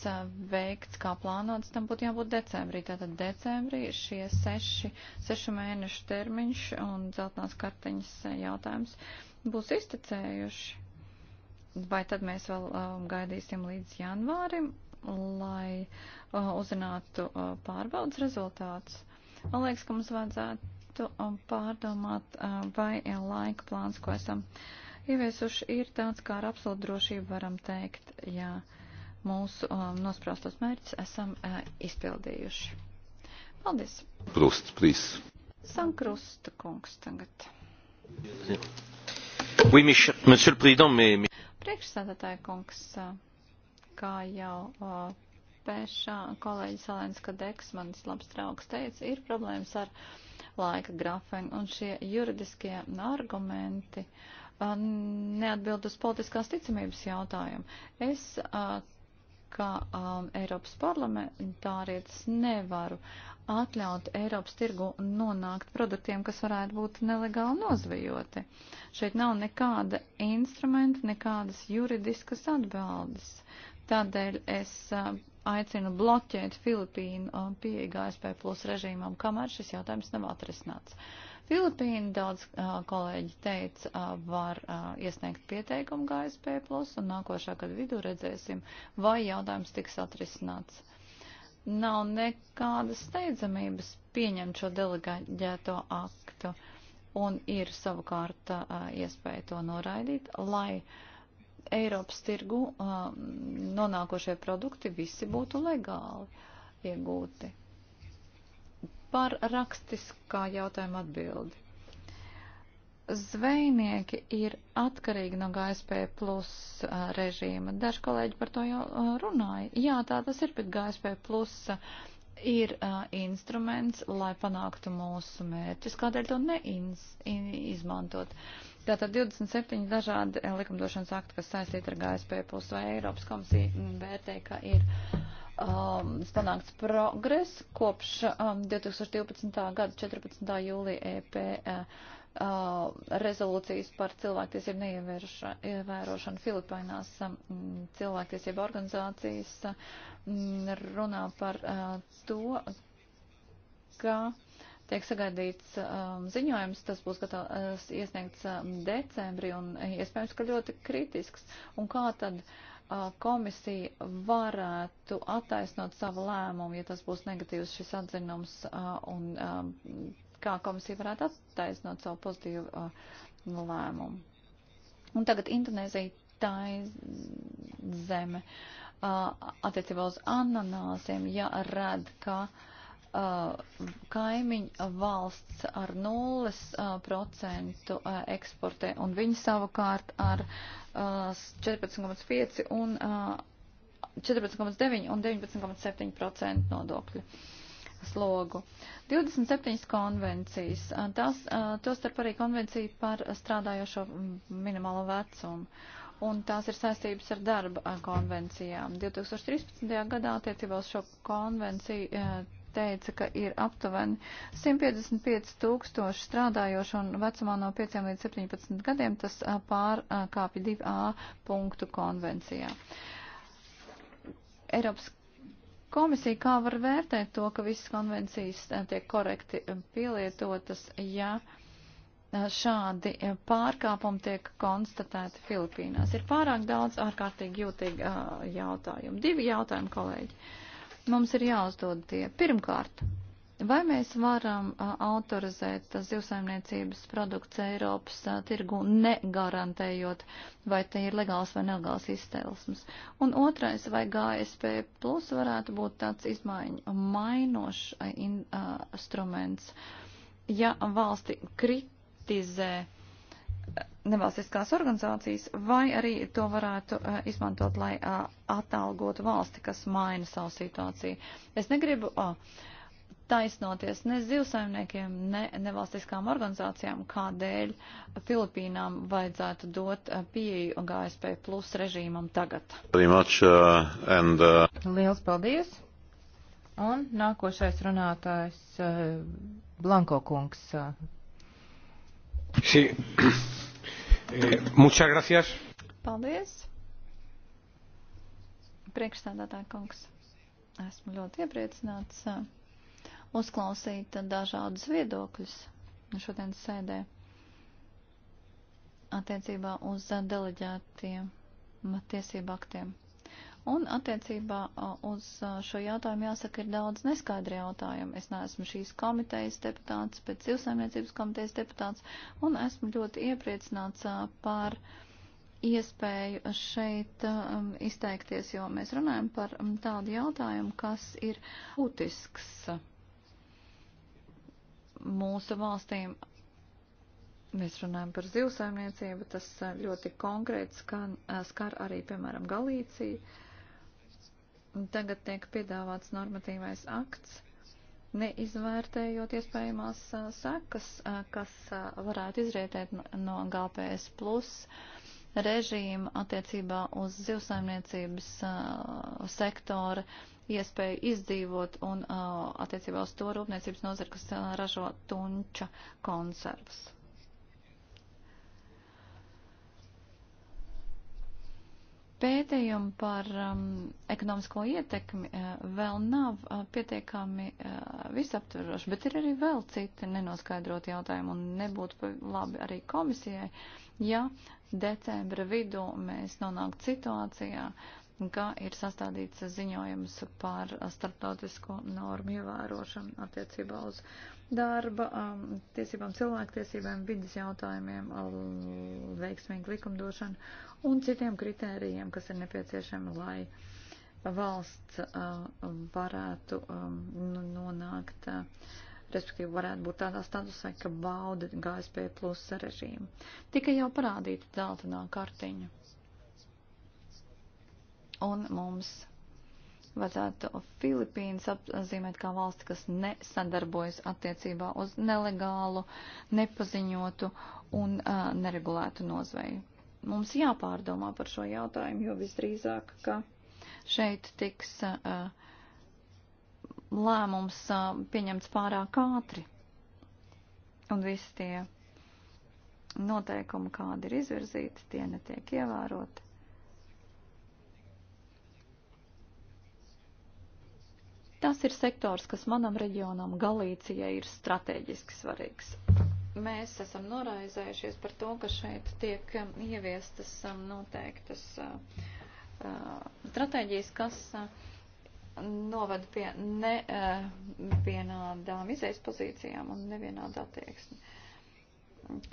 veikts kā plānots, tam būtu jābūt decembrī. Tātad decembrī šie seši, sešu mēnešu termiņš un dzeltenās kartiņas jautājums būs izticējuši. Vai tad mēs vēl um, gaidīsim līdz janvārim, lai uh, uzzinātu uh, pārbaudas rezultātus? Man liekas, ka mums vajadzētu um, pārdomāt, uh, vai laika plāns, ko esam ieviesuši, ir tāds, kā ar absolūtu drošību varam teikt, jā. Uh, mūsu um, nospraustos mērķus esam uh, izpildījuši. Paldies! Krust, plīs! Sankrusta kungs tagad. Oui, monsieur le président, mais... Priekšsēdētāja kungs, uh, kā jau uh, pēšā kolēģis Alēns Kadeks, manis labs draugs, teica, ir problēmas ar laika grafiku un šie juridiskie argumenti. Uh, neatbild uz politiskās ticamības jautājumu. Es uh, kā um, Eiropas parlamentārietis nevaru atļaut Eiropas tirgu nonākt produktiem, kas varētu būt nelegāli nozvejoti. Šeit nav nekāda instrumenta, nekādas juridiskas atbildes. Tādēļ es uh, aicinu bloķēt Filipīnu uh, pieeja GSP plus režīmam, kamēr šis jautājums nav atrisināts. Uh, Filipīna daudz uh, kolēģi teica, uh, var uh, iesniegt pieteikumu GSP plus un nākošā gada vidū redzēsim, vai jautājums tiks atrisināts. Nav nekādas steidzamības pieņemt šo delegēto aktu un ir savukārt uh, iespēja to noraidīt, lai uh, Eiropas tirgu um, nonākošie produkti visi būtu legāli iegūti par rakstiskā jautājuma atbildi. Zvejnieki ir atkarīgi no GSP plus uh, režīma. Daži kolēģi par to jau uh, runāja. Jā, tā tas ir, bet GSP plus uh, ir uh, instruments, lai panāktu mūsu mērķus, kādēļ to neizmantot. Tātad 27 dažādi eh, likumdošanas akti, kas saistīti ar GSP plus vai Eiropas komisija mm, vērtē, ka ir um, panākts progress kopš um, 2012. gada 14. jūlija EP uh, uh, rezolūcijas par cilvēktiesību neievērošanu Filipainās um, cilvēktiesību organizācijas um, runā par uh, to, ka tiek sagaidīts um, ziņojums, tas būs gatavs iesniegts decembrī un iespējams, ka ļoti kritisks. Un kā tad uh, komisija varētu attaisnot savu lēmumu, ja tas būs negatīvs šis atzinums, un kā komisija varētu attaisnot savu pozitīvu lēmumu. Un tagad Indonēzija tā ir zeme attiecībā uz ananāsiem, ja rad, ka uh, Uh, kaimiņu uh, valsts ar 0% uh, eksportē, un viņi savukārt ar 14,5 un 14,9 un 19,7% nodokļu slogu. 27 konvencijas, tās, to starp arī konvencija par strādājošo minimālo vecumu un tās ir saistības ar darba konvencijām. 2013. gadā attiecībā uz šo konvenciju teica, ka ir aptuveni 155 tūkstoši strādājoši un vecumā no 5 līdz 17 gadiem tas pārkāpja 2A punktu konvencijā. Eiropas komisija kā var vērtēt to, ka visas konvencijas tiek korekti pielietotas, ja šādi pārkāpumi tiek konstatēti Filipīnās. Ir pārāk daudz ārkārtīgi jūtīgi jautājumu. Divi jautājumi, kolēģi. Uh, mums ir jāuzdod tie. Pirmkārt, vai mēs varam autorizēt zivsaimniecības produkts Eiropas tirgu negarantējot, vai te ir legāls vai nelegāls izcelsmes? Un otrais, vai GSP plus varētu būt tāds izmaiņu mainošs instruments, ja valsti kritizē nevalstiskās organizācijas, vai arī to varētu uh, izmantot, lai uh, atalgotu valsti, kas maina savu situāciju. Es negribu uh, taisnoties ne zivsaimniekiem, ne nevalstiskām organizācijām, kādēļ Filipīnām vajadzētu dot uh, pieeju GSP plus režīmam tagad. Much, uh, and, uh... Liels paldies! Un nākošais runātājs uh, Blanko kungs. Uh, Sí. Eh, muchas gracias. Paldies. Priekšstādātāja kungs, esmu ļoti iepriecināts eh, uzklausīt dažādus viedokļus šodien sēdē attiecībā uz deleģētiem tiesību aktiem. Un attiecībā uz šo jautājumu jāsaka, ir daudz neskaidri jautājumu. Es neesmu šīs komitejas deputāts, pēc zivsaimniecības komitejas deputāts, un esmu ļoti iepriecināts par iespēju šeit izteikties, jo mēs runājam par tādu jautājumu, kas ir būtisks mūsu valstīm. Mēs runājam par zivsaimniecību, tas ļoti konkrēti skan, skar arī, piemēram, Galīciju Tagad tiek piedāvāts normatīvais akts, neizvērtējot iespējamās sekas, kas varētu izrietēt no GPS plus režīma attiecībā uz zivsaimniecības sektora iespēju izdzīvot un attiecībā uz to rūpniecības nozara, kas ražo tunča konservas. Pētījumi par um, ekonomisko ietekmi uh, vēl nav uh, pietiekami uh, visaptveroši, bet ir arī vēl citi nenoskaidroti jautājumi un nebūtu labi arī komisijai, ja decembra vidū mēs nonāktu situācijā, ka ir sastādīts ziņojums par starptautisko normu ievērošanu attiecībā uz darba, um, tiesībām cilvēktiesībām, vidas jautājumiem, um, veiksmīgu likumdošanu un citiem kritērijiem, kas ir nepieciešami, lai valsts um, varētu nu, nonākt, uh, respektīvi varētu būt tādā statusā, ka bauda GSP plus režīmu. Tikai jau parādīta dzeltenā kartiņa. Un mums Vajadzētu Filipīnas apzīmēt kā valsti, kas nesadarbojas attiecībā uz nelegālu, nepaziņotu un uh, neregulētu nozveju. Mums jāpārdomā par šo jautājumu, jo visdrīzāk, ka šeit tiks uh, lēmums uh, pieņemts pārāk ātri. Un visi tie noteikumi, kādi ir izvirzīti, tie netiek ievēroti. Tas ir sektors, kas manam reģionam Galīcijai ir strateģiski svarīgs. Mēs esam noraizējušies par to, ka šeit tiek um, ieviestas um, noteiktas uh, uh, stratēģijas, kas uh, novada pie nevienādām izējas pozīcijām un nevienādu attieksmi. Uh,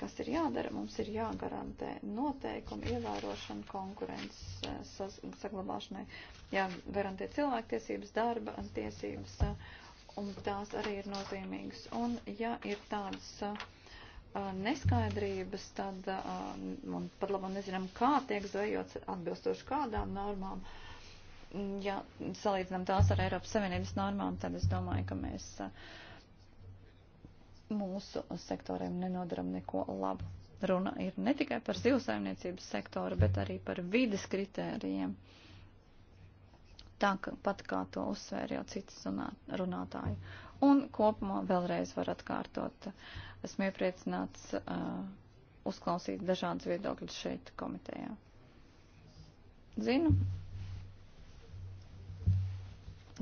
kas ir jādara, mums ir jāgarantē noteikumu ievērošana konkurences eh, saglabāšanai, jāgarantē cilvēktiesības, darba tiesības, eh, un tās arī ir nozīmīgas. Un ja ir tādas eh, neskaidrības, tad, un pat labam nezinām, kā tiek zvejots atbilstoši kādām normām, ja salīdzinām tās ar Eiropas Savienības normām, tad es domāju, ka mēs. Uh, mūsu sektoriem nenodaram neko labu. Runa ir ne tikai par zivsaimniecības sektoru, bet arī par vides kritērijiem. Tā ka pat kā to uzsvēra jau citas runātāji. Un kopumā vēlreiz var atkārtot. Esmu iepriecināts uh, uzklausīt dažādas viedokļas šeit komitejā. Zinu,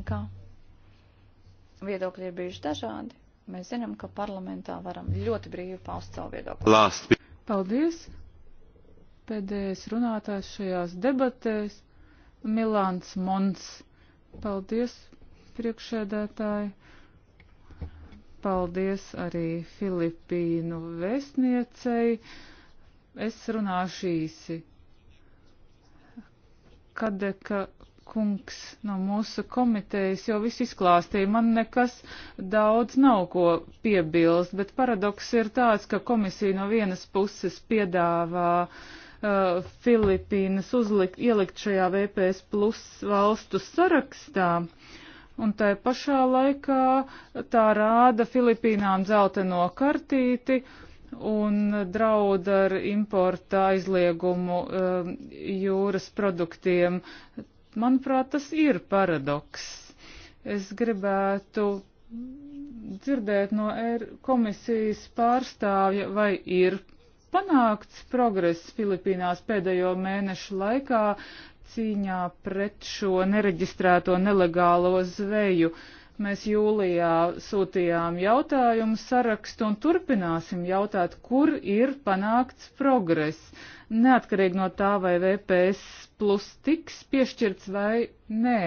ka viedokļi ir bijuši dažādi. Mēs zinām, ka parlamentā varam ļoti brīvi paust savu viedokli. Last. Paldies! Pēdējais runātājs šajās debatēs - Milāns Mons. Paldies, priekšēdētāji! Paldies arī Filipīnu vēstniecei. Es runāšu īsi. Kadeka kungs no mūsu komitejas jau viss izklāstīja. Man nekas daudz nav ko piebilst, bet paradoks ir tāds, ka komisija no vienas puses piedāvā uh, Filipīnas uzlikt, ielikt šajā VPS plus valstu sarakstā. Un tai pašā laikā tā rāda Filipīnām dzelteno kartīti, un draud ar importa aizliegumu um, jūras produktiem. Manuprāt, tas ir paradoks. Es gribētu dzirdēt no komisijas pārstāvja, vai ir panākts progress Filipīnās pēdējo mēnešu laikā cīņā pret šo nereģistrēto nelegālo zveju. Uh, Mēs jūlijā sūtījām jautājumu sarakstu un turpināsim jautāt, kur ir panākts progress, neatkarīgi no tā, vai VPS plus tiks piešķirts vai nē.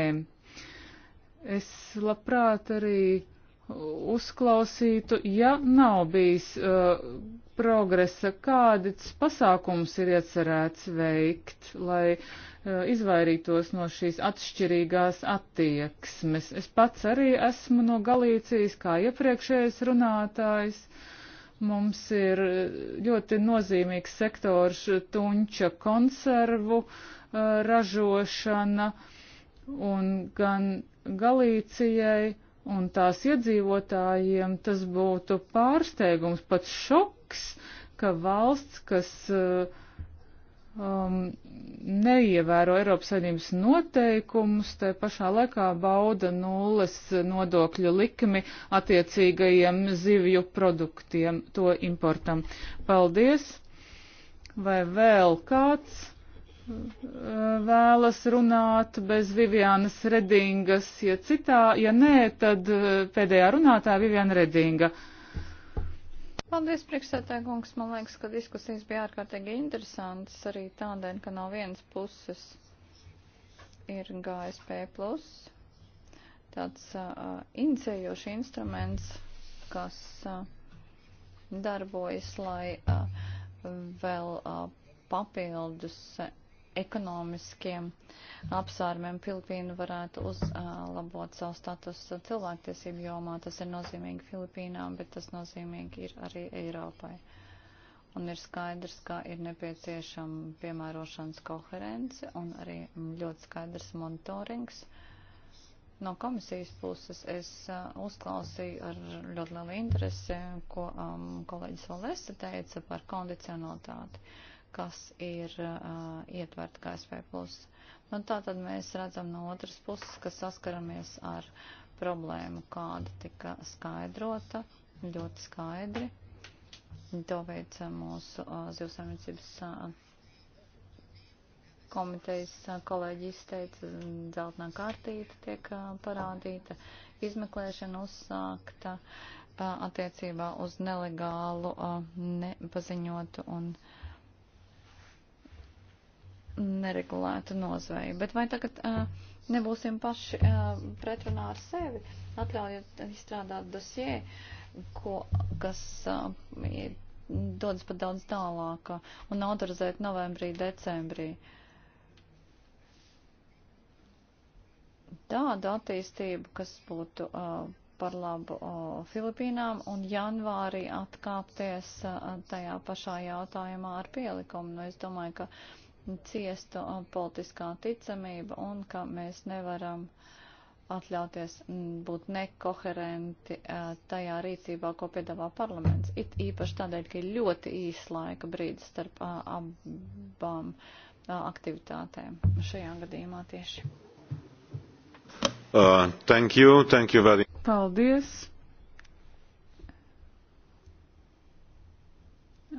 Es labprāt arī uzklausītu, ja nav bijis uh, progresa, kādas pasākums ir iecerēts veikt, lai uh, izvairītos no šīs atšķirīgās attieksmes. Es pats arī esmu no Galīcijas, kā iepriekšējais runātājs. Mums ir uh, ļoti nozīmīgs sektors tunča konservu uh, ražošana un gan Galīcijai un tās iedzīvotājiem tas būtu pārsteigums, pat šoks, ka valsts, kas uh, um, neievēro Eiropas saimnības noteikumus, te pašā laikā bauda nulles nodokļu likmi attiecīgajiem zivju produktiem, to importam. Paldies! Vai vēl kāds? vēlas runāt bez Vivianas Redingas, ja citā, ja nē, tad eh, pēdējā runātāja Viviana Redinga. Paldies, priekšsētāja kungs. Man liekas, ka diskusijas bija ārkārtīgi interesantas arī tādēļ, ka no vienas puses ir GSP plus, tāds uh, inicējošs instruments, kas uh, darbojas, lai uh, vēl uh, papildus ekonomiskiem apsvērumiem Filipīna varētu uzlabot savu statusu cilvēktiesību jomā. Tas ir nozīmīgi Filipīnām, bet tas nozīmīgi ir arī Eiropai. Un ir skaidrs, ka ir nepieciešama piemērošanas koherence un arī ļoti skaidrs monitorings. No komisijas puses es uh, uzklausīju ar ļoti lielu interesi, ko um, kolēģis Valesa teica par kondicionalitāti. Uh, kas ir uh, ietverta KSP. Nu, tā tad mēs redzam no otras puses, ka saskaramies ar problēmu, kāda tika skaidrota ļoti skaidri. To veica mūsu uh, zivsarmniecības uh, komitejas kolēģi izteica, dzeltenā kārtīta tiek parādīta, izmeklēšana uzsākta attiecībā uz nelegālu, nepaziņotu un neregulētu nozveju. Bet vai tagad uh, nebūsim paši uh, pretrunā ar sevi, atļaujot izstrādāt dosie, ko, kas uh, dodas pat daudz tālāk un autorizēt novembrī, decembrī? Tādu attīstību, kas būtu uh, par labu o, Filipīnām un janvārī atkāpties a, tajā pašā jautājumā ar pielikumu. Nu, es domāju, ka ciestu um, politiskā ticamība un ka mēs nevaram atļauties mm, būt nekoherenti uh, tajā rīcībā, ko piedāvā parlaments. It īpaši tādēļ, ka ir ļoti īsa laika brīdis starp uh, abām uh, aktivitātēm šajā gadījumā tieši. Uh, thank you, thank you very... Paldies.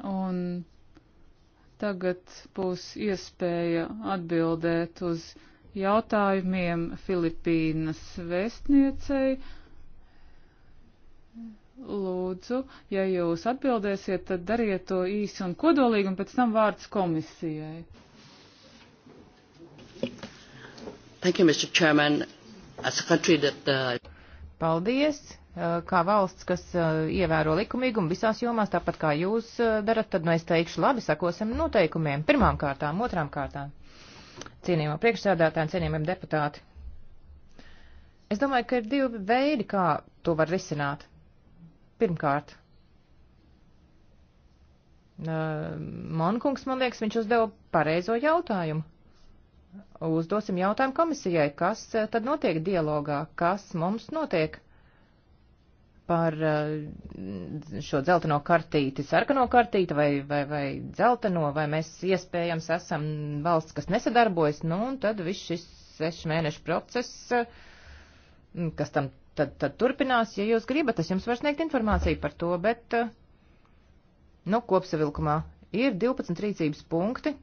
Un Tagad būs iespēja atbildēt uz jautājumiem Filipīnas vēstniecei. Lūdzu, ja jūs atbildēsiet, tad dariet to īsi un kodolīgi, un pēc tam vārds komisijai. Thank you, Mr. Chairman. As a country that the... Uh, Paldies. Eh, kā valsts, kas eh, ievēro likumīgumu visās jomās, tāpat kā jūs eh, darat, tad nu es teikšu, labi, sakosim noteikumiem pirmām kārtām, otrām kārtām. Cienījamo priekšsēdētājiem, cienījamiem deputāti. Es domāju, ka ir divi veidi, kā to var risināt. Pirmkārt, Monkungs, man liekas, viņš uzdeva pareizo jautājumu. Uzdosim jautājumu komisijai, kas tad notiek dialogā, kas mums notiek par eh, šo dzelteno kartīti, sarkano kartīti vai, vai, vai dzelteno, vai mēs iespējams esam valsts, kas nesadarbojas, nu, un tad viss šis sešu mēnešu process, eh, kas tam tad, tad turpinās, ja jūs gribat, es jums varu sniegt informāciju par to, bet, eh, nu, kopsavilkumā ir 12 rīcības punkti,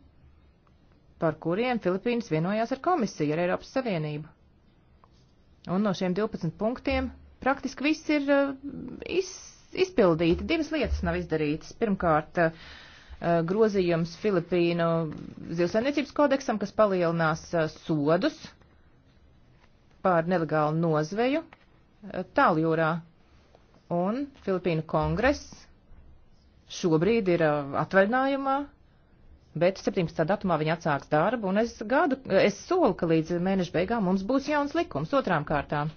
par kuriem Filipīnas vienojās ar komisiju, ar Eiropas Savienību. Un no šiem 12 punktiem praktiski viss ir eh, iz, izpildīti. Divas lietas nav izdarītas. Pirmkārt, eh, grozījums Filipīnu zilsainiecības kodeksam, kas palielinās eh, sodus par nelegālu nozveju tāljūrā. Un Filipīnu kongress šobrīd ir atvaļinājumā, bet 17. datumā viņi atsāks darbu, un es, gadu, es solu, ka līdz mēneša beigām mums būs jauns likums otrām kārtām.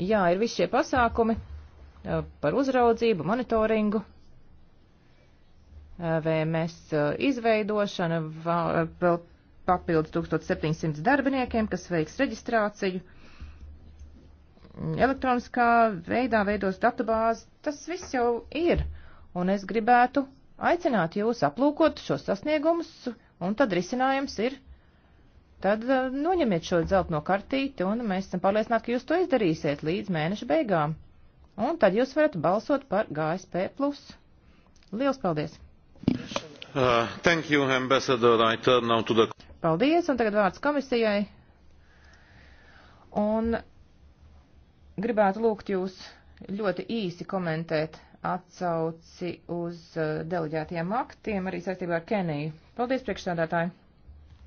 Jā, ir visi šie pasākumi par uzraudzību, monitoringu, VMS izveidošana, vēl papildus 1700 darbiniekiem, kas veiks reģistrāciju. Elektroniskā veidā veidos datubāzi, tas viss jau ir, un es gribētu aicināt jūs aplūkot šos sasniegumus, un tad risinājums ir tad eh, noņemiet šo zeltno kartīti, un mēs esam pārliecināti, ka jūs to izdarīsiet līdz mēneša beigām. Un tad jūs varat balsot par GSP+. Lielas paldies! Uh, thank you, Ambassador. I turn now to the... Paldies, un tagad vārds komisijai. Un gribētu lūgt jūs ļoti īsi komentēt atsauci uz eh, deleģētiem aktiem, arī saistībā ar Keniju. Paldies, priekšstādātāji!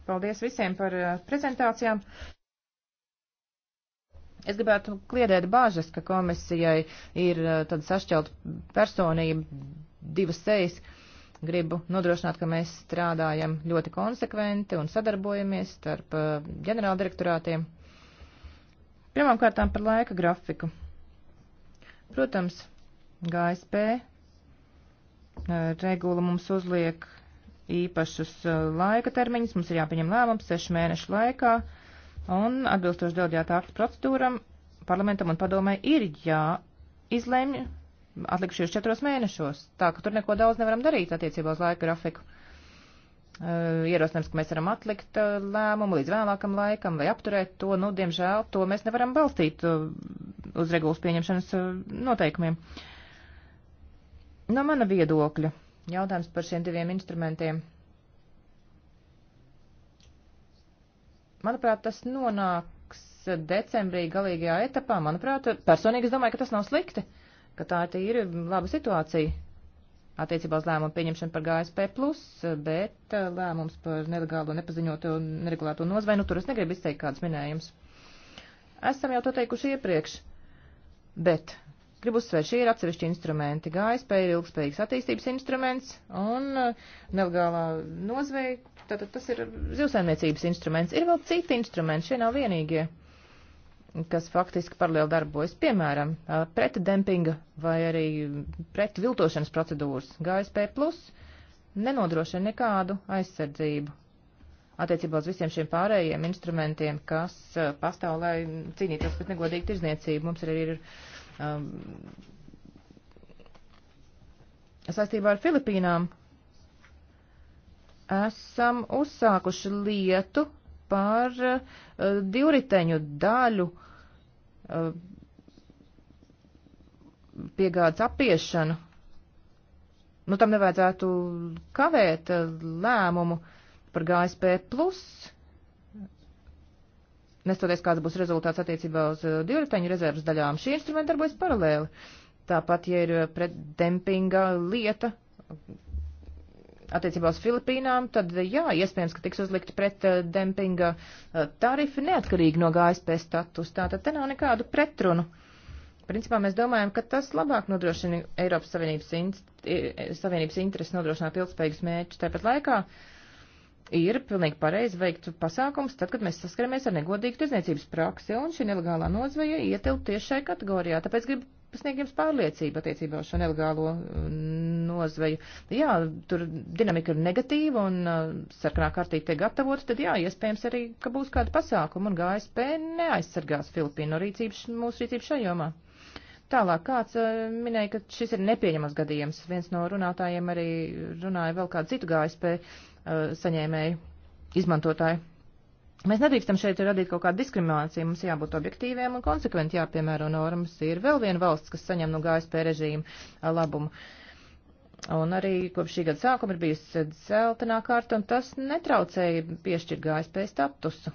Paldies visiem par eh, prezentācijām. Es gribētu kliedēt bāžas, ka komisijai ir eh, tāda sašķelt personība, divas sejas. Gribu nodrošināt, ka mēs strādājam ļoti konsekventi un sadarbojamies starp eh, ģenerāldirektorātiem. Pirmkārt, par laika grafiku. Protams, GSP regula mums uzliek īpašus uh, laika termiņus, mums ir jāpieņem lēmums sešu mēnešu laikā, un atbilstoši delģēta aktu procedūram parlamentam un padomē ir jāizlemj atlikušies četros mēnešos, tā ka tur neko daudz nevaram darīt attiecībā uz laika grafiku. Uh, Ierosinājums, ka mēs varam atlikt uh, lēmumu līdz vēlākam laikam vai apturēt to, nu, diemžēl, to mēs nevaram balstīt uz regulas pieņemšanas noteikumiem. No mana viedokļa Jautājums par šiem diviem instrumentiem. Manuprāt, tas nonāks decembrī galīgajā etapā. Manuprāt, personīgi es domāju, ka tas nav slikti, ka tā ir laba situācija attiecībā uz lēmumu pieņemšanu par GSP, bet eh, lēmums par nelegālo, nepaziņoto un neregulēto nozvainu, tur es negribu izteikt kādus minējumus. Esam jau to teikuši iepriekš, bet Gribu uzsvērt, šie ir atsevišķi instrumenti. GSP ir ilgspējīgs attīstības instruments un uh, nelegālā nozveja, tātad tas ir zivsaimniecības instruments. Ir vēl citi instrumenti, šie nav vienīgie kas faktiski paralēli darbojas, piemēram, uh, pret dempinga vai arī pret viltošanas procedūras. GSP plus nenodrošina nekādu aizsardzību attiecībā uz visiem šiem pārējiem instrumentiem, kas uh, pastāv, lai cīnītos pret negodīgu tirzniecību. Mums arī ir um, saistībā ar Filipīnām esam uzsākuši lietu par uh, divriteņu daļu uh, piegādes apiešanu. Nu, tam nevajadzētu kavēt uh, lēmumu par GSP plus nestoties kāds būs rezultāts attiecībā uz uh, divriteņu rezervas daļām, šie instrumenti darbojas paralēli. Tāpat, ja ir uh, pret dempinga lieta uh, attiecībā uz Filipīnām, tad jā, iespējams, ka tiks uzlikti pret dempinga tarifi neatkarīgi no GSP status. Tātad te nav nekādu pretrunu. Principā mēs domājam, ka tas labāk nodrošina Eiropas Savienības, in Savienības interesi nodrošināt ilgspējīgus mērķus. Tāpat laikā uh, ir pilnīgi pareizi veikt pasākums, tad, kad mēs saskaramies ar negodīgu tirdzniecības praksi, un šī nelegālā nozveja ietilp tieši šai kategorijā. Tāpēc gribu sniegt jums pārliecību attiecībā uz šo nelegālo uh, nozveju. Jā, tur dinamika ir negatīva un uh, sarkanā kārtība tiek gatavota, tad jā, iespējams arī, ka būs kāda pasākuma, un GSP neaizsargās Filipīnu no rīcības, mūsu rīcības šajomā. Tālāk kāds uh, minēja, ka šis ir nepieņemams gadījums. Viens no runātājiem arī runāja vēl kādu citu GSP Uh, saņēmēju izmantotāju. Mēs nedrīkstam šeit radīt kaut kādu diskrimināciju, mums jābūt objektīviem un konsekventi jāpiemēro normas. Ir vēl viena valsts, kas saņem no GSP režīma uh, labumu. Un arī kopš šī gada sākuma ir bijusi dzeltenā kārta, un tas netraucēja piešķirt GSP statusu.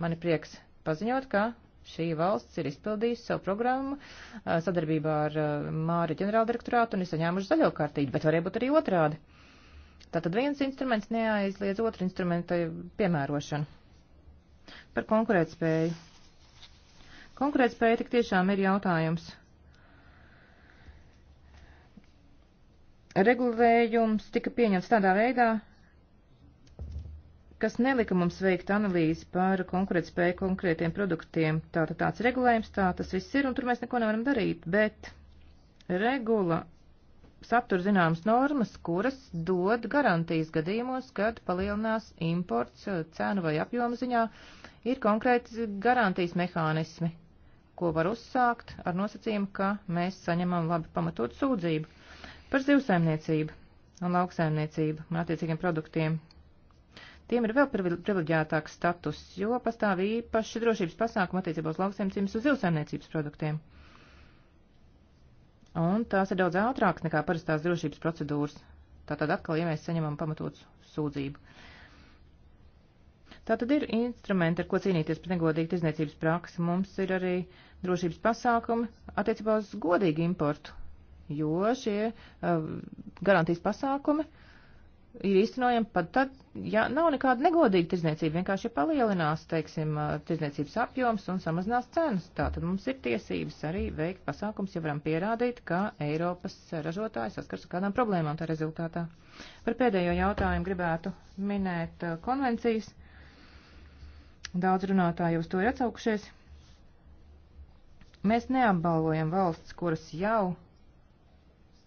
Man ir prieks paziņot, ka šī valsts ir izpildījusi savu programmu uh, sadarbībā ar Māri ģenerāldirektorātu un ir saņēmuši zaļo kārtību, bet varēja būt arī otrādi. Tātad viens instruments neaizliedz otru instrumentu piemērošanu. Par konkurētspēju. Konkurētspēja tik tiešām ir jautājums. Regulējums tika pieņemts tādā veidā, kas nelika mums veikt analīzi par konkurētspēju konkrētiem produktiem. Tātad tāds regulējums, tā tas viss ir, un tur mēs neko nevaram darīt, bet regula satur zināmas normas, kuras dod garantijas gadījumos, kad palielinās imports eh, cenu vai apjomu ziņā, ir konkrēti garantijas mehānismi, ko var uzsākt ar nosacījumu, ka mēs saņemam labi pamatot sūdzību par zivsaimniecību un lauksaimniecību un attiecīgiem produktiem. Tiem ir vēl privileģētāks status, jo pastāv īpaši drošības pasākuma attiecībā uz lauksaimniecības un zivsaimniecības produktiem. Un tās ir daudz ātrākas nekā parastās drošības procedūras. Tātad atkal, ja mēs saņemam pamatots sūdzību. Tātad ir instrumenti, ar ko cīnīties pret negodīgu izniecības praksi. Mums ir arī drošības pasākumi attiecībā uz godīgu importu, jo šie uh, garantijas pasākumi uh, ir īstenojama pat tad, ja nav nekāda negodīga tirdzniecība, vienkārši palielinās, teiksim, tirdzniecības apjoms un samazinās cenas. Tātad mums ir tiesības arī veikt pasākums, ja varam pierādīt, ka Eiropas ražotāji saskars ar kādām problēmām tā rezultātā. Par pēdējo jautājumu gribētu minēt konvencijas. Daudz runātāji uz to ir atsaukušies. Mēs neapbalvojam valsts, kuras jau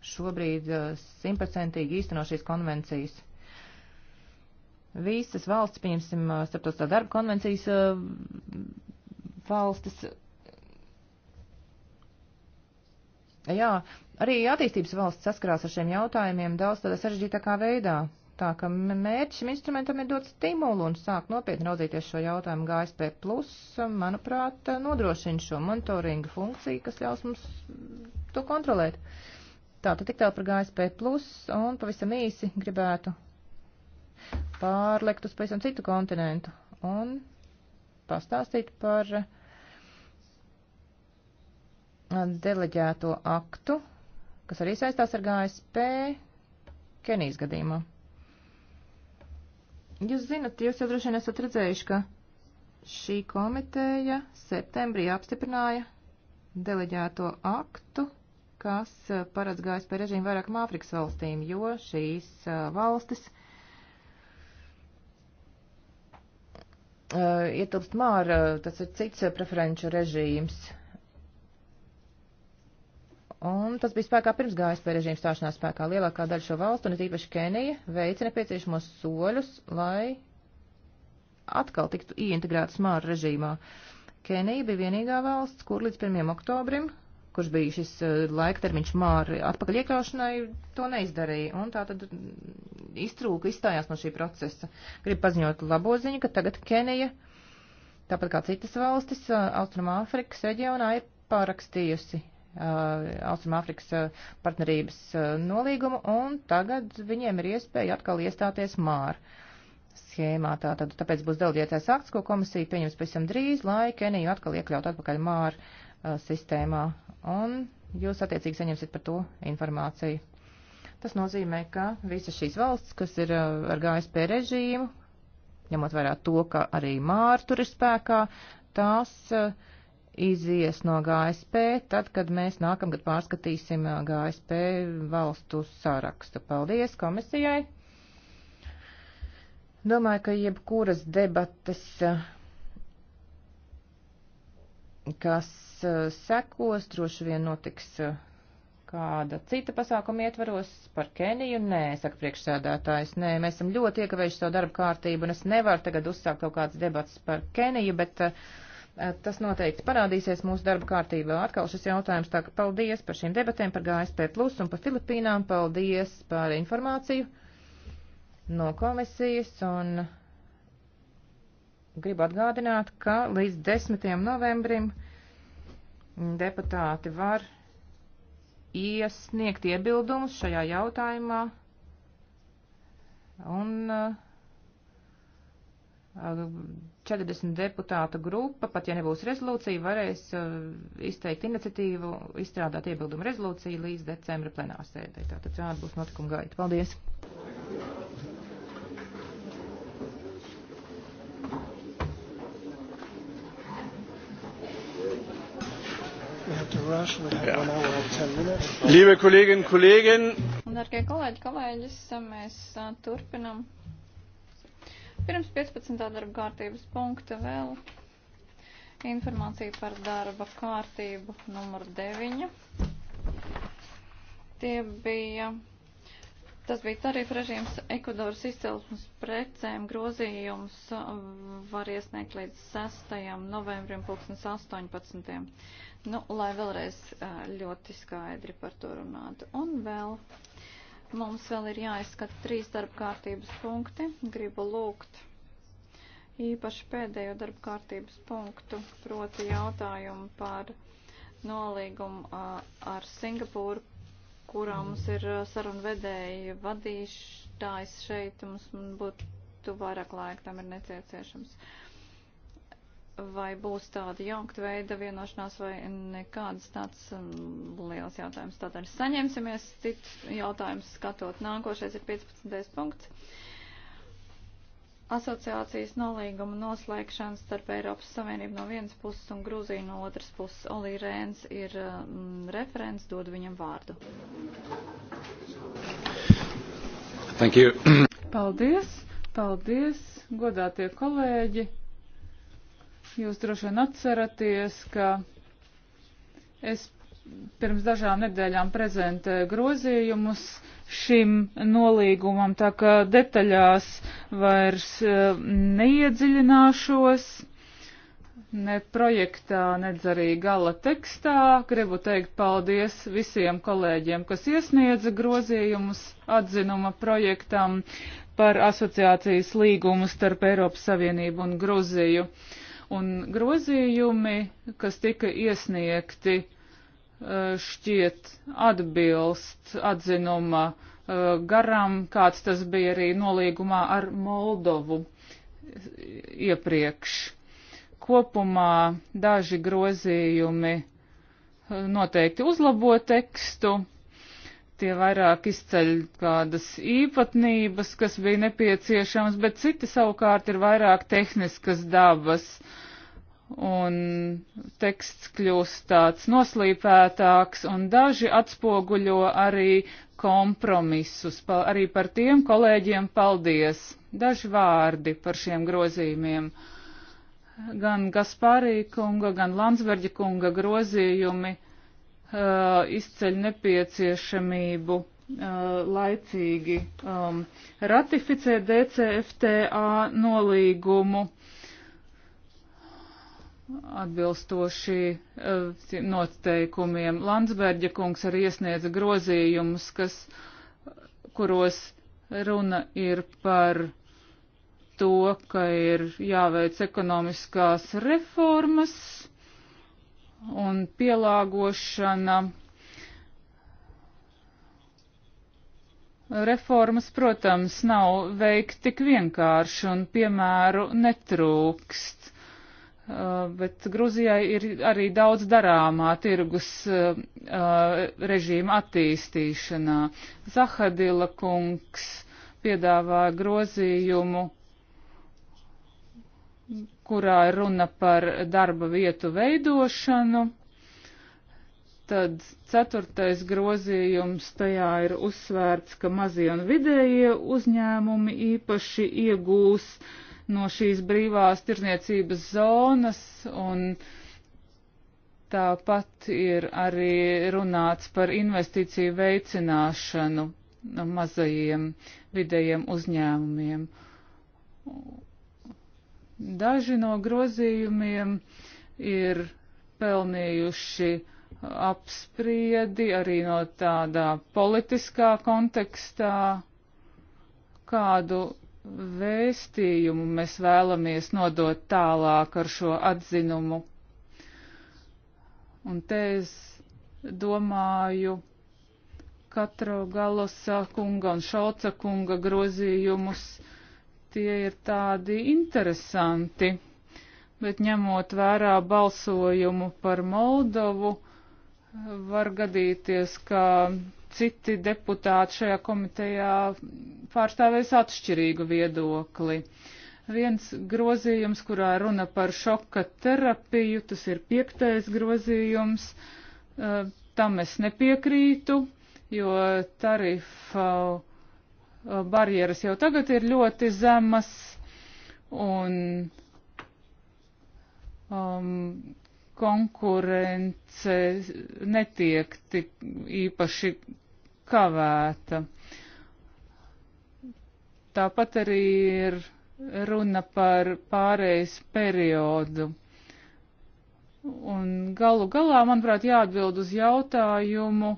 šobrīd uh, simtprocentīgi īsteno šīs konvencijas. Visas valsts, pieņemsim, uh, starptautiskā darba konvencijas uh, valstis. Jā, arī attīstības valsts saskarās ar šiem jautājumiem daudz tādā sarežģītākā veidā. Tā ka mērķis šim instrumentam ir dot stimulu un sāk nopietni raudzīties šo jautājumu. GSP plus, manuprāt, nodrošina šo monitoringa funkciju, kas ļaus mums to kontrolēt. Uh, Tātad tik tālu par GSP plus un pavisam īsi gribētu pārlekt uz pavisam citu kontinentu un pastāstīt par uh, deleģēto aktu, kas arī saistās ar GSP Kenijas gadījumā. Jūs zinat, jūs jau droši vien esat redzējuši, ka šī komiteja septembrī apstiprināja deleģēto aktu kas eh, paredz gājis pie režīmu vairākam Āfrikas valstīm, jo šīs eh, valstis eh, ietilpst māra, tas ir cits preferenču režīms. Un tas bija spēkā pirms GSP režīma stāšanās spēkā. Lielākā daļa šo valstu, un it īpaši Kenija, veica nepieciešamos soļus, lai atkal tiktu ieintegrētas māra režīmā. Kenija bija vienīgā valsts, kur līdz 1. oktobrim kurš bija šis eh, laika termiņš māri atpakaļ iekļaušanai, to neizdarīja. Un tā tad mm, iztrūka, izstājās no šī procesa. Gribu paziņot labo ziņu, ka tagad Kenija, tāpat kā citas valstis, eh, Austrumāfrikas reģionā ir pārakstījusi eh, Austrumāfrikas partnerības nolīgumu, un tagad viņiem ir iespēja atkal iestāties māri schēmā. Tātad, tāpēc būs delģētais akts, ko komisija pieņems pavisam drīz, lai Keniju atkal iekļaut atpakaļ māri Uh, sistēmā, un jūs attiecīgi saņemsiet par to informāciju. Tas nozīmē, ka visas šīs valsts, kas ir uh, ar GSP režīmu, ņemot vērā to, ka arī māra tur ir spēkā, tās uh, izies no GSP, tad, kad mēs nākamgad pārskatīsim GSP valstu sarakstu. Paldies komisijai! Domāju, ka jebkuras debates, kas Uh, sekos, droši vien notiks uh, kāda cita pasākuma ietvaros par Keniju. Nē, saka priekšsēdētājs, nē, mēs esam ļoti iekavējuši savu darbu kārtību, un es nevaru tagad uzsākt kaut kādas debats par Keniju, bet uh, uh tas noteikti parādīsies mūsu darba kārtībā. Atkal šis jautājums, tā ka paldies par šīm debatēm par GSP plus un par Filipīnām, paldies par informāciju no komisijas, un gribu atgādināt, ka līdz 10. novembrim deputāti var iesniegt iebildumus šajā jautājumā un 40 uh, deputātu grupa, pat ja nebūs rezolūcija, varēs uh, izteikt iniciatīvu, izstrādāt iebildumu rezolūciju līdz decembra plenārsēdē. Tātad šāda būs notikuma gaita. Paldies! Liebe Kolleginnen und Kollegen, Darbie kolēģi, kolēģis, mēs turpinam. Pirms 15. darba kārtības punkta vēl informācija par darba kārtību numur 9. Tie bija Tas bija tarifu režīms Ekvadoras izcelsmes precēm. Grozījums uh, var iesniegt līdz 6. novembrim 2018. Nu, lai vēlreiz uh, ļoti skaidri par to runātu. Un vēl mums vēl ir jāizskata trīs darba kārtības punkti. Gribu lūgt īpaši pēdējo darba kārtības punktu, proti jautājumu par nolīgumu uh, ar Singapūru kurā mums ir uh, sarunu vedēji vadītājs šeit, mums būtu vairāk laika tam ir nepieciešams. Vai būs tāda jaukta veida vienošanās vai nekādas tāds um, liels jautājums. Tātad saņemsimies, cits jautājums skatot. Nākošais ir 15. punkts asociācijas nolīguma noslēgšanas starp Eiropas Savienību no vienas puses un Grūziju no otras puses. Olī Rēns ir mm, referents, dod viņam vārdu. Thank you. Paldies, paldies, godātie kolēģi. Jūs droši vien atceraties, ka es pirms dažām nedēļām prezentēju grozījumus šim nolīgumam, tā kā detaļās vairs e, neiedziļināšos, ne projektā, nedz arī gala tekstā. Gribu teikt paldies visiem kolēģiem, kas iesniedza grozījumus atzinuma projektam par asociācijas līgumu starp Eiropas Savienību un Gruziju. Un grozījumi, kas tika iesniegti šķiet atbilst atzinuma e, garam, kāds tas bija arī nolīgumā ar Moldovu iepriekš. Kopumā daži grozījumi e, noteikti uzlabo tekstu, tie vairāk izceļ kādas īpatnības, kas bija nepieciešamas, bet citi savukārt ir vairāk tehniskas dabas. Uh, un teksts kļūst tāds noslīpētāks, un daži atspoguļo arī kompromisus. Pal arī par tiem kolēģiem paldies. Daži vārdi par šiem grozījumiem. Gan Gasparī kunga, gan Landsverģa kunga grozījumi uh, izceļ nepieciešamību uh, laicīgi um, ratificēt DCFTA nolīgumu atbilstoši eh, noteikumiem. Landsberģa kungs arī iesniedza grozījumus, kas, kuros runa ir par to, ka ir jāveic ekonomiskās reformas un pielāgošana. Reformas, protams, nav veikt tik vienkārši un piemēru netrūkst Uh, bet Gruzijai ir arī daudz darāmā tirgus uh, uh režīma attīstīšanā. Zahadila kungs piedāvāja grozījumu, kurā ir runa par darba vietu veidošanu. Tad ceturtais grozījums tajā ir uzsvērts, ka mazie un vidējie uzņēmumi īpaši iegūs uh, no šīs brīvās tirzniecības zonas un tāpat ir arī runāts par investīciju veicināšanu mazajiem vidējiem uzņēmumiem. Daži no grozījumiem ir pelnījuši apspriedi arī no tādā politiskā kontekstā, kādu vēstījumu mēs vēlamies nodot tālāk ar šo atzinumu. Un te es domāju katro Galosa kunga un Šalca kunga grozījumus. Tie ir tādi interesanti, bet ņemot vērā balsojumu par Moldovu, var gadīties, ka citi deputāti šajā komitejā pārstāvēs atšķirīgu viedokli. Viens grozījums, kurā runa par šoka terapiju, tas ir piektais grozījums, uh, tam es nepiekrītu, jo tarifa uh, barjeras jau tagad ir ļoti zemas un um, konkurence netiek tik īpaši kavēta. Tāpat arī ir runa par pārējais periodu. Un galu galā, manuprāt, jāatbild uz jautājumu,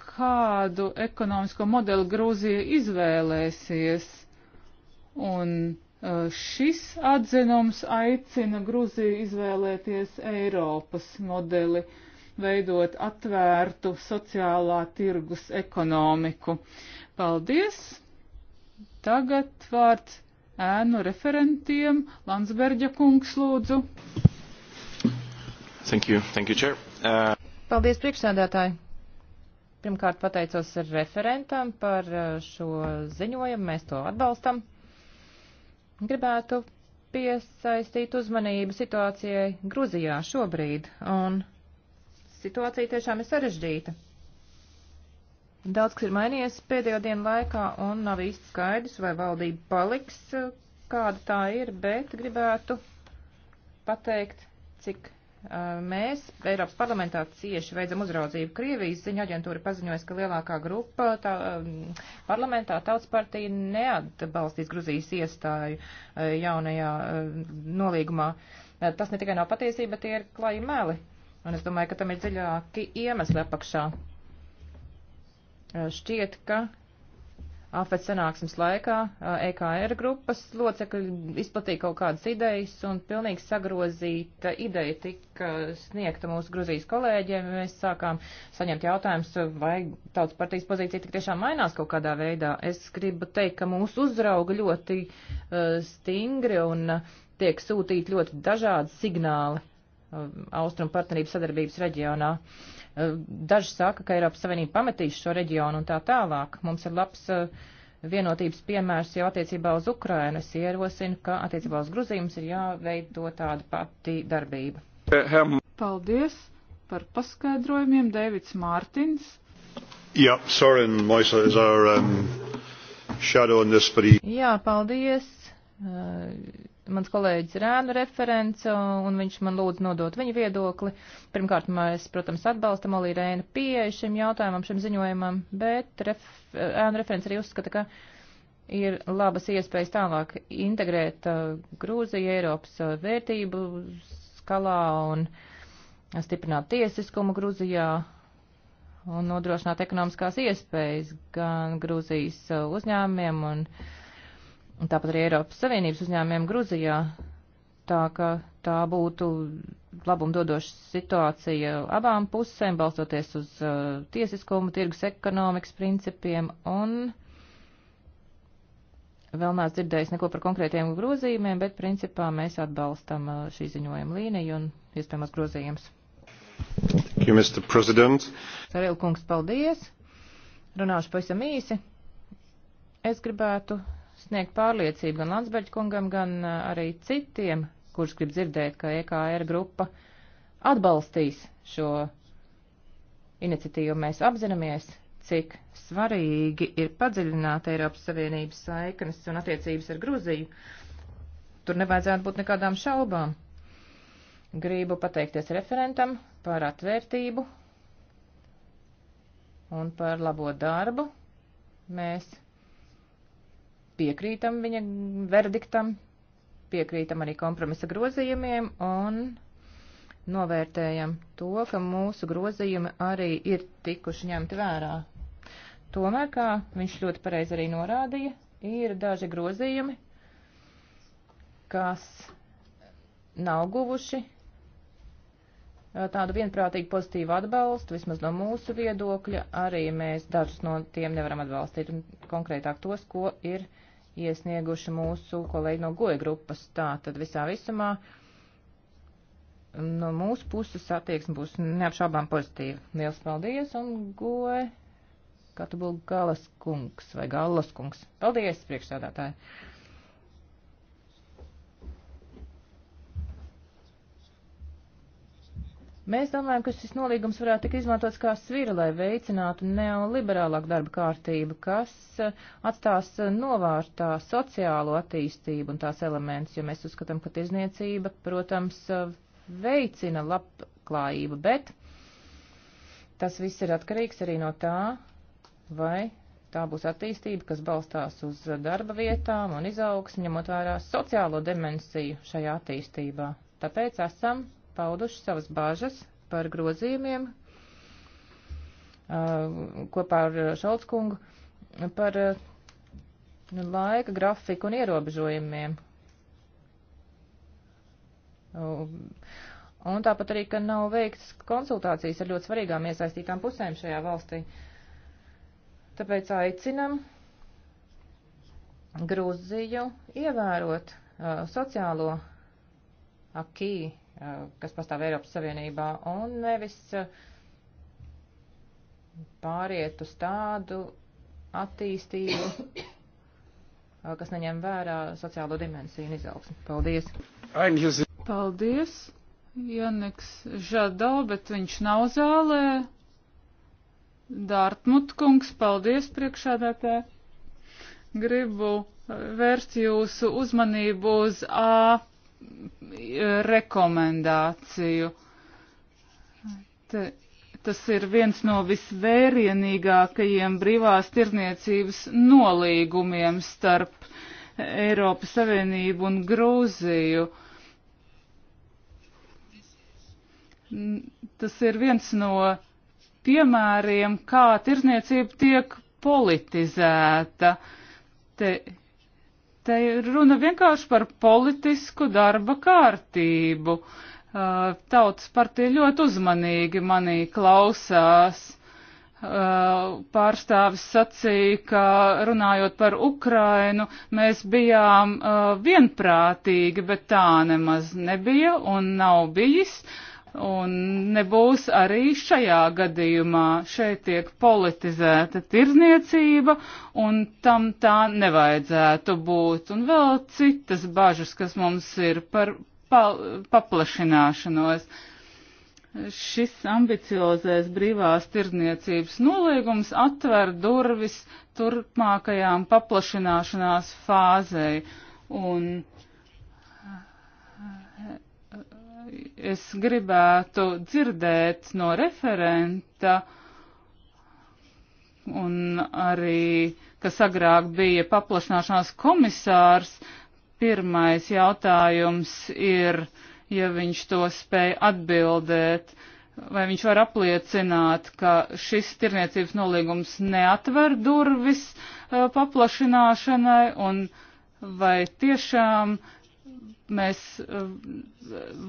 kādu ekonomisko modeli Grūzija izvēlēsies. Un Uh, šis atzinums aicina Gruziju izvēlēties Eiropas modeli, veidot atvērtu sociālā tirgus ekonomiku. Paldies! Tagad vārds ēnu referentiem. Landsberģa kungs lūdzu. Thank you. Thank you, Chair. Uh... Paldies, priekšsēdētāji. Pirmkārt pateicos referentam par uh, šo ziņojumu. Mēs to atbalstam. Gribētu piesaistīt uzmanību situācijai Gruzijā šobrīd, un situācija tiešām ir sarežģīta. Daudz kas ir mainījies pēdējo dienu laikā, un nav īsti skaidrs, vai valdība paliks, kāda tā ir, bet gribētu pateikt, cik Mēs Eiropas parlamentā cieši veicam uzraudzību. Krievijas ziņa aģentūra paziņojas, ka lielākā grupa tā, parlamentā tautas partija neatbalstīs Gruzijas iestāju jaunajā nolīgumā. Tas ne tikai nav patiesība, bet tie ir klāji meli. Un es domāju, ka tam ir dziļāki iemesli apakšā. Šķiet, ka AFET sanāksmes laikā EKR grupas locekļi izplatīja kaut kādas idejas un pilnīgi sagrozīta ideja tika sniegta mūsu Gruzijas kolēģiem. Mēs sākām saņemt jautājumus, vai tautas partijas pozīcija tik tiešām mainās kaut kādā veidā. Es gribu teikt, ka mūsu uzrauga ļoti stingri un tiek sūtīti ļoti dažādi signāli Austrum partnerības sadarbības reģionā. Uh, Eh, daži saka, ka Eiropas Savienība pametīs šo reģionu un tā tālāk. Mums ir labs eh, vienotības piemērs jau attiecībā uz Ukrainu. Es ierosinu, ka attiecībā uz Gruzījums ir jāveido tāda pati darbība. Eh, paldies par paskaidrojumiem, Dēvids Mārtins. Jā, yeah, Sorin Moisa is our um, shadow on this, but he... Jā, paldies. Uh, mans kolēģis Rēnu referents, un viņš man lūdz nodot viņa viedokli. Pirmkārt, mēs, protams, atbalstam Olī Rēna pieeja šim jautājumam, šim ziņojumam, bet ref, Rēnu referents arī uzskata, ka ir labas iespējas tālāk integrēt uh, Grūziju Eiropas uh, vērtību skalā un stiprināt tiesiskumu Grūzijā un nodrošināt ekonomiskās iespējas gan Grūzijas uh, uzņēmumiem un uh, un tāpat arī Eiropas Savienības uzņēmumiem Gruzijā, tā ka tā būtu labumdodoša situācija abām pusēm, balstoties uz uh, tiesiskumu, tirgus ekonomikas principiem un vēl nāc dzirdējis neko par konkrētiem grozījumiem, bet principā mēs atbalstam uh, šī ziņojuma līniju un iespējamos grozījumus. Saril kungs, paldies! Runāšu pavisam īsi. Es gribētu sniegt pārliecību gan Landsberģa kungam, gan uh, arī citiem, kurš grib dzirdēt, ka EKR grupa atbalstīs šo iniciatīvu. Mēs apzināmies, cik svarīgi ir padziļināt Eiropas Savienības saiknes un attiecības ar Gruziju. Tur nevajadzētu būt nekādām šaubām. Gribu pateikties referentam par atvērtību un par labo darbu. Mēs piekrītam viņa verdiktam, piekrītam arī kompromisa grozījumiem un novērtējam to, ka mūsu grozījumi arī ir tikuši ņemti vērā. Tomēr, kā viņš ļoti pareizi arī norādīja, ir daži grozījumi, kas nav guvuši tādu vienprātīgu pozitīvu atbalstu, vismaz no mūsu viedokļa, arī mēs dažus no tiem nevaram atbalstīt, un konkrētāk tos, ko ir uh, iesnieguši mūsu kolēģi no goja grupas. Tā tad visā visumā no mūsu puses attieksme būs neapšaubām pozitīva. Liels paldies un goja, kā tu būtu galas kungs vai galas kungs. Paldies, priekšsādātāji! Mēs domājam, ka šis nolīgums varētu tik izmantots kā svira, lai veicinātu neoliberālāku darba kārtību, kas eh, atstās eh, novārtā sociālo attīstību un tās elements, jo mēs uzskatām, ka tirzniecība, protams, eh, veicina labklājību, bet tas viss ir atkarīgs arī no tā, vai tā būs attīstība, kas balstās uz darba vietām un izaugsmu, ņemot vērā sociālo dimensiju šajā attīstībā. Tāpēc esam pauduši savas bāžas par grozījumiem kopā ar Šalckungu par laika grafiku un ierobežojumiem. Un tāpat arī, ka nav veikts konsultācijas ar ļoti svarīgām iesaistītām pusēm šajā valstī. Tāpēc aicinam Grūziju ievērot uh, sociālo akī Eh, kas pastāv Eiropas Savienībā, un nevis eh, pāriet uz tādu attīstību, eh, kas neņem vērā sociālo dimensiju un izaugsmu. Paldies! Paldies! Janeks Žadau, bet viņš nav zālē. Dārtmutkungs, paldies priekšādātē. Gribu vērst jūsu uzmanību uz A rekomendāciju. Te, tas ir viens no visvērienīgākajiem brīvās tirniecības nolīgumiem starp Eiropas Savienību un Grūziju. Tas ir viens no piemēriem, kā tirniecība tiek politizēta. Te Te ir runa vienkārši par politisku darba kārtību. Uh, tautas partija ļoti uzmanīgi manī klausās. Uh, pārstāvis sacīja, ka runājot par Ukrainu, mēs bijām uh, vienprātīgi, bet tā nemaz nebija un nav bijis. Uh, Un nebūs arī šajā gadījumā. Šeit tiek politizēta tirzniecība, un tam tā nevajadzētu būt. Un vēl citas bažas, kas mums ir par pa, paplašināšanos. Šis ambiciozais brīvās tirzniecības nolīgums atver durvis turpmākajām paplašināšanās fāzei. Un es gribētu dzirdēt no referenta un arī, kas agrāk bija paplašināšanās komisārs, pirmais jautājums ir, ja viņš to spēja atbildēt, vai viņš var apliecināt, ka šis tirniecības nolīgums neatver durvis eh, paplašināšanai un vai tiešām uh, mēs eh,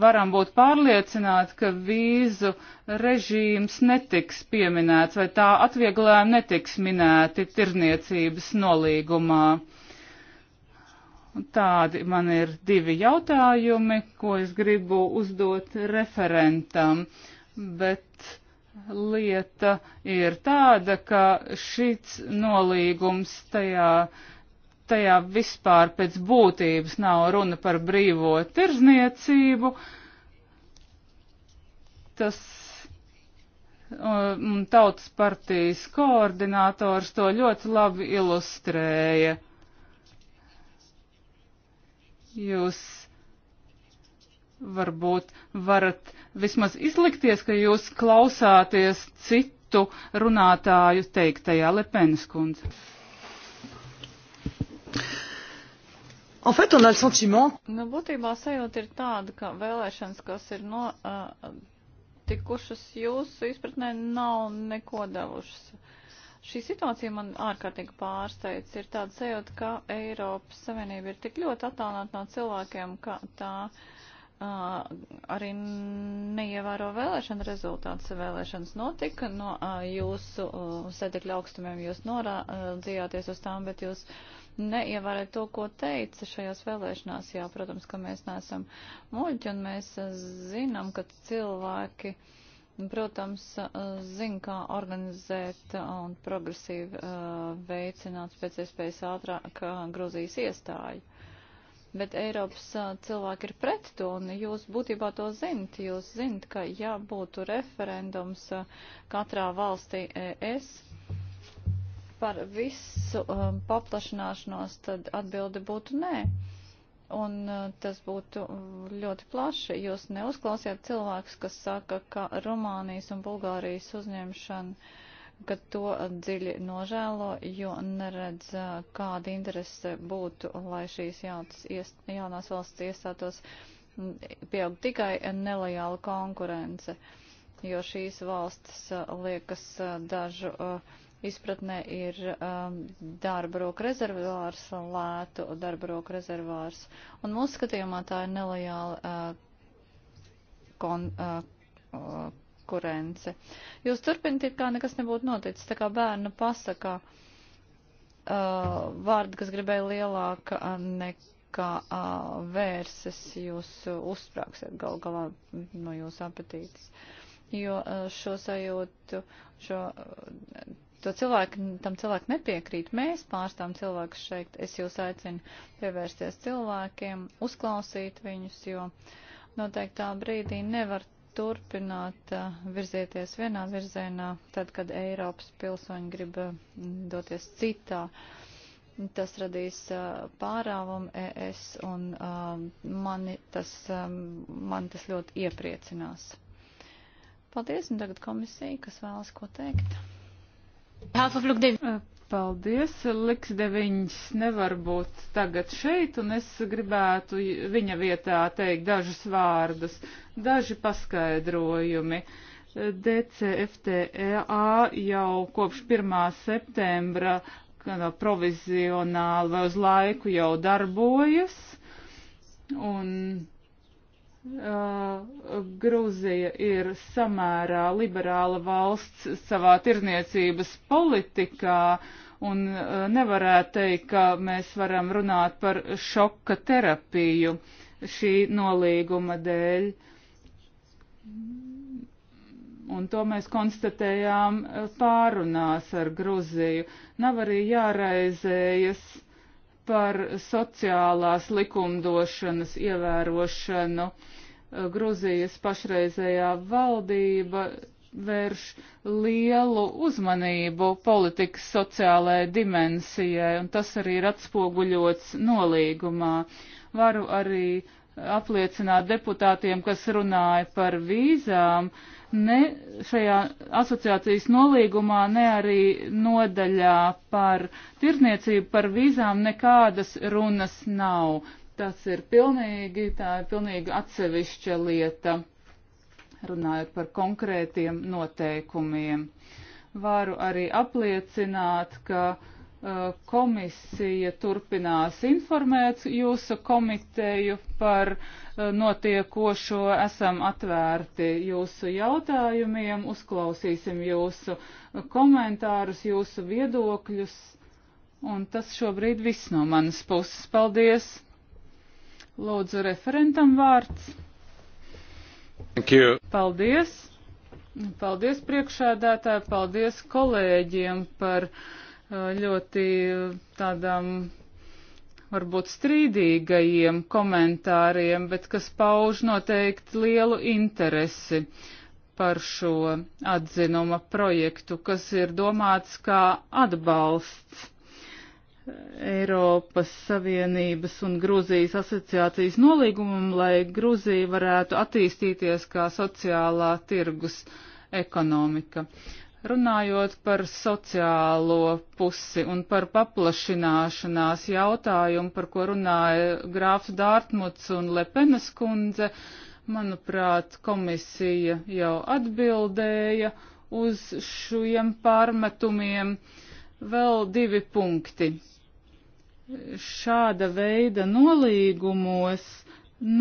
varam būt pārliecināti, ka vīzu režīms netiks pieminēts vai tā atvieglojumi netiks minēti tirniecības nolīgumā. Tādi man ir divi jautājumi, ko es gribu uzdot referentam, bet lieta ir tāda, ka šis nolīgums tajā uh, tajā vispār pēc būtības nav runa par brīvo tirzniecību. Tas un tautas partijas koordinators to ļoti labi ilustrēja. Jūs varbūt varat vismaz izlikties, ka jūs klausāties citu runātāju teiktajā Lepenes kundze. En fait, on a le sentiment. Nu, būtībā sajūta ir tāda, ka vēlēšanas, kas ir no, uh, tikušas jūsu izpratnē, nav neko devušas. Šī situācija man ārkārtīgi pārsteidz. Ir tāda sajūta, ka Eiropas Savienība ir tik ļoti attālināta no cilvēkiem, ka tā uh, arī neievēro vēlēšana rezultātus. Vēlēšanas notika, no uh, jūsu uh, sedekļa augstumiem jūs norādzījāties uz tām, bet jūs. Uh, neievēroja to, ko teica šajās vēlēšanās. Jā, protams, ka mēs neesam muļķi un mēs eh, zinām, ka cilvēki, protams, eh, zina, kā organizēt eh, un progresīvi veicināt pēc iespējas ātrāk Gruzijas iestāju. Bet Eiropas cilvēki ir pret to, un jūs būtībā to zinat. Jūs zinat, ka ja būtu referendums katrā valstī ES, par visu um, paplašināšanos, tad atbilde būtu nē. Un uh, tas būtu um, ļoti plaši. Jūs neuzklausiet cilvēkus, kas saka, ka Rumānijas un Bulgārijas uzņemšana, ka to dziļi nožēlo, jo neredz, uh, kāda interese būtu, lai šīs jautas, iest, jaunās valsts iestātos mm, pieaug tikai nelojāla konkurence, jo šīs valstis uh, liekas uh, dažu. Uh, izpratnē ir um, darba roka rezervārs, lētu darba roka rezervārs. Un mūsu skatījumā tā ir nelojāla uh, kon, uh, konkurence. Uh, jūs turpināt, kā nekas nebūtu noticis, tā kā bērna pasaka uh, vārdu, kas gribēja lielāka uh, nekā uh, vērses, jūs uh, uzsprāgsiet gal galā no jūsu apetītes. Jo uh, šo sajūtu, šo. Uh, to cilvēku, tam cilvēku nepiekrīt. Mēs pārstāvam cilvēkus šeit. Es jūs aicinu pievērsties cilvēkiem, uzklausīt viņus, jo noteiktā brīdī nevar turpināt eh, virzieties vienā virzienā, tad, kad Eiropas pilsoņi grib eh, doties citā. Tas radīs eh, pārāvumu ES un mani tas, mani tas ļoti iepriecinās. Paldies, un tagad komisija, kas vēlas ko teikt. Eh, paldies, Liks deviņas nevar būt tagad šeit, un es gribētu viņa vietā teikt dažus vārdus, daži paskaidrojumi. Eh, DCFTA e jau kopš 1. septembra no provizionāli vai uz laiku jau darbojas, un Uh, Grūzija ir samērā liberāla valsts savā tirzniecības politikā, un uh, nevarētu teikt, ka mēs varam runāt par šoka terapiju šī nolīguma dēļ. Un to mēs konstatējām uh, pārunās ar Gruziju. Nav arī jāraizējas par sociālās likumdošanas ievērošanu. Gruzijas pašreizējā valdība vērš lielu uzmanību politikas sociālajai dimensijai, un tas arī ir atspoguļots nolīgumā. Varu arī apliecināt deputātiem, kas runāja par vīzām, uh, ne šajā asociācijas nolīgumā, ne arī nodaļā par tirzniecību, par vīzām nekādas runas nav. Tas ir pilnīgi, tā ir pilnīgi atsevišķa lieta, runājot par konkrētiem noteikumiem. Varu arī apliecināt, ka uh, komisija turpinās informēt jūsu komiteju par uh, notiekošo, esam atvērti jūsu jautājumiem, uzklausīsim jūsu komentārus, jūsu viedokļus. Un tas šobrīd viss no manas puses. Paldies! Lūdzu, referentam vārds. Paldies! Paldies priekšādātāji, paldies kolēģiem par uh, ļoti tādām varbūt strīdīgajiem komentāriem, bet kas pauž noteikti lielu interesi par šo atzinuma projektu, kas ir domāts kā atbalsts Eiropas Savienības un Grūzijas asociācijas nolīgumam, lai Grūzija varētu attīstīties kā sociālā tirgus ekonomika. Runājot par sociālo pusi un par paplašināšanās jautājumu, par ko runāja grāfs Dārtmuts un Lepenes kundze, manuprāt, komisija jau atbildēja uz šiem pārmetumiem. Vēl divi punkti. Šāda veida nolīgumos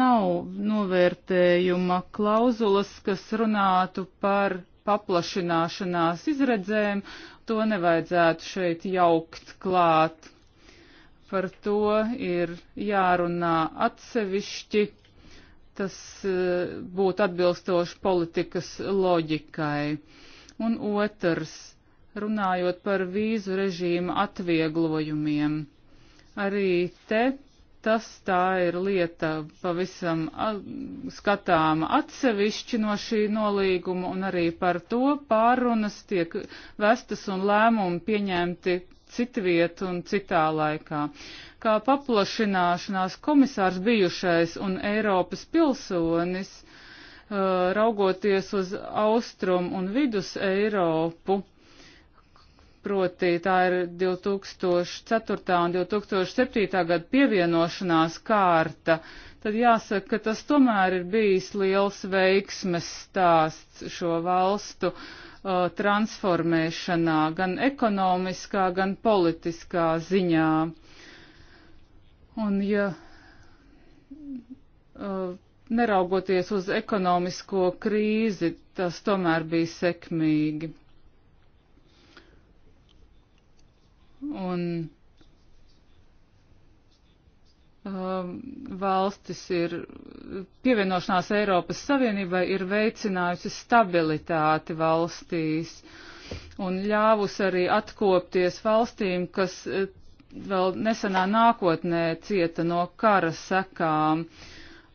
nav novērtējuma klauzulas, kas runātu par paplašināšanās izredzēm, to nevajadzētu šeit jaukt klāt. Par to ir jārunā atsevišķi, tas e, būtu atbilstoši politikas loģikai. Un otrs, runājot par vīzu režīmu atvieglojumiem, arī te tas tā ir lieta pavisam skatāma atsevišķi no šī nolīguma, un arī par to pārunas tiek vestas un lēmumi pieņemti citviet un citā laikā. Kā paplašināšanās komisārs bijušais un Eiropas pilsonis, raugoties uz Austrum un Vidus Eiropu, proti tā ir 2004. un 2007. gada pievienošanās kārta, tad jāsaka, ka tas tomēr ir bijis liels veiksmes stāsts šo valstu uh, transformēšanā, gan ekonomiskā, gan politiskā ziņā. Un ja uh, neraugoties uz ekonomisko krīzi, tas tomēr bija sekmīgi. un um, valstis ir pievienošanās Eiropas Savienībai ir veicinājusi stabilitāti valstīs un ļāvusi arī atkopties valstīm, kas eh, vēl nesenā nākotnē cieta no kara sekām.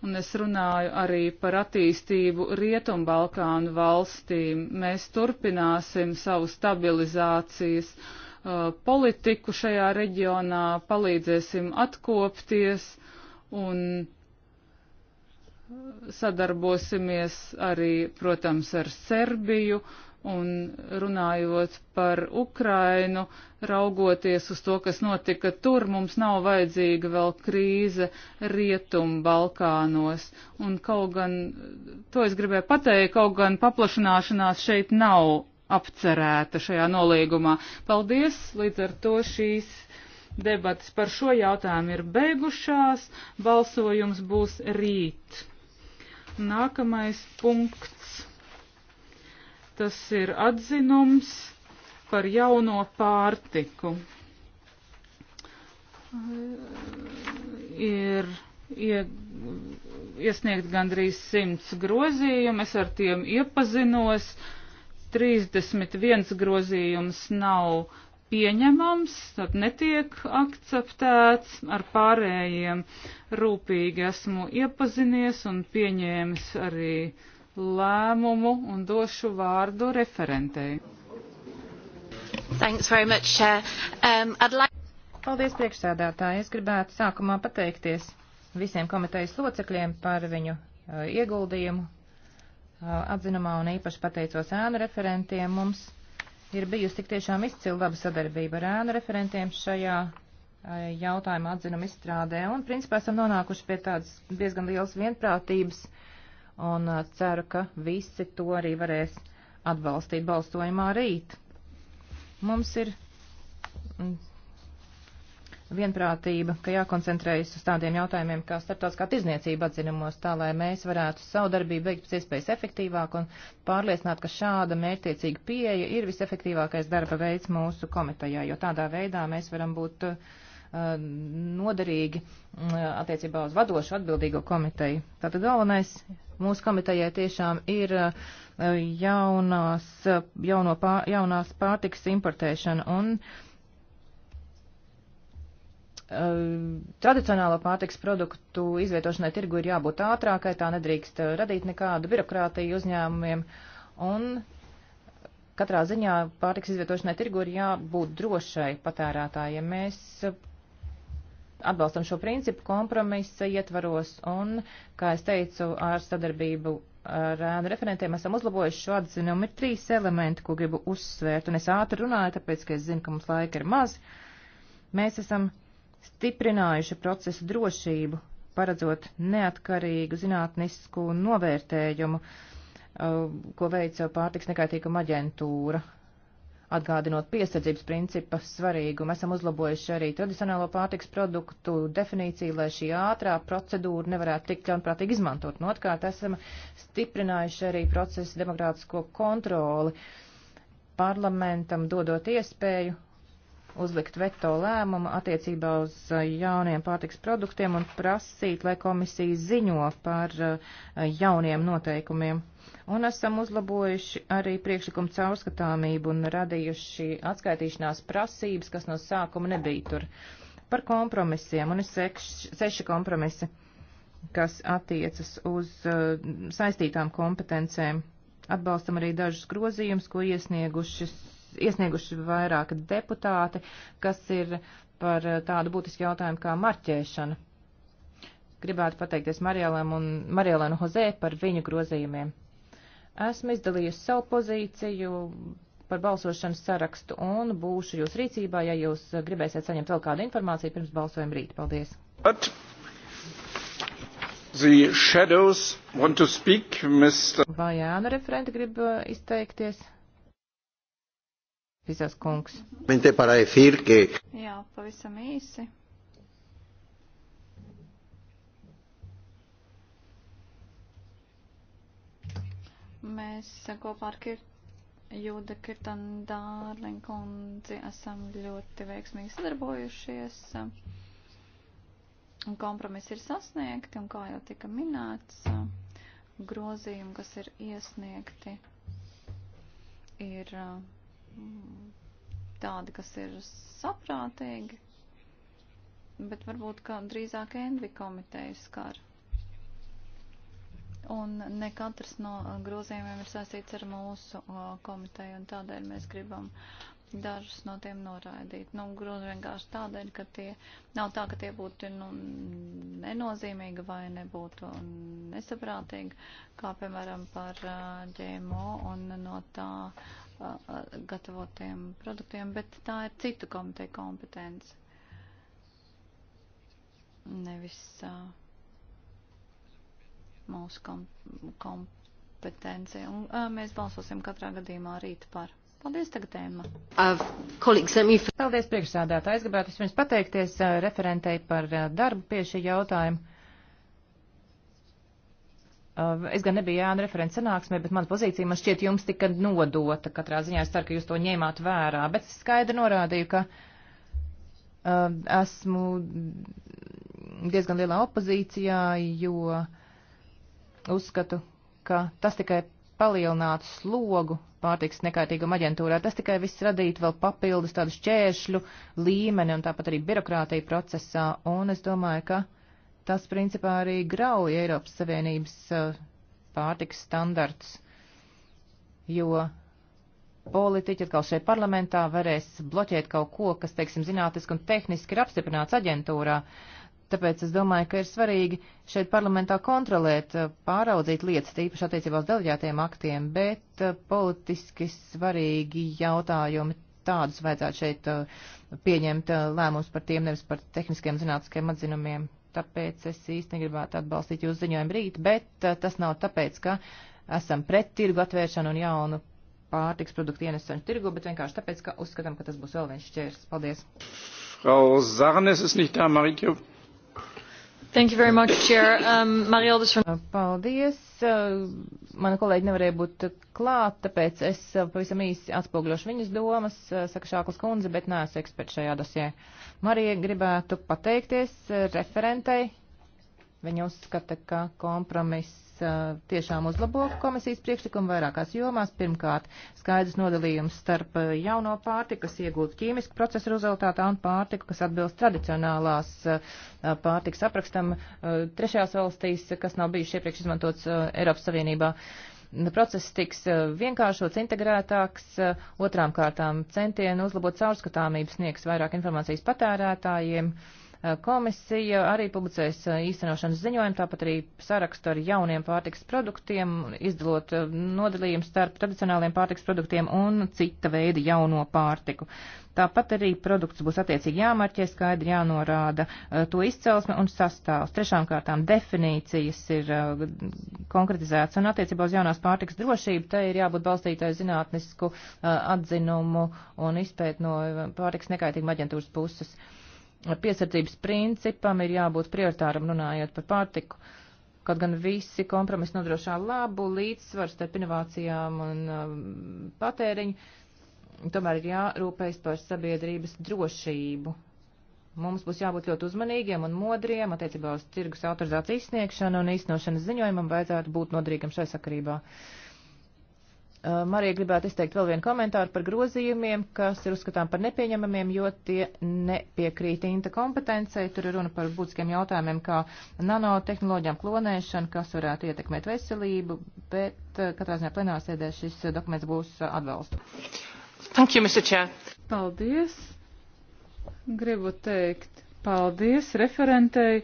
Un es runāju arī par attīstību Rietumbalkānu valstīm. Mēs turpināsim savu stabilizācijas uh, Uh, politiku šajā reģionā, palīdzēsim atkopties un sadarbosimies arī, protams, ar Serbiju un runājot par Ukrainu, raugoties uz to, kas notika tur, mums nav vajadzīga vēl krīze Rietum Balkānos. Un kaut gan, to es gribēju pateikt, kaut gan paplašanāšanās šeit nav apcerēta šajā nolīgumā. Paldies! Līdz ar to šīs debatas par šo jautājumu ir beigušās. Balsojums būs rīt. Nākamais punkts. Tas ir atzinums par jauno pārtiku. Ir ie, iesniegt gandrīz simts grozījumu, es ar tiem iepazinos. 31 grozījums nav pieņemams, tad netiek akceptēts, ar pārējiem rūpīgi esmu iepazinies un pieņēmis arī lēmumu un došu vārdu referentei. Thanks very much, Chair. Um, I'd like... Paldies priekšsēdētāji. Es gribētu sākumā pateikties visiem komitejas locekļiem par viņu uh, ieguldījumu atzinumā un īpaši pateicos ēnu referentiem. Mums ir bijusi tik tiešām izcila laba sadarbība ar ēnu referentiem šajā eh, jautājuma atzinuma izstrādē, un principā esam nonākuši pie tādas diezgan lielas vienprātības, un eh, ceru, ka visi to arī varēs atbalstīt balsojumā rīt. Mums ir mm, vienprātība, ka jākoncentrējas uz tādiem jautājumiem kā starptautiskā tirzniecība atzinumos, tā lai mēs varētu savu darbību veikt pēc iespējas efektīvāk un pārliecināt, ka šāda mērķtiecīga pieeja ir visefektīvākais darba veids mūsu komitejā, jo tādā veidā mēs varam būt uh, noderīgi uh, attiecībā uz vadošu atbildīgo komiteju. Tātad galvenais mūsu komitejai tiešām ir uh, jaunās, uh, jauno pār, jaunās pārtikas importēšana un uh, Eh, tradicionālo pārtiks produktu izvietošanai tirgu ir jābūt ātrākai, tā nedrīkst eh, radīt nekādu birokrātiju uzņēmumiem, un katrā ziņā pārtiks izvietošanai tirgu ir jābūt drošai patērētājiem. Mēs eh, atbalstam šo principu kompromisa ietvaros, un, kā es teicu, ar sadarbību ar ēnu referentiem esam uzlabojuši šo atzinumu. Ir trīs elementi, ko gribu uzsvērt, un es ātri runāju, tāpēc, ka es zinu, ka mums laika ir maz. Mēs esam stiprinājuši procesu drošību, paredzot neatkarīgu zinātnisku novērtējumu, uh, ko veica pārtiks nekaitīguma aģentūra. Atgādinot piesardzības principa svarīgumu, esam uzlabojuši arī tradicionālo pārtiks produktu definīciju, lai šī ātrā procedūra nevarētu tikt ļaunprātīgi izmantot. Un otrkārt, esam stiprinājuši arī procesu demokrātisko kontroli parlamentam, dodot iespēju uzlikt veto lēmumu attiecībā uz uh, jauniem pārtiks produktiem un prasīt, lai komisija ziņo par uh, jauniem noteikumiem. Un esam uzlabojuši arī priekšlikumu caurskatāmību un radījuši atskaitīšanās prasības, kas no sākuma nebija tur. Par kompromisiem, un ir seši, seši kompromisi, kas attiecas uz uh, saistītām kompetencēm. Atbalstam arī dažus grozījumus, ko iesniegušas iesnieguši vairāki deputāti, kas ir par eh, tādu būtisku jautājumu kā marķēšana. Gribētu pateikties Marielēm un Marielēnu Hozē par viņu grozījumiem. Esmu izdalījusi savu pozīciju par balsošanas sarakstu un būšu jūs rīcībā, ja jūs gribēsiet saņemt vēl kādu informāciju pirms balsojuma rīt. Paldies! But the shadows want to speak, Mr. Vai ēnu referenti grib eh, izteikties? Visas kungs. Jā, pavisam īsi. Mēs kopā ar Kirt, Jūda Kirtan Dārlinkundzi esam ļoti veiksmīgi sadarbojušies. Kompromiss ir sasniegti, un kā jau tika minēts, grozījumi, kas ir iesniegti, ir uh, tādi, kas ir saprātīgi, bet varbūt kā drīzāk Envi komiteja skar. Un ne katrs no grozījumiem ir saistīts ar mūsu komiteju, un tādēļ mēs gribam dažus no tiem noraidīt. Nu, grūti vienkārši tādēļ, ka tie nav tā, ka tie būtu nu, nenozīmīgi vai nebūtu nesaprātīgi, kā piemēram par ģēmo un no tā gatavotiem produktiem, bet tā ir citu komiteju kompetence. Nevis uh, mūsu kom kompetencija. Un uh, mēs balsosim katrā gadījumā rīt par. Paldies, tagad tēma. Uh, Paldies, priekšsādātājs. Gribētu es jums pateikties uh, referentei par uh, darbu pie šī jautājuma. Uh, es gan nebiju ēnu referents sanāksmē, bet mana pozīcija man šķiet jums tika nodota. Katrā ziņā es ceru, ka jūs to ņēmāt vērā, bet es skaidri norādīju, ka uh, esmu diezgan lielā opozīcijā, jo uzskatu, ka tas tikai palielinātu slogu pārtiks nekaitīguma aģentūrā. Tas tikai viss radītu vēl papildus tādu šķēršļu līmeni un tāpat arī birokrātiju procesā. Un es domāju, ka. Uh, tas principā arī grauj Eiropas Savienības eh, pārtiks standarts, jo politiķi atkal šeit parlamentā varēs bloķēt kaut ko, kas, teiksim, zinātniski un tehniski ir apstiprināts aģentūrā. Tāpēc es domāju, ka ir svarīgi šeit parlamentā kontrolēt, eh, pāraudzīt lietas, tīpaši attiecībā uz deleģētiem aktiem, bet eh, politiski svarīgi jautājumi tādus vajadzētu šeit pieņemt lēmumus par tiem, nevis par tehniskiem zinātniskiem atzinumiem tāpēc es īsti negribētu atbalstīt jūsu ziņojumu rīt, bet uh, tas nav tāpēc, ka esam pret tirgu atvēršanu un jaunu pārtiks produktu ienesanu tirgu, bet vienkārši tāpēc, ka uzskatām, ka tas būs vēl viens šķērs. Paldies. Frau Sarnes ist nicht da, Marike Thank you very much, Chair. Um, Marieldes... Paldies. Uh, mana kolēģi nevarēja būt klāt, tāpēc es uh, pavisam īsi atspogļošu viņas domas, uh, saka Šāklas kundze, bet neesmu eksperts šajā dosē. Marija gribētu pateikties referentei Viņa uzskata, ka kompromiss uh, tiešām uzlabo komisijas priekšlikumu vairākās jomās. Pirmkārt, skaidrs nodalījums starp uh, jauno pārtiku, kas iegūta ķīmisku procesu rezultātā, un pārtiku, kas atbilst tradicionālās uh, pārtikas aprakstam trešajās valstīs, kas nav bijuši iepriekš izmantots Eiropas Savienībā process tiks vienkāršots, integrētāks, otrām kārtām centieni uzlabot caurskatāmību sniegs vairāk informācijas patērētājiem. Uh, Eh, komisija arī publicēs eh, īstenošanas ziņojumu, tāpat arī sarakstu ar jauniem pārtiks produktiem, izdalot eh, nodalījumu starp tradicionāliem pārtiks produktiem un cita veida jauno pārtiku. Tāpat arī produkts būs attiecīgi jāmarķē, skaidri jānorāda to izcelsme un sastāvs. Trešām kārtām definīcijas ir konkretizētas un attiecībā uz jaunās pārtikas drošību te ir jābūt balstītāju zinātnisku atzinumu un izpēt no pārtikas nekaitīguma aģentūras puses. Uh, piesardzības principam ir jābūt prioritāram runājot par pārtiku. Kaut gan visi kompromisi nodrošā labu līdzsvaru starp inovācijām un um, patēriņu, tomēr ir jārūpējas par sabiedrības drošību. Mums būs jābūt ļoti uzmanīgiem un modriem attiecībā uz tirgus autorizācijas sniegšanu un īstenošanas ziņojumam vajadzētu būt nodrīgam šai sakarībā. Uh, Uh, Marija gribētu izteikt vēl vienu komentāru par grozījumiem, kas ir uzskatām par nepieņemamiem, jo tie nepiekrīt inta kompetencei. Tur ir runa par būtiskiem jautājumiem, kā nanotehnoloģijām klonēšana, kas varētu ietekmēt veselību, bet uh, katrā ziņā plenārsēdē šis uh, dokuments būs atbalstu. Thank you, Mr. Chair. Paldies. Gribu teikt Paldies referentei,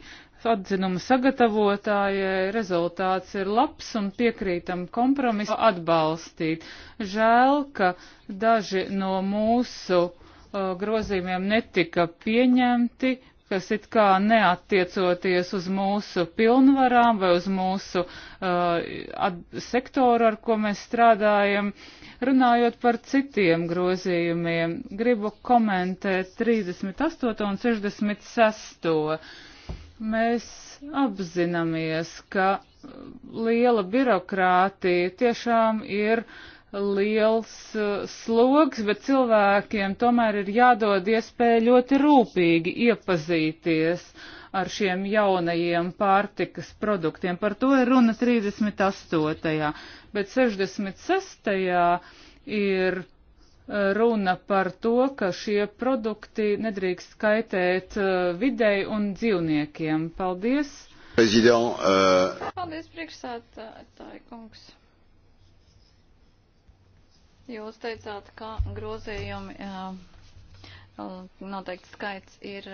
atzinuma sagatavotājai. Rezultāts ir labs un piekrītam kompromisu atbalstīt. Žēl, ka daži no mūsu uh, grozījumiem netika pieņemti, kas it kā neatiecoties uz mūsu pilnvarām vai uz mūsu uh, sektoru, ar ko mēs strādājam. Runājot par citiem grozījumiem, gribu komentēt 38 un 66. Mēs apzināmies, ka liela birokrātija tiešām ir uh, liels eh, sloks, bet cilvēkiem tomēr ir jādod iespēja ļoti rūpīgi iepazīties ar šiem jaunajiem pārtikas produktiem. Par to ir runa 38. Bet 66. ir eh, runa par to, ka šie produkti nedrīkst kaitēt eh, videi un dzīvniekiem. Paldies! Prezident, uh... Paldies, priekšsētāji kungs! Jūs teicāt, ka grozījumi noteikti skaits ir,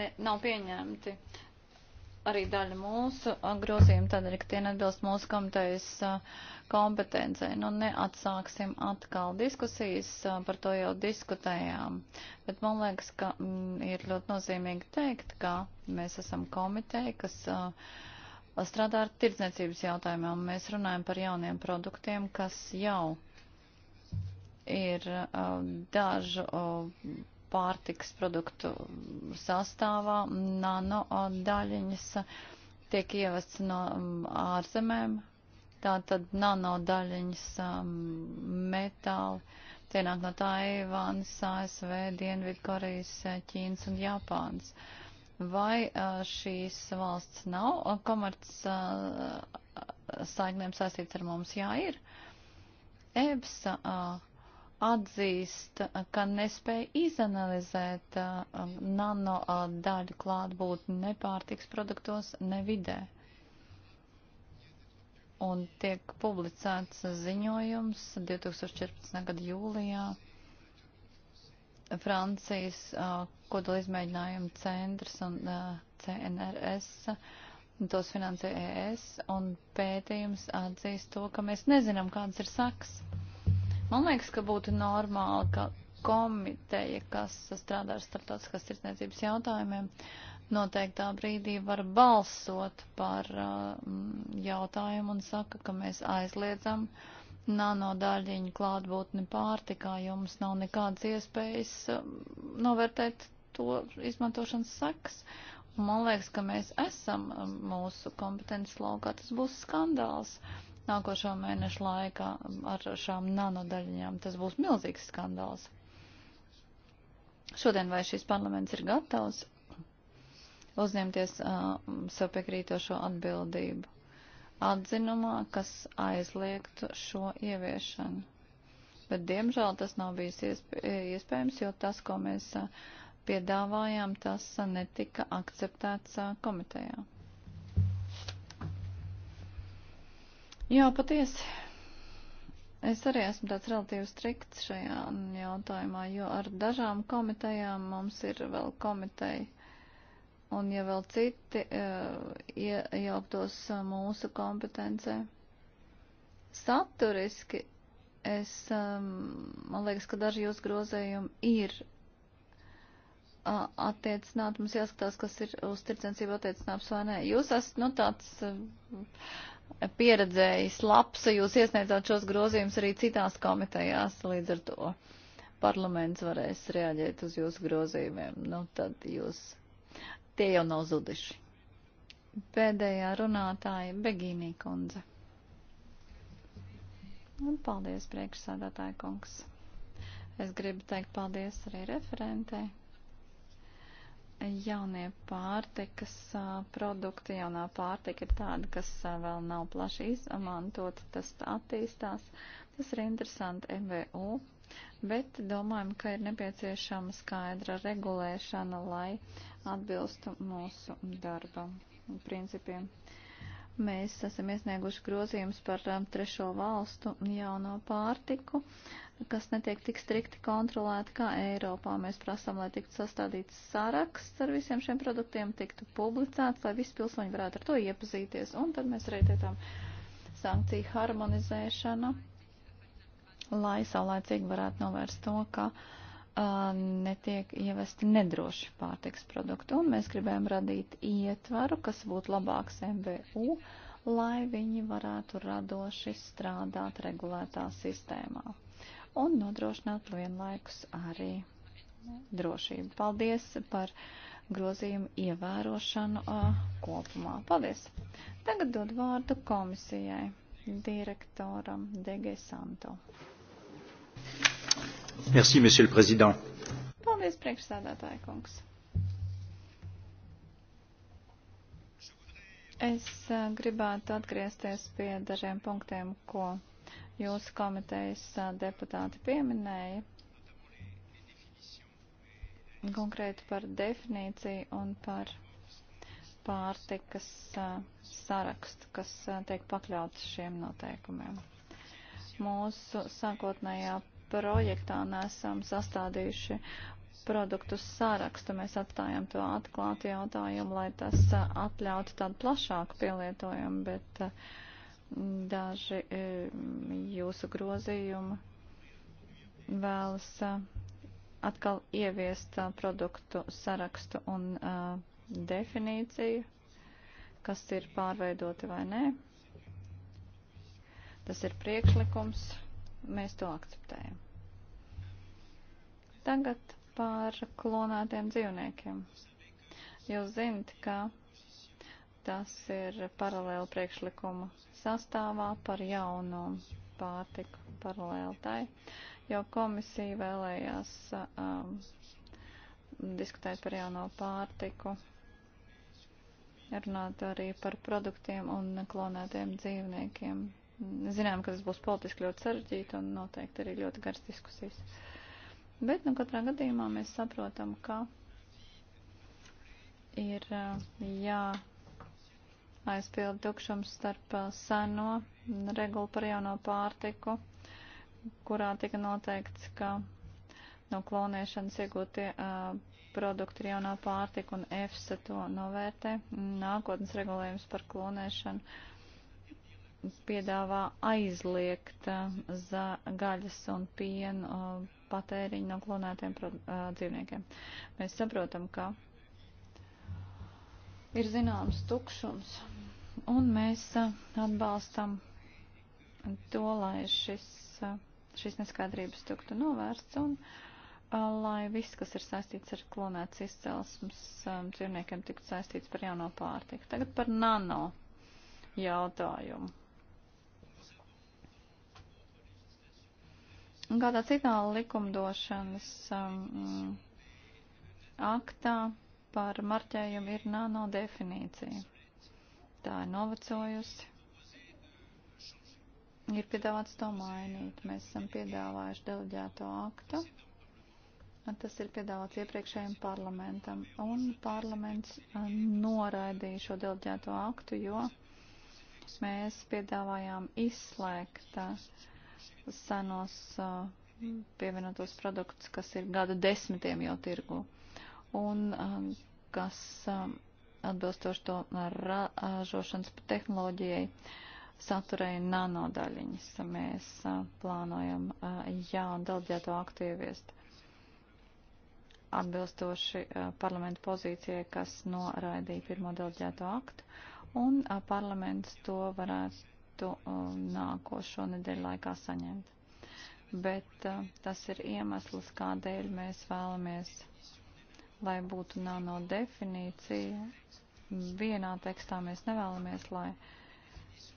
ne, nav pieņemti. Arī daļa mūsu grozījuma tādēļ, ka tie neatbilst mūsu komitejas kompetencei. Nu, neatsāksim atkal diskusijas, par to jau diskutējām. Bet man liekas, ka mm, ir ļoti nozīmīgi teikt, ka mēs esam komiteja, kas uh, strādā ar tirdzniecības jautājumiem. Mēs runājam par jauniem produktiem, kas jau ir uh, dažu uh, pārtiks produktu sastāvā nano uh, daļiņas tiek ievests no um, ārzemēm. Tātad nano daļiņas um, metāli cienāk no Taivānas, ASV, Dienvidkorejas, Ķīnas un Japānas. Vai uh, šīs valsts nav komerc uh, saiknēm saistīts ar mums? Jā, ir. EBSA uh, atzīst, ka nespēja izanalizēt uh, nano uh, daļu klātbūtni ne pārtiks produktos, ne vidē. Un tiek publicēts ziņojums 2014. gada jūlijā Francijas uh, kodola izmēģinājuma centrs un CNRS tos finansē ES, un pētījums atzīst to, ka mēs nezinām, kādas ir saks. Man liekas, ka būtu normāli, ka komiteja, kas strādā ar starptautiskās tirdzniecības jautājumiem, noteiktā brīdī var balsot par uh, mm, jautājumu un saka, ka mēs aizliedzam nanodāļiņu klātbūtni pārtikā, jo mums nav nekādas iespējas uh, novērtēt to izmantošanas sekas. Un man liekas, ka mēs esam uh, mūsu kompetences laukā. Tas būs skandāls. Uh, nākošo mēnešu laikā ar šām nanodaļiņām. Tas būs milzīgs skandāls. Šodien vai šis parlaments ir gatavs uzņemties uh, sev piekrītošo atbildību atzinumā, kas aizliegtu šo ieviešanu. Bet, diemžēl, tas nav bijis iesp iespējams, jo tas, ko mēs uh, piedāvājām, tas netika akceptēts komitejā. Jā, patiesi. Es arī esmu tāds relatīvi strikts šajā jautājumā, jo ar dažām komitejām mums ir vēl komiteja. Un ja vēl citi uh, iejauktos eh, mūsu kompetencē, saturiski es, um, man liekas, ka daži jūsu grozējumi ir uh, attiecināti. Mums jāskatās, kas ir uz tirdzniecību attiecināts vai nē. Jūs esat, nu, tāds. Uh, pieredzējis labs, jūs iesniedzāt šos grozījumus arī citās komitejās, līdz ar to parlaments varēs reaģēt uz jūsu grozījumiem. Nu, tad jūs tie jau nav zuduši. Pēdējā runātāja Begīnī kundze. Un nu, paldies, priekšsādātāja kungs. Es gribu teikt paldies arī referentei jaunie pārtikas produkti, jaunā pārtika ir tāda, kas vēl nav plaši izmantot, tas attīstās. Tas ir interesanti MVU, bet domājam, ka ir nepieciešama skaidra regulēšana, lai atbilstu mūsu darba principiem. Mēs esam iesnieguši grozījums par trešo valstu jauno pārtiku. Uh, kas netiek tik strikti kontrolēti kā Eiropā. Mēs prasām, lai tiktu sastādīts saraksts ar visiem šiem produktiem, tiktu publicēts, lai visi pilsoņi varētu ar to iepazīties. Un tad mēs arī teicām sankciju harmonizēšanu, lai saulēcīgi varētu novērst to, ka uh, netiek ievesti nedroši pārtiks produktu. Un mēs gribējām radīt ietvaru, kas būtu labāks MBU lai viņi varētu radoši strādāt regulētā sistēmā un nodrošināt vienlaikus arī drošību. Paldies par grozījumu ievērošanu uh, kopumā. Paldies! Tagad dod vārdu komisijai direktoram DG Santo. Merci, monsieur le président. Paldies, priekšsēdētāja kungs. Es gribētu atgriezties pie dažiem punktiem, ko jūsu komitejas deputāti pieminēja, konkrēti par definīciju un par pārtikas sarakstu, kas tiek pakļauts šiem noteikumiem. Mūsu sākotnējā projektā nesam sastādījuši produktu sarakstu. Mēs atstājam to atklātu jautājumu, lai tas atļautu tādu plašāku pielietojumu, bet uh, Daži e, jūsu grozījumi vēlas e, atkal ieviest e, produktu sarakstu un definīciju, kas ir pārveidoti vai nē. Tas ir priekšlikums, mēs to akceptējam. Tagad par klonētiem dzīvniekiem. Jūs zinat, ka Tas ir paralēli priekšlikuma sastāvā par jauno pārtiku paralēli tai, jo komisija vēlējās um, diskutēt par jauno pārtiku, runāt arī par produktiem un klonētiem dzīvniekiem. Zinām, ka tas būs politiski ļoti sarežģīti un noteikti arī ļoti garas diskusijas. Bet, nu, katrā gadījumā mēs saprotam, ka ir uh, jā. Uh, aizpildu tukšums starp uh, seno regulu par jauno pārtiku, kurā tika noteikts, ka no klonēšanas iegūtie uh, produkti ir jaunā pārtika un EFSA to novērtē. Nākotnes regulējums par klonēšanu piedāvā aizliegt uh, za gaļas un pienu uh, patēriņu no klonētiem uh, dzīvniekiem. Mēs saprotam, ka ir zināms tukšums un mēs atbalstam to, lai šis, šis neskaidrības tiktu novērsts un lai viss, kas ir saistīts ar klonētas izcelsmes dzīvniekiem, tiktu saistīts par jauno pārtiku. Tagad par nano jautājumu. Kādā citā likumdošanas um, aktā par marķējumu ir nano definīcija tā ir novecojusi. Ir piedāvāts to mainīt. Mēs esam piedāvājuši deleģēto aktu. Tas ir piedāvāts iepriekšējiem parlamentam. Un parlaments noraidīja šo deleģēto aktu, jo mēs piedāvājām izslēgt senos pievienotos produktus, kas ir gadu desmitiem jau tirgu. Un kas um, atbilstoši to ražošanas tehnoloģijai saturēja nanodaļiņas. Mēs plānojam jaunu delģēto aktu ieviest atbilstoši parlamentu pozīcijai, kas noraidīja pirmo delģēto aktu, un parlaments to varētu nākošo nedēļu laikā saņemt. Bet tas ir iemesls, kādēļ mēs vēlamies, lai būtu nano definīcija vienā tekstā. Mēs nevēlamies, lai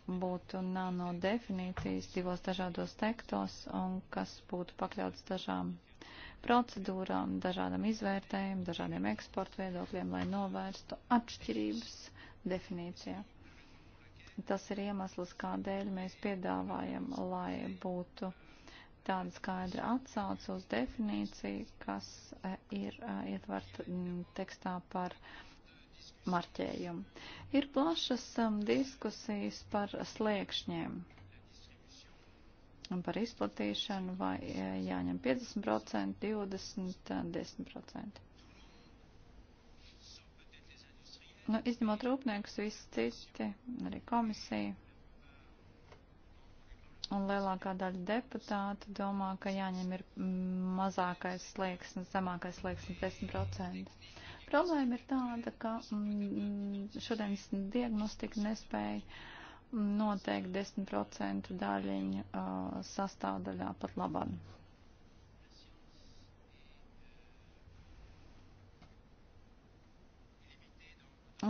būtu nano definīcijas divos dažādos tekstos un kas būtu pakļauts dažām procedūrām, dažādam izvērtējumam, dažādiem eksporta viedokļiem, lai novērstu atšķirības definīcijā. Tas ir iemesls, kādēļ mēs piedāvājam, lai būtu tāda skaidra atsauce uz definīciju, kas eh, ir eh, ietverta mm, tekstā par uh, marķējumu. Ir plašas um, diskusijas par sliekšņiem un par izplatīšanu, vai e, jāņem 50%, 20%, 10%. Nu, izņemot rūpniekus, visi citi, arī komisija un lielākā daļa deputātu domā, ka jāņem ir mazākais slieksnis, zemākais slieksnis 10%. Problēma ir tāda, ka mm, šodienas diagnostika nespēja mm, noteikt 10% daļiņu uh, sastāvdaļā pat labāk.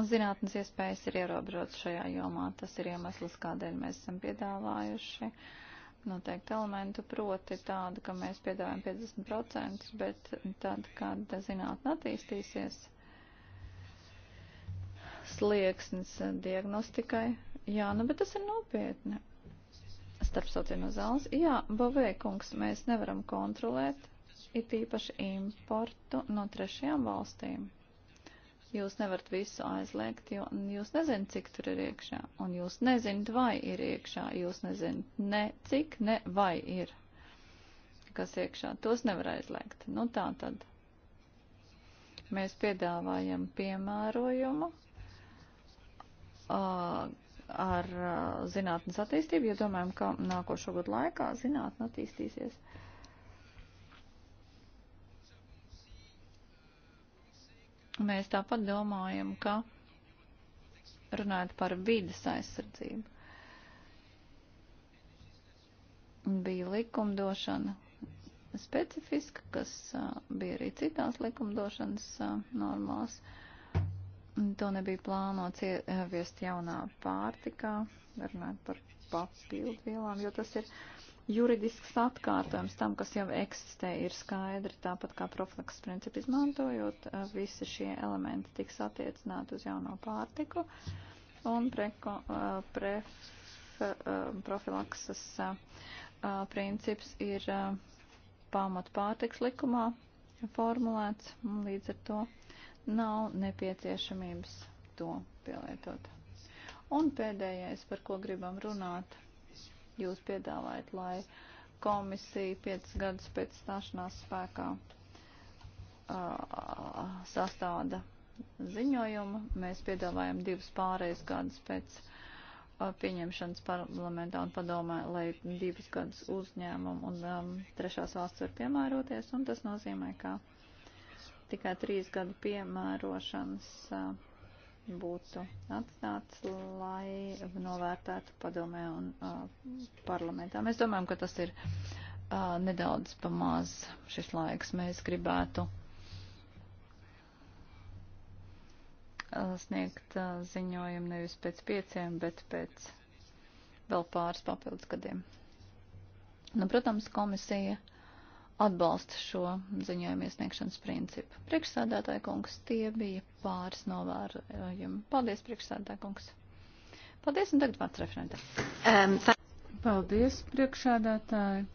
Zinātnes iespējas ir ierobežotas šajā jomā. Tas ir iemesls, kādēļ mēs esam piedāvājuši uh, noteiktu elementu, proti tādu, ka mēs piedāvājam 50%, bet tad, kad zinātne attīstīsies, slieksnis diagnostikai, jā, nu, bet tas ir nopietni. Starp sociālo zāles, jā, bavēkungs, mēs nevaram kontrolēt, it īpaši importu no trešajām valstīm. Jūs nevarat visu aizliegt, jo jūs nezināt, cik tur ir iekšā. Un jūs nezināt, vai ir iekšā. Jūs nezināt ne cik, ne vai ir. Kas iekšā. Tos nevar aizliegt. Nu tā tad. Mēs piedāvājam piemērojumu. Uh, ar uh, zinātnes attīstību, jo domājam, ka nākošo gadu laikā zinātne attīstīsies. Uh, Mēs tāpat domājam, ka runājot par vidas aizsardzību, bija likumdošana specifiska, kas bija arī citās likumdošanas normās. To nebija plānots ieviest jaunā pārtikā, runājot par papildu vielām, jo tas ir juridisks atkārtojums tam, kas jau eksistē, ir skaidri, tāpat kā profilaks principu izmantojot, eh, visi šie elementi tiks attiecināti uz jauno pārtiku un preko, eh, pref, eh, profilakses princips ir pamat pārtiks likumā formulēts, un līdz ar to nav nepieciešamības to pielietot. Un pēdējais, par ko gribam runāt, jūs piedāvājat, lai komisija 5 gadus pēc stāšanās spēkā uh, sastāda ziņojumu. Mēs piedāvājam divus pārējais gadus pēc uh, pieņemšanas parlamentā un padomē, lai divus gadus uzņēmumu un um, trešās valsts var piemēroties, un tas nozīmē, ka tikai trīs gadu piemērošanas uh, būtu atstāts, lai novērtētu padomē un uh, parlamentā. Mēs domājam, ka tas ir uh, nedaudz pamāz šis laiks. Mēs gribētu uh, sniegt uh, ziņojumu nevis pēc pieciem, bet pēc vēl pāris papildus gadiem. Nu, protams, komisija. Uh, atbalsta šo ziņojumu iesniegšanas principu. Priekšsēdētāja kungs, tie bija pāris novērojumi. Paldies, priekšsēdētāja kungs. Paldies, un tagad vārds referentē. Um, Paldies, priekšsēdētāji.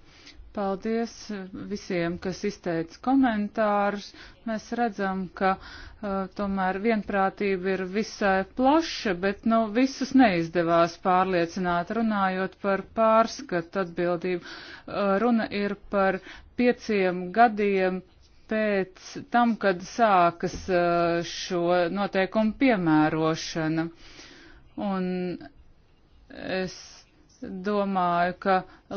Paldies eh, visiem, kas izteica komentārus. Mēs redzam, ka uh, tomēr vienprātība ir visai plaša, bet nu, visus neizdevās pārliecināt runājot par pārskatu atbildību. Uh, runa ir par pieciem gadiem pēc tam, kad sākas uh, šo noteikumu piemērošana. Un es domāju, ka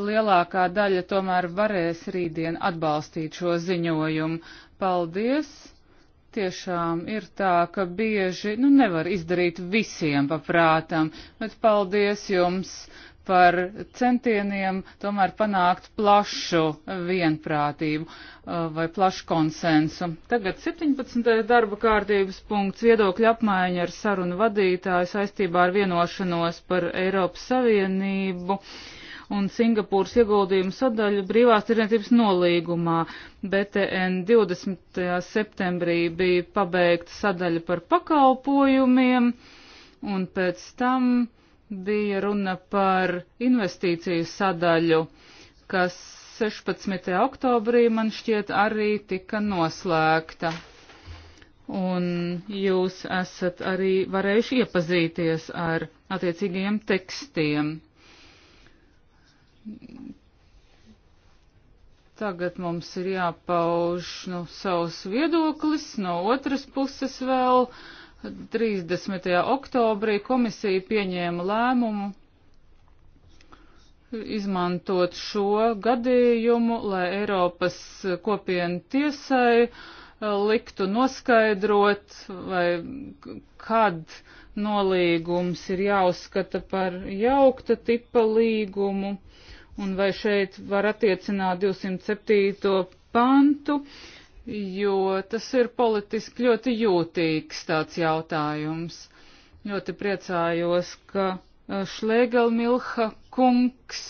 lielākā daļa tomēr varēs rītdien atbalstīt šo ziņojumu. Paldies! Tiešām ir tā, ka bieži, nu, nevar izdarīt visiem paprātam, bet paldies jums par centieniem tomēr panākt plašu vienprātību uh, vai plašu konsensu. Tagad 17. darba kārtības punkts viedokļa apmaiņa ar sarunu vadītāju saistībā ar vienošanos par Eiropas Savienību un Singapūras ieguldījumu sadaļu brīvās tirniecības nolīgumā. BTN 20. septembrī bija pabeigta sadaļa par pakalpojumiem un pēc tam bija runa par investīciju sadaļu, kas 16. oktobrī man šķiet arī tika noslēgta. Un jūs esat arī varējuši iepazīties ar attiecīgajiem tekstiem. Tagad mums ir jāpauž nu, savs viedoklis, no otras puses vēl uh, 30. oktobrī komisija pieņēma lēmumu izmantot šo gadījumu, lai Eiropas kopienu tiesai eh, liktu noskaidrot, vai kad nolīgums ir jāuzskata par jaukta tipa līgumu, un vai šeit var attiecināt 207. pantu. Uh, jo tas ir politiski ļoti jūtīgs tāds jautājums. Ļoti priecājos, ka e, Šlēgelmilha kungs,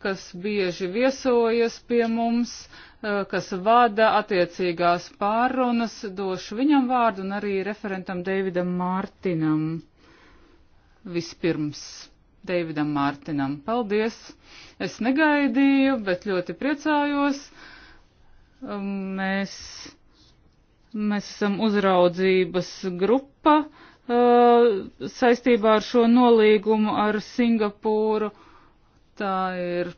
kas bieži viesojas pie mums, e, kas vada attiecīgās pārunas, došu viņam vārdu un arī referentam Davidam Mārtinam. Vispirms Davidam Mārtinam. Paldies! Es negaidīju, bet ļoti priecājos. Uh, Mēs, mēs esam uzraudzības grupa uh, saistībā ar šo nolīgumu ar Singapūru. Tā ir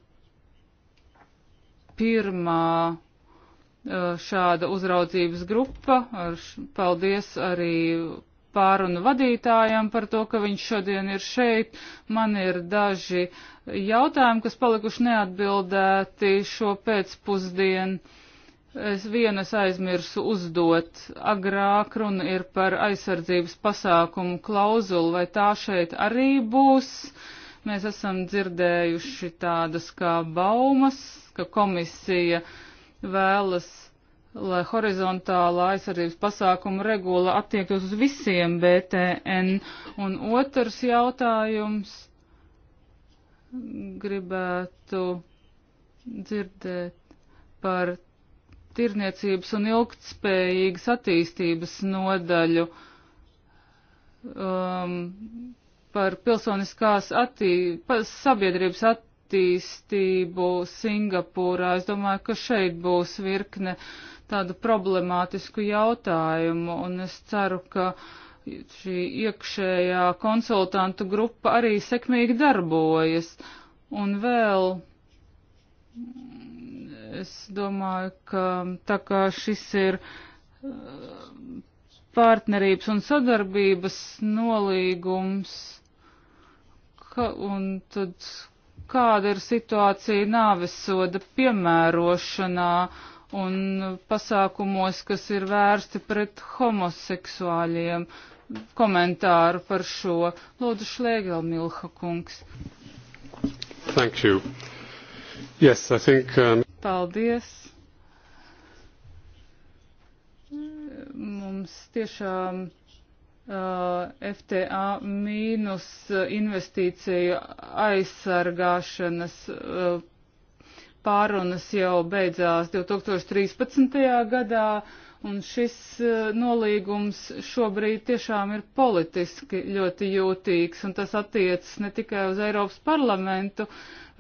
pirmā uh, šāda uzraudzības grupa. Ar paldies arī pārunu vadītājam par to, ka viņš šodien ir šeit. Man ir daži jautājumi, kas palikuši neatbildēti šo pēcpusdienu. Es vienas aizmirsu uzdot. Agrāk runa ir par aizsardzības pasākumu klauzulu, vai tā šeit arī būs. Mēs esam dzirdējuši tādas kā baumas, ka komisija vēlas, lai horizontālā aizsardzības pasākuma regula attiektos uz visiem BTN. Un otrs jautājums gribētu dzirdēt par tirniecības un ilgtspējīgas attīstības nodaļu um, par pilsoniskās attī, par sabiedrības attīstību Singapūrā. Es domāju, ka šeit būs virkne tādu problemātisku jautājumu, un es ceru, ka šī iekšējā konsultantu grupa arī sekmīgi darbojas. Un vēl Es domāju, ka tā kā šis ir uh, partnerības un sadarbības nolīgums, ka, un tad kāda ir situācija nāvesoda piemērošanā un pasākumos, kas ir vērsti pret homoseksuāļiem. Komentāru par šo. Lūdzu, Šlēgel Milha kungs. Thank you. Yes, I think. Um... Paldies! Mums tiešām uh, FTA mīnus investīciju aizsargāšanas uh, pārunas jau beidzās 2013. gadā, un šis eh, nolīgums šobrīd tiešām ir politiski ļoti jūtīgs, un tas attiecas ne tikai uz Eiropas parlamentu,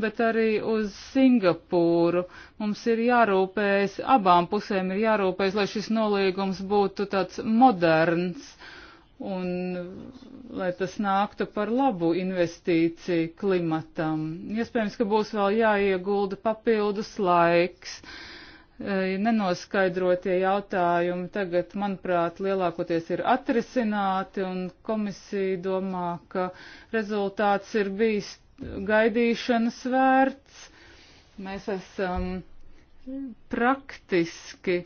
bet arī uz Singapūru. Mums ir jārūpējas, abām pusēm ir jārūpējas, lai šis nolīgums būtu tāds moderns un lai tas nāktu par labu investīciju klimatam. Iespējams, ka būs vēl jāiegulda papildus laiks. E, nenoskaidrotie jautājumi tagad, manuprāt, lielākoties ir atrisināti, un komisija domā, ka rezultāts ir bijis gaidīšanas vērts. Mēs esam praktiski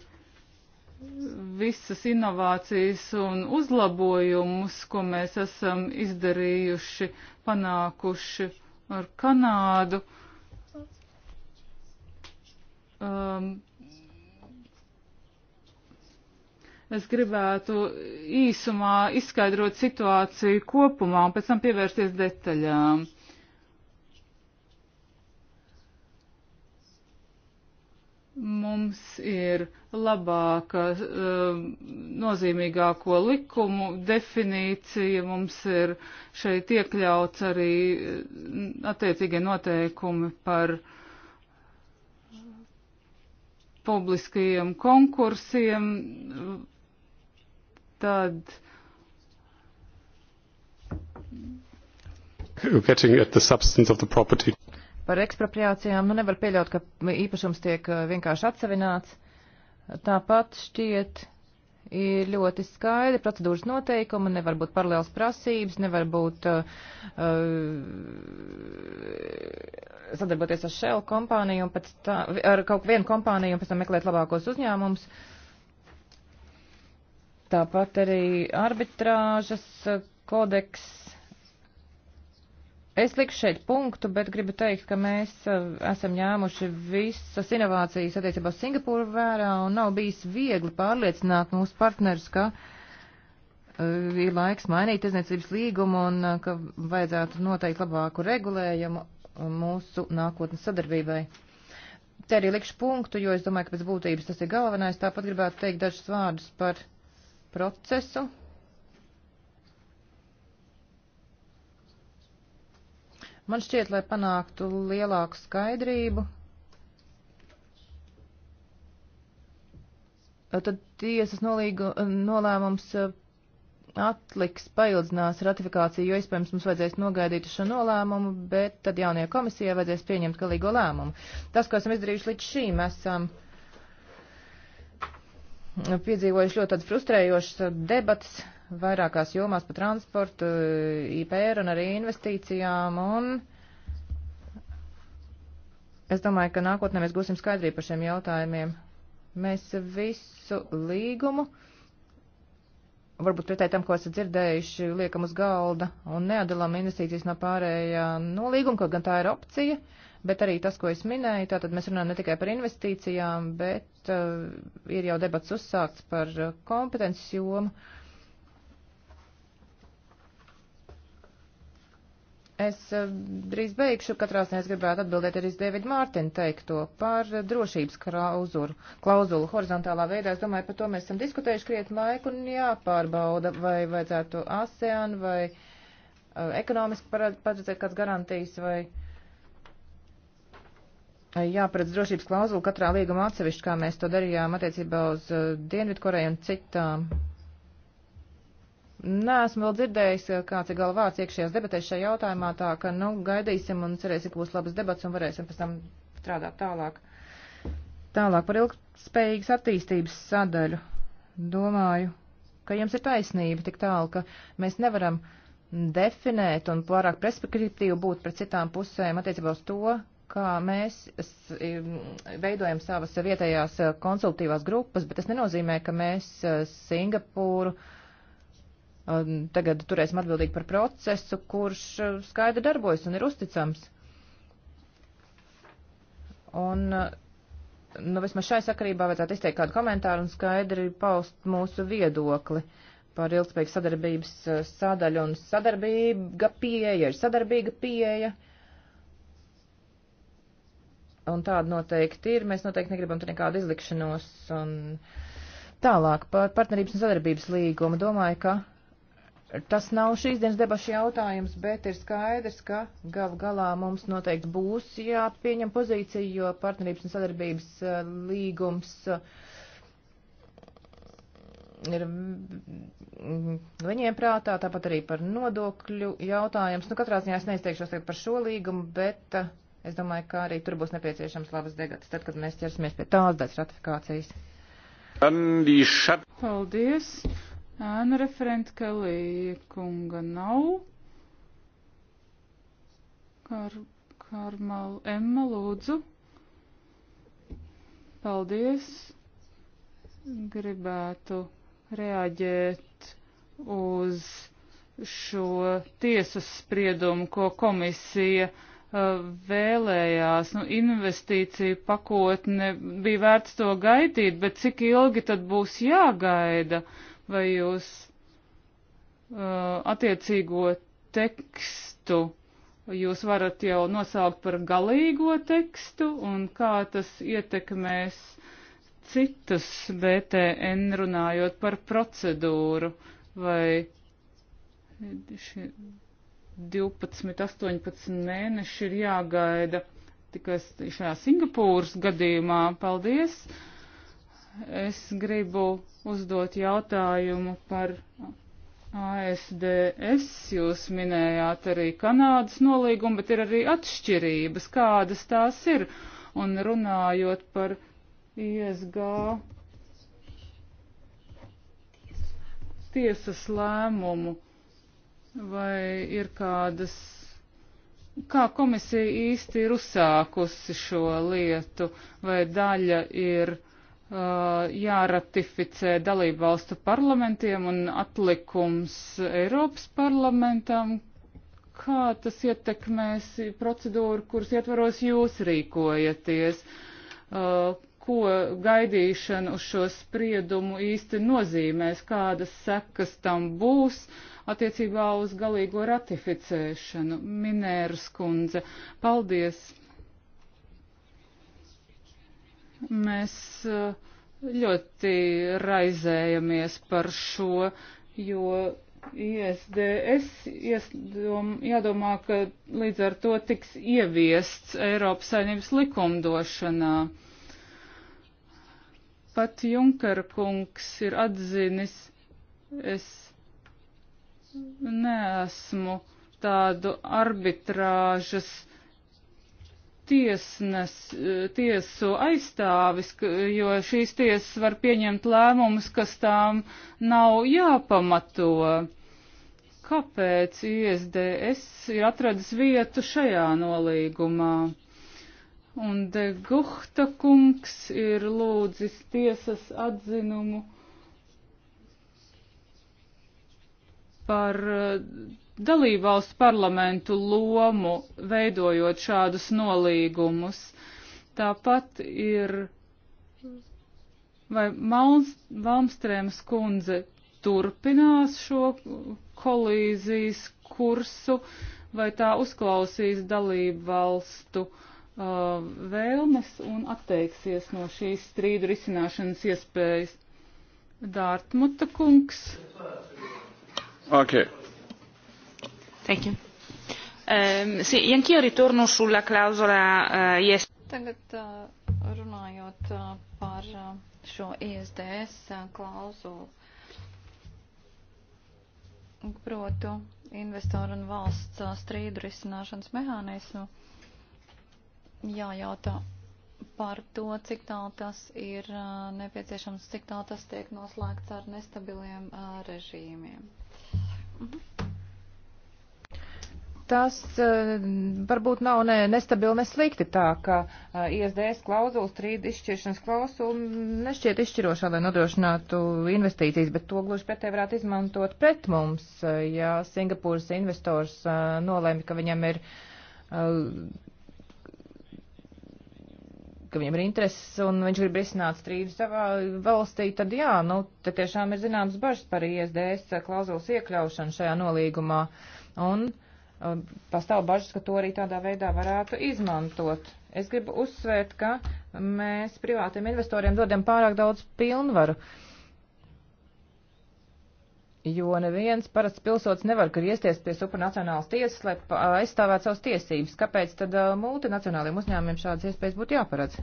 visas inovācijas un uzlabojumus, ko mēs esam izdarījuši, panākuši ar Kanādu. Um, es gribētu īsumā izskaidrot situāciju kopumā un pēc tam pievērsties detaļām. Uh, mums ir labāka, um, nozīmīgāko likumu definīcija, mums ir šeit iekļauts arī uh, attiecīgie noteikumi par publiskajiem konkursiem, tad. Getting at the substance of the property par ekspropriācijām. Nu, nevar pieļaut, ka īpašums tiek vienkārši atsevināts. Tāpat šķiet ir ļoti skaidri procedūras noteikumi, nevar būt paralēls prasības, nevar būt uh, sadarboties ar Shell kompāniju un pēc tā, ar kaut vienu kompāniju un pēc tam meklēt labākos uzņēmumus. Tāpat arī arbitrāžas kodeks Es likšu šeit punktu, bet gribu teikt, ka mēs uh, esam ņēmuši visas inovācijas attiecībā uz Singapūru vērā un nav bijis viegli pārliecināt mūsu partnerus, ka uh, ir laiks mainīt izniecības līgumu un uh, ka vajadzētu noteikti labāku regulējumu mūsu nākotnes sadarbībai. Te arī likšu punktu, jo es domāju, ka pēc būtības tas ir galvenais. Tāpat gribētu teikt dažus vārdus par procesu, Man šķiet, lai panāktu lielāku skaidrību, tad tiesas nolīgu, nolēmums eh, atliks, paildzinās ratifikāciju, jo iespējams mums vajadzēs nogaidīt šo nolēmumu, bet tad jaunajai komisijai vajadzēs pieņemt galīgo lēmumu. Tas, ko esam izdarījuši līdz šīm, esam piedzīvojuši ļoti tādas frustrējošas debatas vairākās jomās par transportu, IPR un arī investīcijām. Un es domāju, ka nākotnē mēs gūsim skaidrību par šiem jautājumiem. Mēs visu līgumu, varbūt pretēji tam, ko esat dzirdējuši, liekam uz galda un neatdalām investīcijas no pārējā nolīguma, kaut gan tā ir opcija, bet arī tas, ko es minēju, tātad mēs runājam ne tikai par investīcijām, bet uh, ir jau debats uzsākts par uh, kompetences jomu. Uh, Es eh, drīz beigšu, katrā ziņā es gribētu atbildēt arī uz Dēvidu Mārtiņu teikto par eh, drošības klauzulu, klauzulu horizontālā veidā. Es domāju, par to mēs esam diskutējuši krietni laiku un jāpārbauda, vai vajadzētu ASEAN vai uh, ekonomiski paredzēt kāds garantijas vai uh, jāparedz drošības klauzulu katrā līguma atsevišķi, kā mēs to darījām attiecībā uz uh, Dienvidkoreju un citām. Uh, Nēsmu vēl dzirdējis, eh, kāds ir galvāts iekšējās debatēs šajā jautājumā, tā ka, nu, gaidīsim un cerēsim, ka būs labas debats un varēsim pēc tam strādāt tālāk. Tālāk par ilgspējīgas attīstības sadaļu. Domāju, ka jums ir taisnība tik tālu, ka mēs nevaram definēt un pārāk perspektīvu būt pret citām pusēm attiecībā uz to, kā mēs veidojam savas vietējās eh, konsultīvās grupas, bet tas nenozīmē, ka mēs eh, Singapūru uh, tagad turēsim atbildīgi par procesu, kurš uh, skaidri darbojas un ir uzticams. Un, uh, nu, vismaz šai sakarībā vajadzētu izteikt kādu komentāru un skaidri paust mūsu viedokli par ilgspējīgu sadarbības uh, sadaļu un sadarbīga pieeja ir sadarbīga pieeja. Un tāda noteikti ir. Mēs noteikti negribam tur nekādu izlikšanos. Un tālāk par partnerības un sadarbības līgumu. Domāju, ka Tas nav šīs dienas debašu jautājums, bet ir skaidrs, ka gal galā mums noteikti būs jāpieņem pozīcija, jo partnerības un sadarbības eh, līgums eh, ir viņiem prātā, tāpat arī par nodokļu jautājums. Nu, katrā ziņā es neizteikšos par šo līgumu, bet eh, es domāju, ka arī tur būs nepieciešams labas degats, tad, kad mēs ķersimies pie tās daļas ratifikācijas. Paldies! Ēnu referenta Kelī kunga nav. Kar, Karmal Emma lūdzu. Paldies. Gribētu reaģēt uz šo tiesas spriedumu, ko komisija uh, vēlējās. Nu, investīciju pakotne bija vērts to gaidīt, bet cik ilgi tad būs jāgaida? Uh, vai jūs uh, attiecīgo tekstu jūs varat jau nosaukt par galīgo tekstu un kā tas ietekmēs citus BTN runājot par procedūru vai 12, 18 mēneši ir jāgaida tikai šajā Singapūras gadījumā. Paldies! es gribu uzdot jautājumu par ASDS. Jūs minējāt arī Kanādas nolīgumu, bet ir arī atšķirības, kādas tās ir. Un runājot par ISG tiesas lēmumu, vai ir kādas Kā komisija īsti ir uzsākusi šo lietu, vai daļa ir Uh, jāratificē dalību valstu parlamentiem un atlikums Eiropas parlamentam. Kā tas ietekmēs procedūru, kuras ietvaros jūs rīkojaties? Uh, ko gaidīšana uz šo spriedumu īsti nozīmēs? Kādas sekas tam būs attiecībā uz galīgo ratificēšanu? Minēras kundze, paldies! Mēs eh, ļoti raizējamies par šo, jo ISDS iesdom, jādomā, ka līdz ar to tiks ieviests Eiropas saimnības likumdošanā. Pat Junker kungs ir atzinis, es neesmu tādu arbitrāžas tiesnes, tiesu aizstāvis, jo šīs tiesas var pieņemt lēmumus, kas tām nav jāpamato. Kāpēc ISDS ir atradis vietu šajā nolīgumā? Un de Guhta kungs ir lūdzis tiesas atzinumu par dalībvalstu parlamentu lomu veidojot šādus nolīgumus. Tāpat ir, vai Malmstrēms kundze turpinās šo kolīzijas kursu, vai tā uzklausīs dalībvalstu uh, vēlmes un atteiksies no šīs strīdu risināšanas iespējas. Dārtmuta kungs. Okay. Thank you. Um, sì, anch'io ritorno sulla clausola uh, eh, ISDS. E Tagad uh, runājot uh, par uh, šo ISDS e uh, klauzulu. Protu investoru un valsts uh, strīdu risināšanas mehānismu jājautā par to, cik tālu tas ir uh, nepieciešams, cik tālu tas tiek noslēgts ar nestabiliem uh, režīmiem. Uh mhm. -huh tas eh, varbūt nav ne, nestabili, ne slikti tā, ka eh, ISDS klauzula, strīda izšķiršanas klauzula nešķiet izšķirošā, lai nodrošinātu investīcijas, bet to gluži pretē varētu izmantot pret mums, eh, ja Singapūras investors nolēma, ka viņam ir ka viņam ir intereses un viņš grib risināt strīdu savā valstī, tad jā, nu, te tiešām ir zināms bažas par ISDS klauzulas iekļaušanu šajā nolīgumā. Un uh, Um, pastāv bažas, ka to arī tādā veidā varētu izmantot. Es gribu uzsvērt, ka mēs privātiem investoriem dodam pārāk daudz pilnvaru, jo neviens parasts pilsots nevar griezties pie supranacionālas tiesas, lai aizstāvētu savas tiesības. Kāpēc tad uh, multinacionāliem uzņēmumiem šādas iespējas būtu jāparedz?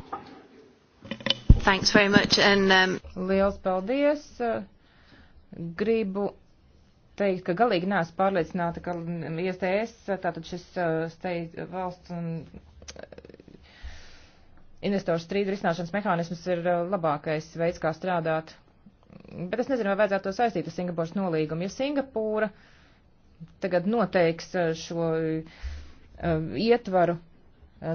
Thanks very much and, um... Liels paldies! Uh, gribu teikt, ka galīgi neesmu pārliecināta, ka ISDS, tātad šis uh, steidz, valsts un uh, investoru strīdu risināšanas mehānisms ir uh, labākais veids, kā strādāt. Bet es nezinu, vai vajadzētu to saistīt ar Singapūras nolīgumu, jo Singapūra tagad noteiks šo uh, ietvaru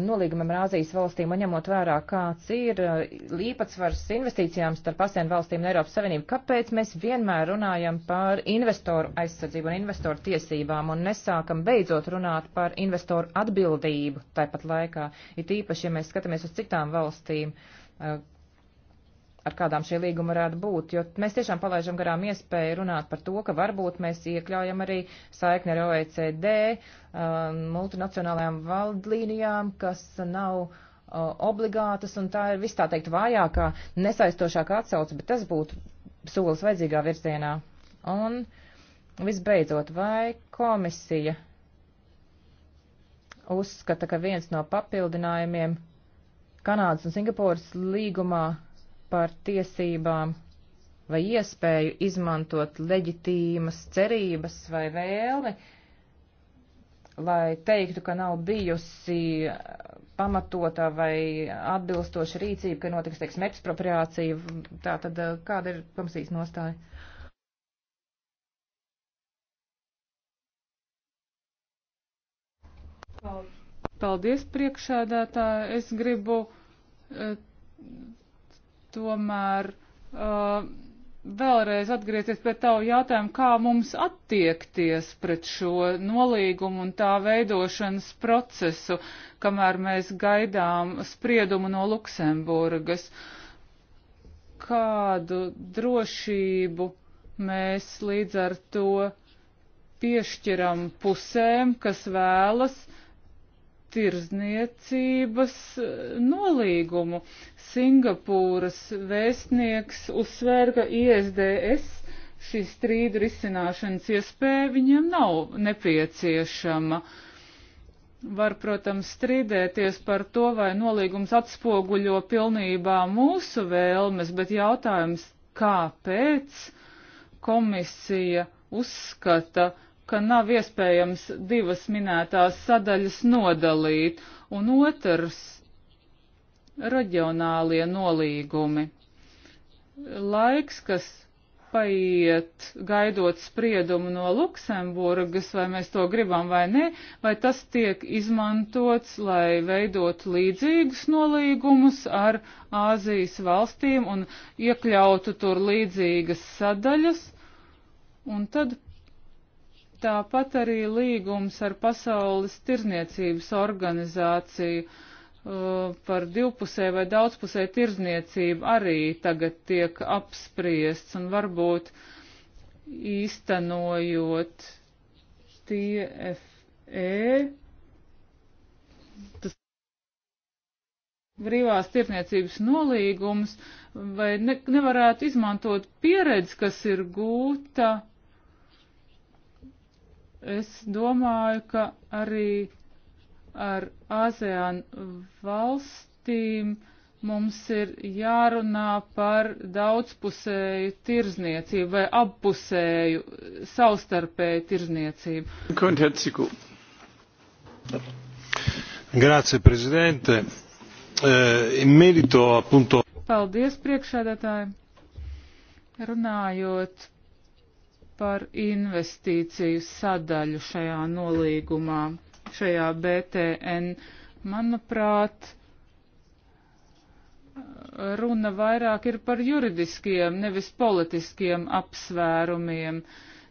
nolīgumam ar Āzijas valstīm un ņemot vērā, kāds ir uh, īpatsvars investīcijām starp ASEAN valstīm un Eiropas Savienību, kāpēc mēs vienmēr runājam par investoru aizsardzību un investoru tiesībām un nesākam beidzot runāt par investoru atbildību tāpat laikā, it īpaši, ja mēs skatāmies uz citām valstīm uh, ar kādām šie līguma varētu būt, jo mēs tiešām palaižam garām iespēju runāt par to, ka varbūt mēs iekļaujam arī saikni ar OECD, um, multinacionālajām valdlīnijām, kas nav obligātas, un tā ir vis tā teikt vājākā, nesaistošākā atsauce, bet tas būtu solis vajadzīgā virzienā. Un visbeidzot, vai komisija uzskata, ka viens no papildinājumiem Kanādas un Singapūras līgumā par tiesībām vai iespēju izmantot leģitīmas cerības vai vēlmi, lai teiktu, ka nav bijusi pamatotā vai atbilstoša rīcība, ka notiks, teiksim, ekspropriācija. Tā tad eh, kāda ir komisijas nostāja? Paldies, priekšēdētāji. Es gribu eh, tomēr uh, vēlreiz atgriezties pie tavu jautājumu, kā mums attiekties pret šo nolīgumu un tā veidošanas procesu, kamēr mēs gaidām spriedumu no Luksemburgas. Kādu drošību mēs līdz ar to piešķiram pusēm, kas vēlas uh, tirzniecības eh, nolīgumu. Singapūras vēstnieks uzsvēra, ka ISDS šī strīdu risināšanas iespēja viņam nav nepieciešama. Var, protams, strīdēties par to, vai nolīgums atspoguļo pilnībā mūsu vēlmes, bet jautājums, kāpēc komisija uzskata, ka ka nav iespējams divas minētās sadaļas nodalīt, un otrs - reģionālie nolīgumi. Laiks, kas paiet gaidot spriedumu no Luksemburgas, vai mēs to gribam vai nē, vai tas tiek izmantots, lai veidot līdzīgus nolīgumus ar Āzijas valstīm un iekļautu tur līdzīgas sadaļas. Un tad Tāpat arī līgums ar Pasaules tirzniecības organizāciju uh, par divpusē vai daudzpusē tirzniecību arī tagad tiek apspriests un varbūt īstenojot TFE. Tas brīvās tirzniecības nolīgums vai ne, nevarētu izmantot pieredzi, kas ir gūta Es domāju, ka arī ar ASEAN valstīm mums ir jārunā par daudzpusēju tirzniecību vai appusēju savstarpēju tirzniecību. Grazie, prezidente. Eh, in merito appunto. Paldies, priekšsēdētāji. Runājot par investīciju sadaļu šajā nolīgumā, šajā BTN. Manuprāt, runa vairāk ir par juridiskiem, nevis politiskiem apsvērumiem.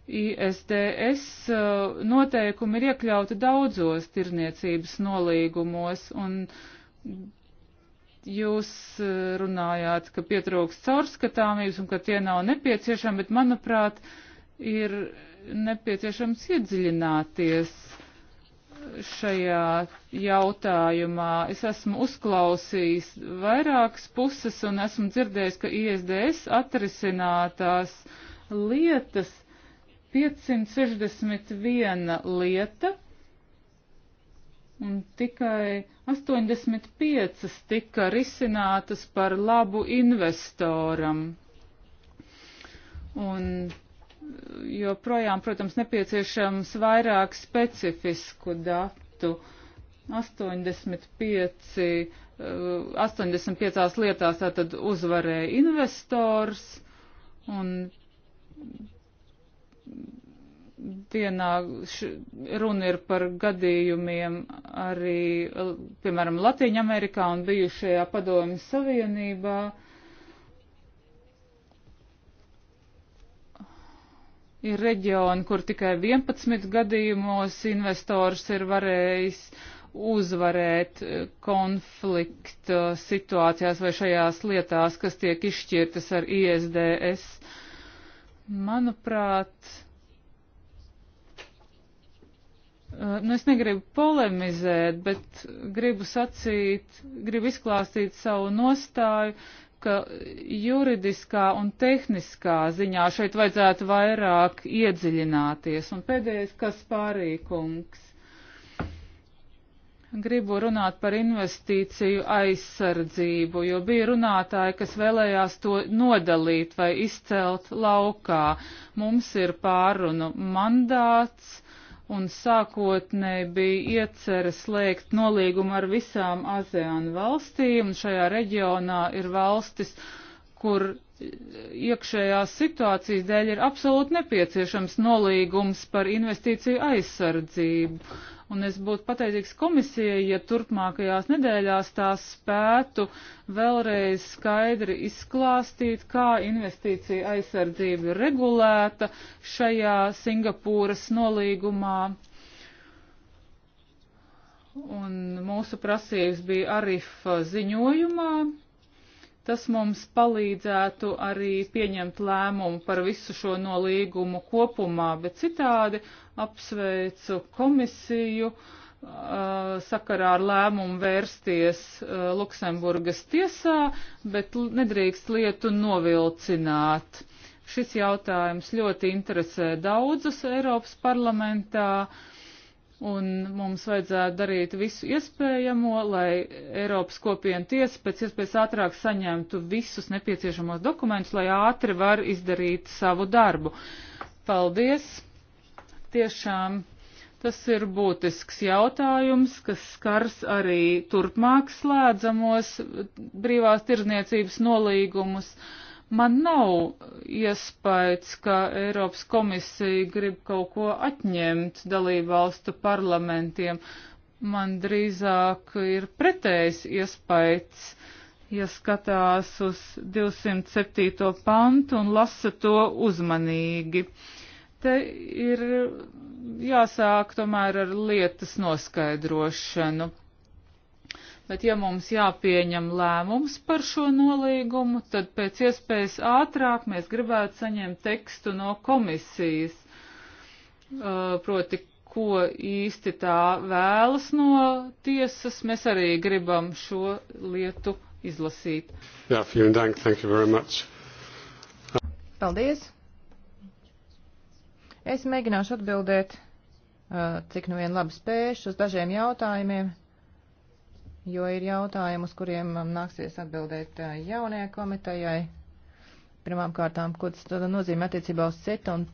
ISDS uh, noteikumi ir iekļauti daudzos tirniecības nolīgumos, un jūs uh, runājāt, ka pietrūks caurskatāmības un ka tie nav nepieciešami, bet manuprāt, uh, ir nepieciešams iedziļināties šajā jautājumā. Es esmu uzklausījis vairākas puses un esmu dzirdējis, ka ISDS atrisinātās lietas 561 lieta un tikai 85 tika risinātas par labu investoram. Un joprojām, protams, nepieciešams vairāk specifisku datu. 85, 85 eh, lietās tātad uzvarēja investors un dienā runa ir par gadījumiem arī, eh, piemēram, Latvijā, Amerikā un bijušajā padomju savienībā. Uh, Ir reģioni, kur tikai 11 gadījumos investors ir varējis uzvarēt eh, konflikta situācijās vai šajās lietās, kas tiek izšķirtas ar ISDS. Manuprāt, eh, nu es negribu polemizēt, bet gribu sacīt, gribu izklāstīt savu nostāju, ka juridiskā un tehniskā ziņā šeit vajadzētu vairāk iedziļināties. Un pēdējais, kas pārīkums. Gribu runāt par investīciju aizsardzību, jo bija runātāji, kas vēlējās to nodalīt vai izcelt laukā. Mums ir pārunu mandāts un sākotnēji bija iecerē slēgt nolīgumu ar visām ASEAN valstīm, un šajā reģionā ir valstis, kur iekšējās situācijas dēļ ir absolūti nepieciešams nolīgums par investīciju aizsardzību un es būtu pateicīgs komisijai, ja turpmākajās nedēļās tā spētu vēlreiz skaidri izklāstīt, kā investīcija aizsardzība ir regulēta šajā Singapūras nolīgumā. Un mūsu prasības bija Arif ziņojumā, Tas mums palīdzētu arī pieņemt lēmumu par visu šo nolīgumu kopumā, bet citādi apsveicu komisiju uh, sakarā ar lēmumu vērsties uh, Luksemburgas tiesā, bet nedrīkst lietu novilcināt. Šis jautājums ļoti interesē daudzus Eiropas parlamentā. Uh, un mums vajadzētu darīt visu iespējamo, lai Eiropas kopiena tiesa pēc iespējas ātrāk saņemtu visus nepieciešamos dokumentus, lai ātri var izdarīt savu darbu. Paldies! Tiešām tas ir būtisks jautājums, kas skars arī turpmāk slēdzamos brīvās tirzniecības nolīgumus. Uh, Man nav iespējas, ka Eiropas komisija grib kaut ko atņemt dalībvalstu parlamentiem. Man drīzāk ir pretējs iespējas, ja skatās uz 207. pantu un lasa to uzmanīgi. Te ir jāsāk tomēr ar lietas noskaidrošanu bet ja mums jāpieņem lēmums par šo nolīgumu, tad pēc iespējas ātrāk mēs gribētu saņemt tekstu no komisijas, uh, proti, ko īsti tā vēlas no tiesas. Mēs arī gribam šo lietu izlasīt. Jā, vielen dank, thank you very much. Paldies. Es mēģināšu atbildēt, uh, cik nu vien labi spēšu uz dažiem jautājumiem jo ir jautājumi, uz kuriem um, nāksies atbildēt uh, jaunajai komitejai. Pirmām kārtām, ko tas nozīmē attiecībā uz CETA un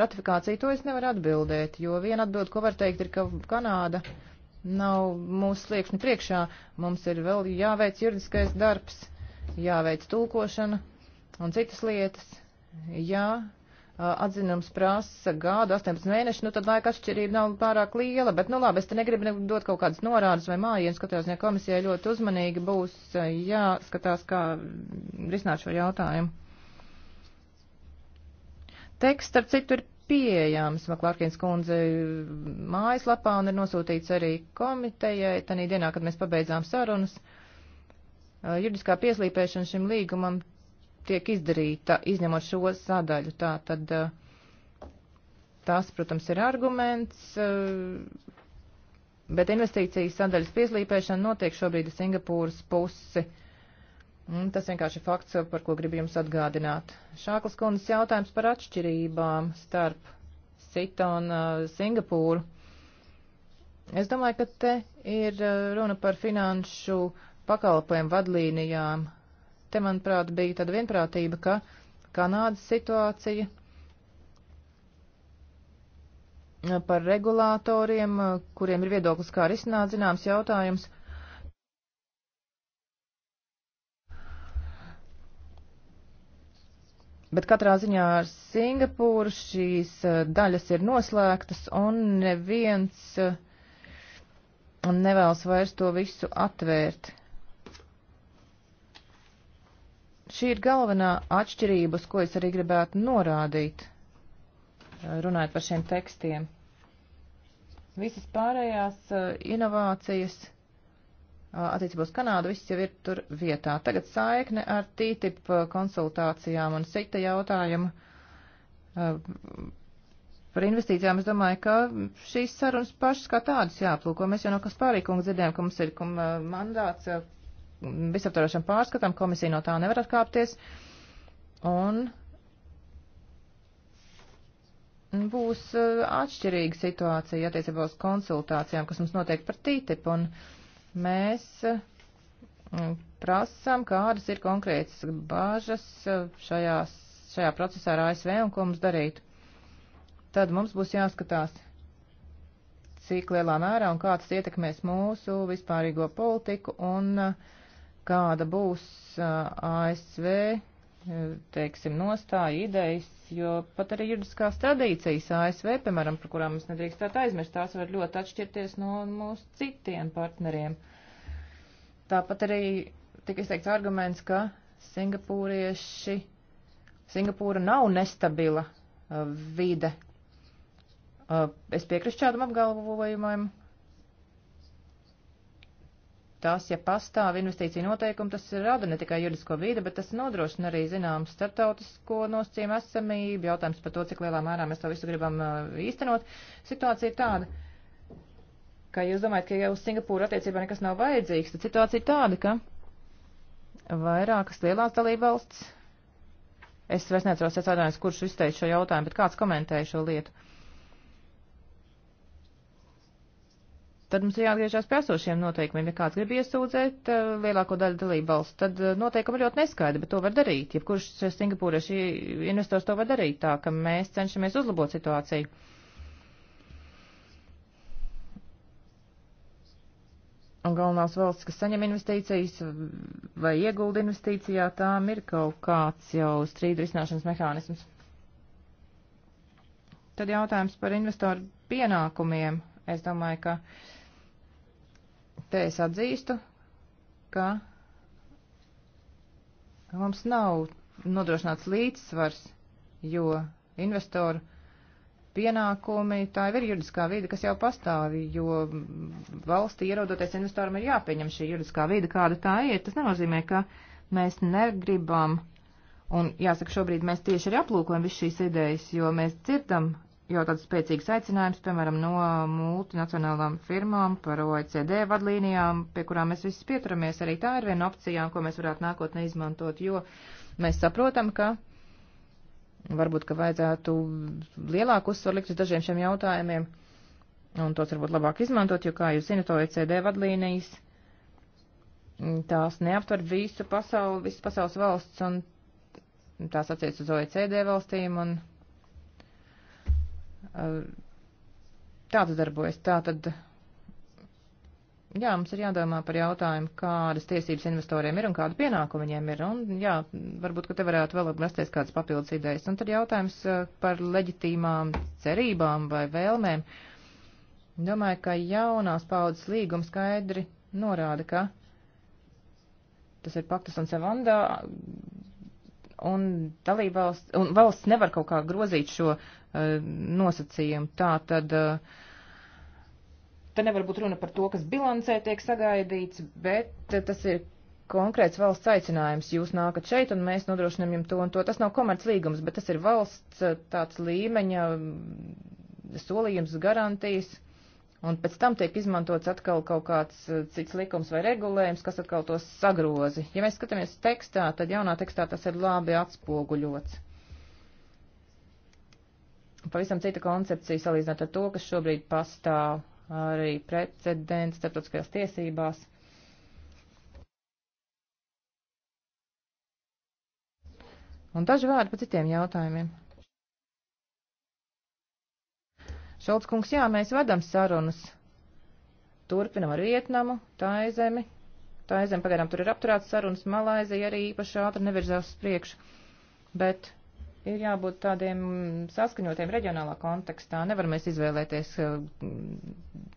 ratifikāciju, to es nevaru atbildēt, jo viena atbilde, ko var teikt, ir, ka Kanāda nav mūsu sliekšņa priekšā. Mums ir vēl jāveic juridiskais darbs, jāveic tulkošana un citas lietas. Jā, atzinums prasa gādu, 18 mēneši, nu tad laika atšķirība nav pārāk liela, bet nu labi, es te negribu dot kaut kādas norādes vai mājienas, katrā ziņā komisijai ļoti uzmanīgi būs eh, jāskatās, kā risināt šo jautājumu. Teksts, starp citu, ir pieejams Maklārkins kundze mājaslapā un ir nosūtīts arī komitejai, tanī dienā, kad mēs pabeidzām sarunas. Eh, juridiskā pieslīpēšana šim līgumam tiek izdarīta, izņemot šo sadaļu. Tā tad eh, tas, protams, ir arguments, eh, bet investīcijas sadaļas pieslīpēšana notiek šobrīd Singapūras pusi. Tas vienkārši ir fakts, par ko gribu jums atgādināt. Šāklas kundas jautājums par atšķirībām starp Sita un uh, Singapūru. Es domāju, ka te ir runa par finanšu pakalpojumu vadlīnijām, Te, manuprāt, bija tāda vienprātība, ka Kanādas situācija eh, par regulātoriem, eh, kuriem ir viedoklis, kā arī izsināt zināms jautājums. Bet katrā ziņā ar Singapūru šīs eh, daļas ir noslēgtas un neviens nevēlas vairs to visu atvērt. Šī ir galvenā atšķirība, uz ko es arī gribētu norādīt, eh, runājot par šiem tekstiem. Visas pārējās eh, inovācijas eh, attiecībā uz Kanādu viss jau ir tur vietā. Tagad saikne ar TTIP konsultācijām un sita jautājumu par investīcijām. Es domāju, ka šīs sarunas pašas kā tādas jāplūko. Mēs jau no kas pārīkums dzirdējām, ka mums ir mm, mandāts visaptvarošam pārskatam, komisija no tā nevar atkāpties. Un būs e, atšķirīga situācija attiecībā uz konsultācijām, kas mums notiek par TTIP, un mēs e, prasām, kādas ir konkrētas bāžas e, šajās, šajā procesā ar ASV un ko mums darīt. Tad mums būs jāskatās, cik lielā mērā un kā tas ietekmēs mūsu vispārīgo politiku un uh, kāda būs ASV, teiksim, nostāja idejas, jo pat arī juridiskās tradīcijas ASV, piemēram, par kurām mums nedrīkstētu aizmirst, tās var ļoti atšķirties no mūsu citiem partneriem. Tāpat arī tika izteikts arguments, ka singapūrieši, Singapūra nav nestabila uh, vide. Uh, es piekrītu šādam apgalvojumam, Tas, ja pastāv investīcija noteikumi, tas rada ne tikai juridisko vīdi, bet tas nodrošina arī zinām starptautisko nosacījumu esamību, jautājums par to, cik lielā mērā mēs to visu gribam īstenot. Situācija ir tāda, ka jūs domājat, ka jau uz Singapūru attiecībā nekas nav vajadzīgs, tad situācija ir tāda, ka vairākas lielās dalībvalsts, es vairs neatceros, es atvainojos, kurš izteica šo jautājumu, bet kāds komentēja šo lietu. Uh, Tad mums ir jāatgriežas pie esošiem noteikumiem. Ja kāds grib iesūdzēt eh, lielāko daļu dalībvalstu, tad eh, noteikumi ir ļoti neskaidri, bet to var darīt. Jebkurš singapūrieši investors to var darīt tā, ka mēs cenšamies uzlabot situāciju. Un galvenās valsts, kas saņem investīcijas vai iegulda investīcijā, tām ir kaut kāds jau strīdu risināšanas mehānisms. Tad jautājums par investoru pienākumiem. Es domāju, ka uh, Te es atzīstu, ka mums nav nodrošināts līdzsvars, jo investoru pienākumi, tā jau ir juridiskā vīde, kas jau pastāv, jo valstī ierodoties investoram ir jāpieņem šī juridiskā vīde, kāda tā ir. Tas nenozīmē, ka mēs negribam, un jāsaka, šobrīd mēs tieši arī aplūkojam visu šīs idejas, jo mēs dzirdam jau tāds spēcīgs aicinājums, piemēram, no multinacionālām firmām par OECD vadlīnijām, pie kurām mēs visi pieturamies. Arī tā ir viena opcijām, ko mēs varētu nākotnē izmantot, jo mēs saprotam, ka varbūt, ka vajadzētu lielāku uzsvaru likt uz dažiem šiem jautājumiem, un tos varbūt labāk izmantot, jo, kā jūs zinat, OECD vadlīnijas, tās neaptver visu pasauli, visas pasaules valsts, un tās attiec uz OECD valstīm, un tā tas darbojas. Tā tad, jā, mums ir jādomā par jautājumu, kādas tiesības investoriem ir un kādu pienākumu viņiem ir. Un, jā, varbūt, ka te varētu vēl rasties kādas papildus idejas. Un tad jautājums par leģitīmām cerībām vai vēlmēm. Domāju, ka jaunās paudzes līgums skaidri norāda, ka tas ir paktas un sevandā, un dalībvalsts, un valsts nevar kaut kā grozīt šo Eh, nosacījumu. Tā tad eh, te nevar būt runa par to, kas bilancē tiek sagaidīts, bet eh, tas ir konkrēts valsts aicinājums. Jūs nākat šeit un mēs nodrošinam jums to un to. Tas nav komerc līgums, bet tas ir valsts tāds līmeņa mm, solījums, garantijas. Un pēc tam tiek izmantots atkal kaut kāds cits likums vai regulējums, kas atkal tos sagrozi. Ja mēs skatāmies tekstā, tad jaunā tekstā tas ir labi atspoguļots pavisam cita koncepcija salīdzinot ar to, kas šobrīd pastāv arī precedents starptautiskajās tiesībās. Un daži vārdi par citiem jautājumiem. Šolts kungs, jā, mēs vedam sarunas. Turpinam ar Vietnamu, Taizemi. Taizemi pagaidām tur ir apturēts sarunas, Malaizija arī īpaši ātri nevirzās uz priekšu. Bet ir jābūt tādiem saskaņotiem reģionālā kontekstā. Nevar mēs izvēlēties eh,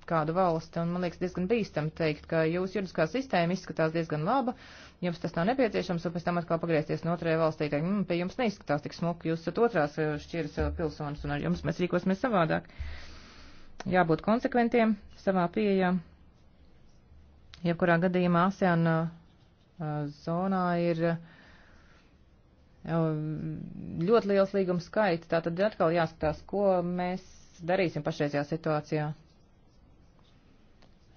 kādu valsti, un man liekas diezgan bīstam teikt, ka jūsu juridiskā sistēma izskatās diezgan laba, jums tas nav nepieciešams, un pēc tam atkal pagriezties no otrajā valstī, teikt, mmm, pie jums neizskatās tik smuki, jūs esat otrās eh, šķiras eh, pilsonis, un ar jums mēs rīkosimies savādāk. Jābūt konsekventiem savā pieejā. Jebkurā gadījumā ASEAN zonā ir uh, Ehm, ļoti liels līgums skaits, tā tad atkal jāskatās, ko mēs darīsim pašreizajā situācijā.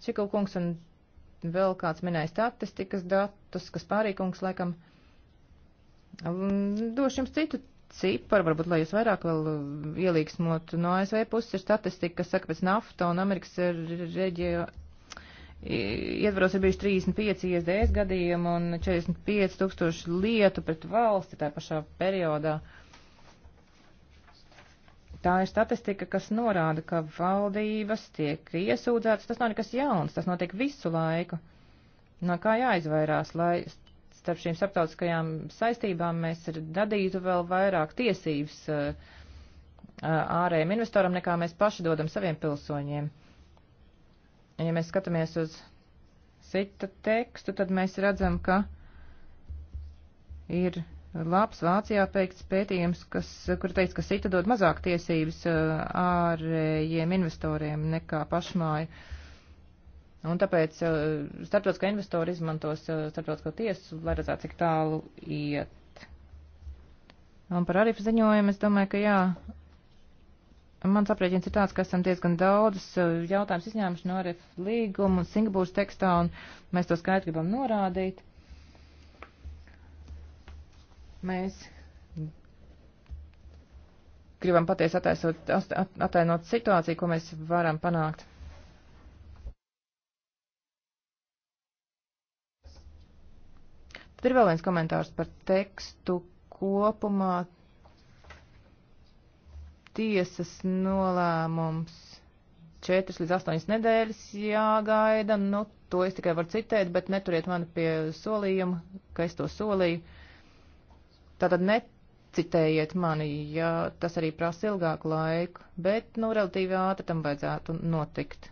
Čikau kungs un vēl kāds minēja statistikas datus, kas pārīkungs laikam. Ehm, došu jums citu ciparu, varbūt, lai jūs vairāk vēl ehm, ielīgsmot. No ASV puses ir statistika, kas saka, pēc nafta un Amerikas reģio, ietvaros ir bijuši 35 ISDS gadījumi un 45 tūkstoši lietu pret valsti tā pašā periodā. Tā ir statistika, kas norāda, ka valdības tiek iesūdzētas. Tas nav nekas jauns, tas notiek visu laiku. No kā jāizvairās, lai starp šīm starptautiskajām saistībām mēs radītu vēl vairāk tiesības uh, ārējiem investoram, nekā mēs paši dodam saviem pilsoņiem ja mēs skatāmies uz cita tekstu, tad mēs redzam, ka ir labs Vācijā veikts pētījums, kas, kur teica, ka sita dod mazāk tiesības uh, ārējiem investoriem nekā pašmāju. Un tāpēc uh, starptautiskā investori izmantos uh, starptautisko tiesu, lai redzētu, cik tālu iet. Un par Arifu ziņojumu es domāju, ka jā, Mans aprēķins ir tāds, ka esam diezgan daudz uh, jautājumus izņēmuši no RF līguma un Singapūras tekstā, un mēs to skaidri gribam norādīt. Mēs gribam patiesi attaisot, attainot situāciju, ko mēs varam panākt. Tad ir vēl viens komentārs par tekstu kopumā tiesas nolēmums. Četras līdz astoņas nedēļas jāgaida, nu, to es tikai varu citēt, bet neturiet mani pie solījuma, ka es to solīju. Tātad necitējiet mani, ja tas arī prasa ilgāku laiku, bet, nu, relatīvi ātri tam vajadzētu notikt.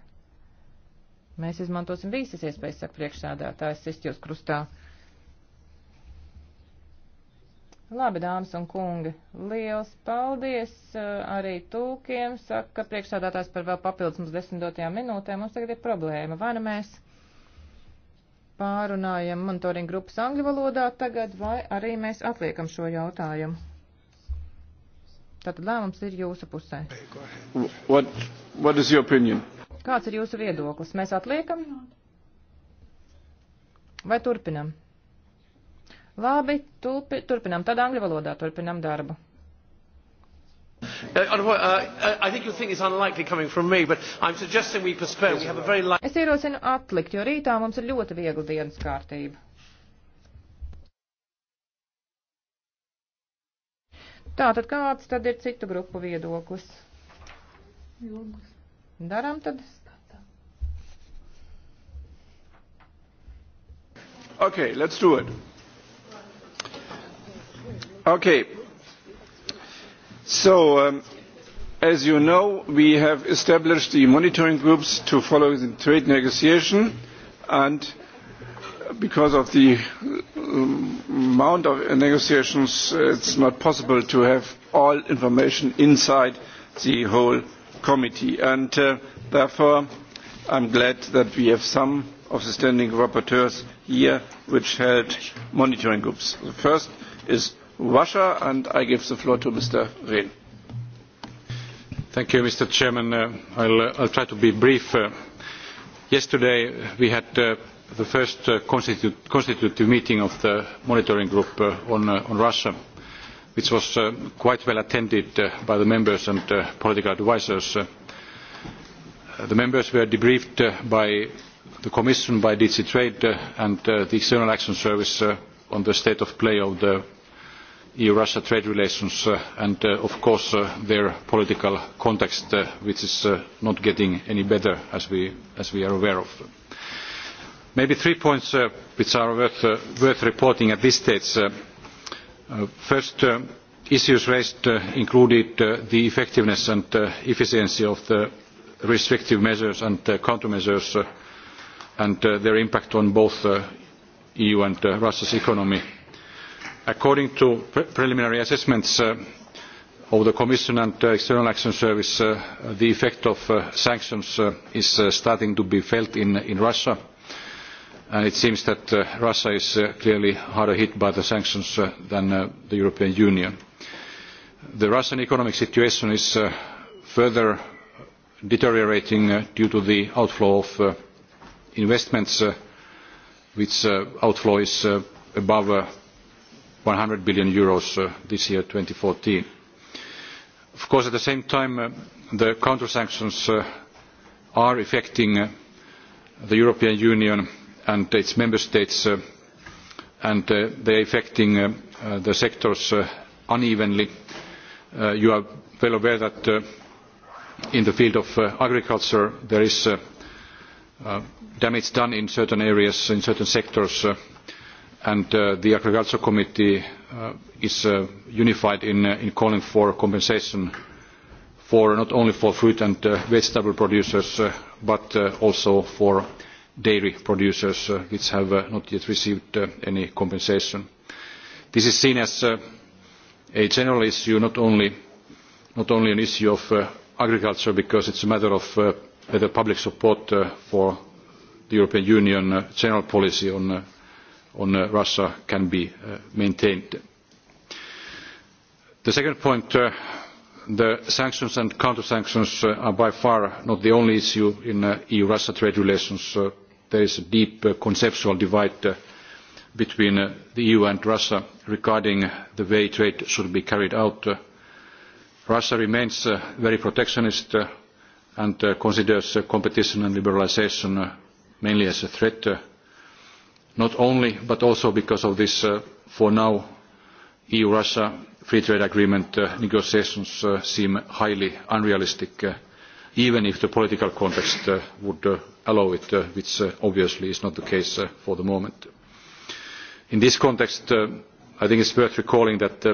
Mēs izmantosim visas iespējas, saka priekšsēdētājs, es jūs krustā. Labi, dāmas un kungi, liels paldies eh, arī tūkiem. Saka, priekšsādātājs par vēl papildus mums desmitotajām minūtēm. Mums tagad ir problēma. Vai nu mēs pārunājam monitoringu grupas angļu valodā tagad, vai arī mēs atliekam šo jautājumu? Tātad lēmums ir jūsu pusē. What, what is your opinion? Kāds ir jūsu viedoklis? Mēs atliekam? Vai turpinam? Labi, tulpi, turpinām. Tad angļu valodā turpinām darbu. Uh, uh, uh, es ierosinu atlikt, jo rītā mums ir ļoti viegla dienas kārtība. Tā, tad kāds tad ir citu grupu viedoklis? Ilgas. Daram tad? Okay, let's do it. Okay. So, um, as you know, we have established the monitoring groups to follow the trade negotiation, and because of the um, amount of negotiations, it's not possible to have all information inside the whole committee. And uh, therefore, I'm glad that we have some of the standing rapporteurs here which held monitoring groups. The first is Russia, and I give the floor to Mr. Rehn. Thank you, Mr. Chairman. Uh, I'll, uh, I'll try to be brief. Uh, yesterday uh, we had uh, the first uh, constitu constitutive meeting of the monitoring group uh, on, uh, on Russia, which was uh, quite well attended uh, by the members and uh, political advisers. Uh, the members were debriefed uh, by the Commission, by DG Trade uh, and uh, the External Action Service uh, on the state of play of the eu russia trade relations uh, and uh, of course uh, their political context which is not getting any better as we, as we are aware of. maybe three points which are worth, worth reporting at this stage. first issues raised included the effectiveness and efficiency of the restrictive measures and countermeasures and their impact on both the eu and russia's economy according to pre preliminary assessments uh, of the Commission and the External Action Service, uh, the effect of uh, sanctions uh, is uh, starting to be felt in, in Russia. And it seems that uh, Russia is uh, clearly harder hit by the sanctions uh, than uh, the European Union. The Russian economic situation is uh, further deteriorating uh, due to the outflow of uh, investments, uh, which uh, outflow is uh, above uh, 100 billion euros uh, this year 2014 of course at the same time uh, the counter sanctions uh, are affecting uh, the European Union and its member states uh, and uh, they are affecting uh, uh, the sectors uh, unevenly uh, you are well aware that uh, in the field of uh, agriculture there is uh, uh, damage done in certain areas in certain sectors uh, and uh, the agriculture committee uh, is uh, unified in, uh, in calling for compensation for not only for fruit and uh, vegetable producers uh, but uh, also for dairy producers uh, which have uh, not yet received uh, any compensation. This is seen as uh, a general issue, not only, not only an issue of uh, agriculture because it's a matter of uh, whether public support uh, for the European Union uh, general policy on uh, on uh, Russia can be uh, maintained. The second point, uh, the sanctions and counter-sanctions uh, are by far not the only issue in uh, EU-Russia trade relations. Uh, there is a deep uh, conceptual divide uh, between uh, the EU and Russia regarding the way trade should be carried out. Uh, Russia remains uh, very protectionist uh, and uh, considers uh, competition and liberalization uh, mainly as a threat uh, not only but also because of this uh, for now eu russia free trade agreement uh, negotiations uh, seem highly unrealistic uh, even if the political context uh, would uh, allow it which obviously is not the case for the moment. in this context i think it is worth recalling that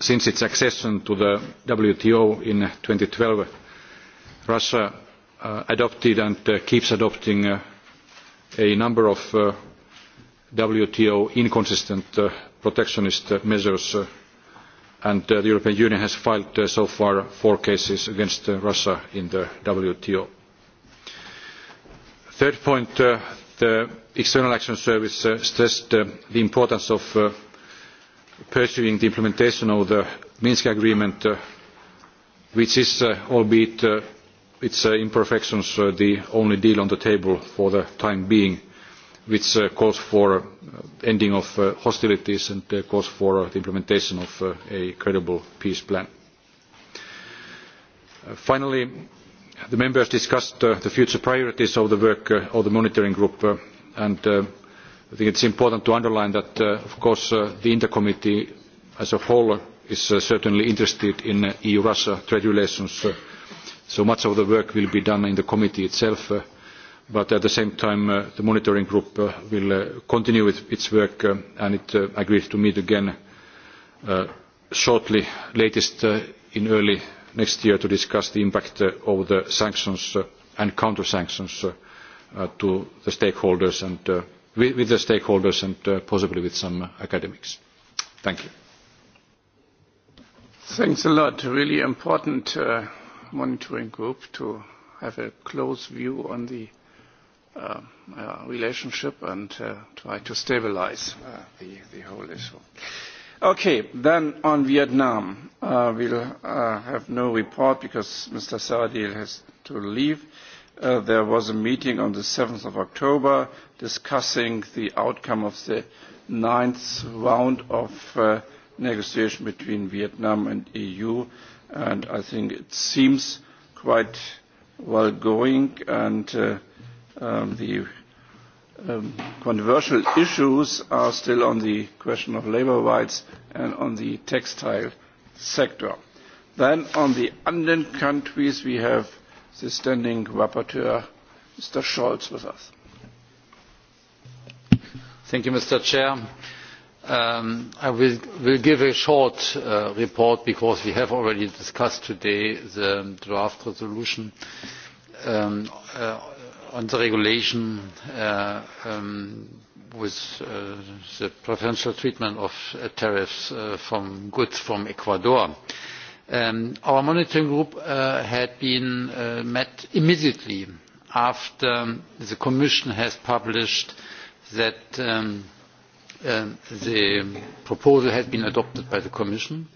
since its accession to the wto in two thousand and twelve russia adopted and keeps adopting a number of uh, wto inconsistent uh, protectionist uh, measures uh, and uh, the european union has filed uh, so far four cases against russia in the wto. third point the external action service stressed the importance of pursuing the implementation of the minsk agreement which is albeit its uh, imperfections uh, the only deal on the table for the time being which uh, calls for the ending of hostilities and calls for the implementation of a credible peace plan. finally the members discussed the future priorities of the work of the monitoring group and i think it is important to underline that of course the inta committee as a whole is certainly interested in eu russia trade relations so much of the work will be done in the committee itself uh, but at the same time uh, the monitoring group uh, will uh, continue with its work uh, and it uh, agrees to meet again uh, shortly latest uh, in early next year to discuss the impact uh, of the sanctions uh, and counter sanctions uh, uh, to the stakeholders and uh, with, with the stakeholders and uh, possibly with some uh, academics thank you thanks a lot really important uh, monitoring group to have a close view on the uh, uh, relationship and uh, try to stabilize uh, the, the whole issue. Okay, then on Vietnam, uh, we'll uh, have no report because Mr. Saradil has to leave. Uh, there was a meeting on the 7th of October discussing the outcome of the ninth round of uh, negotiation between Vietnam and EU and I think it seems quite well going and uh, um, the um, controversial issues are still on the question of labor rights and on the textile sector. Then on the Anden countries we have the standing rapporteur Mr. Scholz with us. Thank you, Mr. Chair Um, i will, will give a short uh, report because we have already discussed today the draft resolution um, uh, on the regulation uh, um, with uh, the preferential treatment of tariffs uh, from goods from ecuador. Um, our monitoring group uh, had been met immediately after the commission had published that um, Uh, the proposal has been adopted by the commission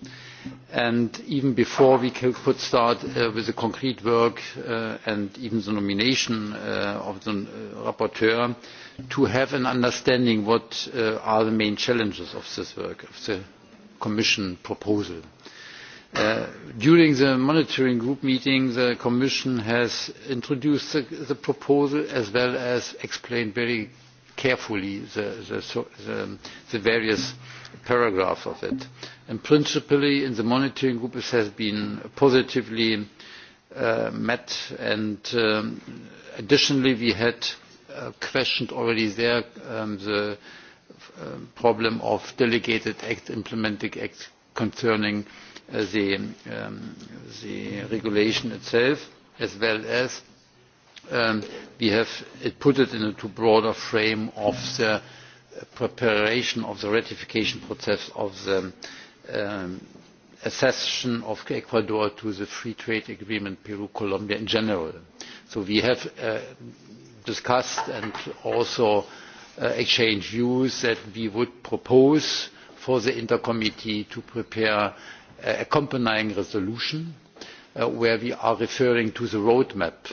and even before we could start uh, with the concrete work uh, and even the nomination uh, of the uh, rapporteur to have an understanding of what uh, are the main challenges of this work of the commission proposal. during the monitoring group meeting the commission has introduced the, the proposal as well as explained very carefully the, the, the, the various paragraphs of it. And principally, in the monitoring group, it has been positively uh, met. And um, additionally, we had uh, questioned already there um, the uh, problem of delegated act, implementing act concerning uh, the, um, the regulation itself, as well as um, we have put it in a too broad a frame of the preparation of the ratification process of the um, accession of ecuador to the free trade agreement peru colombia in general. so we have uh, discussed and also uh, exchanged views that we would propose for the inta committee to prepare an accompanying resolution uh, where we are referring to the roadmap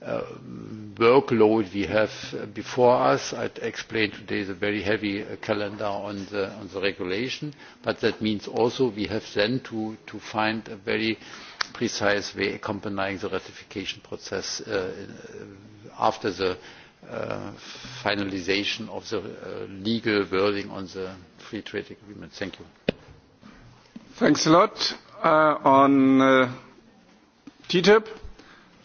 Uh, workload we have before us. I explained today the very heavy uh, calendar on the, on the regulation, but that means also we have then to, to find a very precise way accompanying the ratification process uh, uh after the uh, finalization of the uh, legal wording on the free trade agreement. Thank you. Thanks a lot. Uh, on uh, TTIP?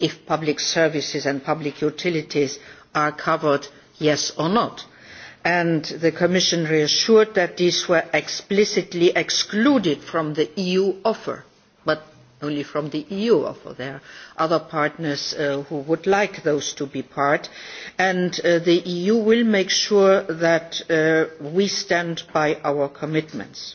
if public services and public utilities are covered yes or not and the commission reassured that these were explicitly excluded from the eu offer but only from the eu offer there are other partners uh, who would like those to be part and uh, the eu will make sure that uh, we stand by our commitments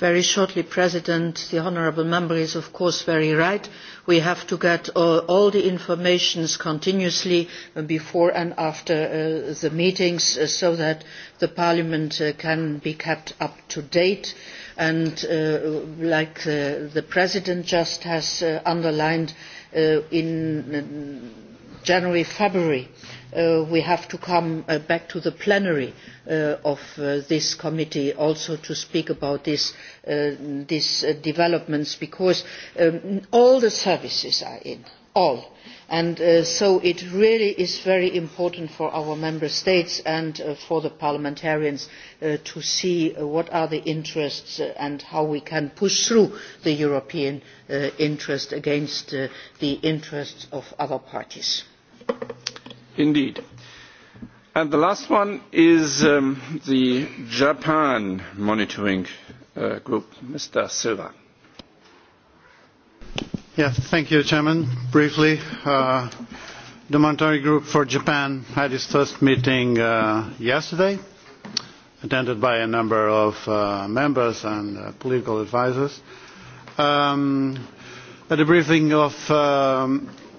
very shortly president the honourable member is of course very right we have to get all, all the information continuously before and after uh, the meetings uh, so that parliament uh, can be kept up to date and uh, like uh, the president just has uh, underlined in january february uh, we have to come uh, back to the plenary uh, of uh, this committee also to speak about this, uh, these uh, developments because um, all the services are in all and so it really is very important for our member states and for the parliamentarians to see what are the interests and how we can push through the european interest against the interests of other parties. Indeed. And the last one is um, the Japan monitoring uh, group, Mr. Silva. Yeah, thank you, Chairman. Briefly, uh, the monitoring group for Japan had its first meeting uh, yesterday, attended by a number of uh, members and uh, political advisors. Um, at the briefing of um,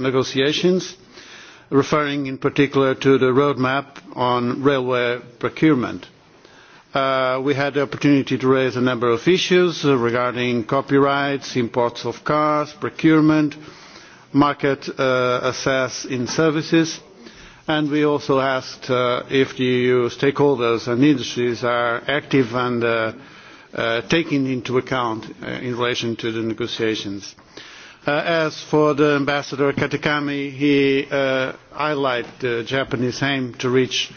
negotiations, referring in particular to the roadmap on railway procurement. Uh, we had the opportunity to raise a number of issues uh, regarding copyrights, imports of cars, procurement, market uh, access in services, and we also asked uh, if the EU stakeholders and industries are active and uh, uh, taken into account uh, in relation to the negotiations. Uh, Uh, as for the ambassador katakami he uh, highlighted the japanese aim to reach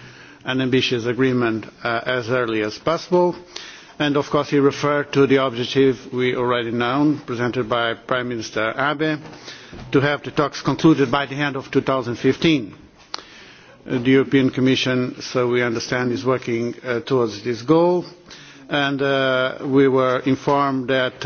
an ambitious agreement uh, as early as possible and of course he referred to the objective we already know presented by prime minister abe to have the talks concluded by the end of. two thousand and fifteen uh, the european commission so we understand is working uh, towards this goal and uh, we were informed that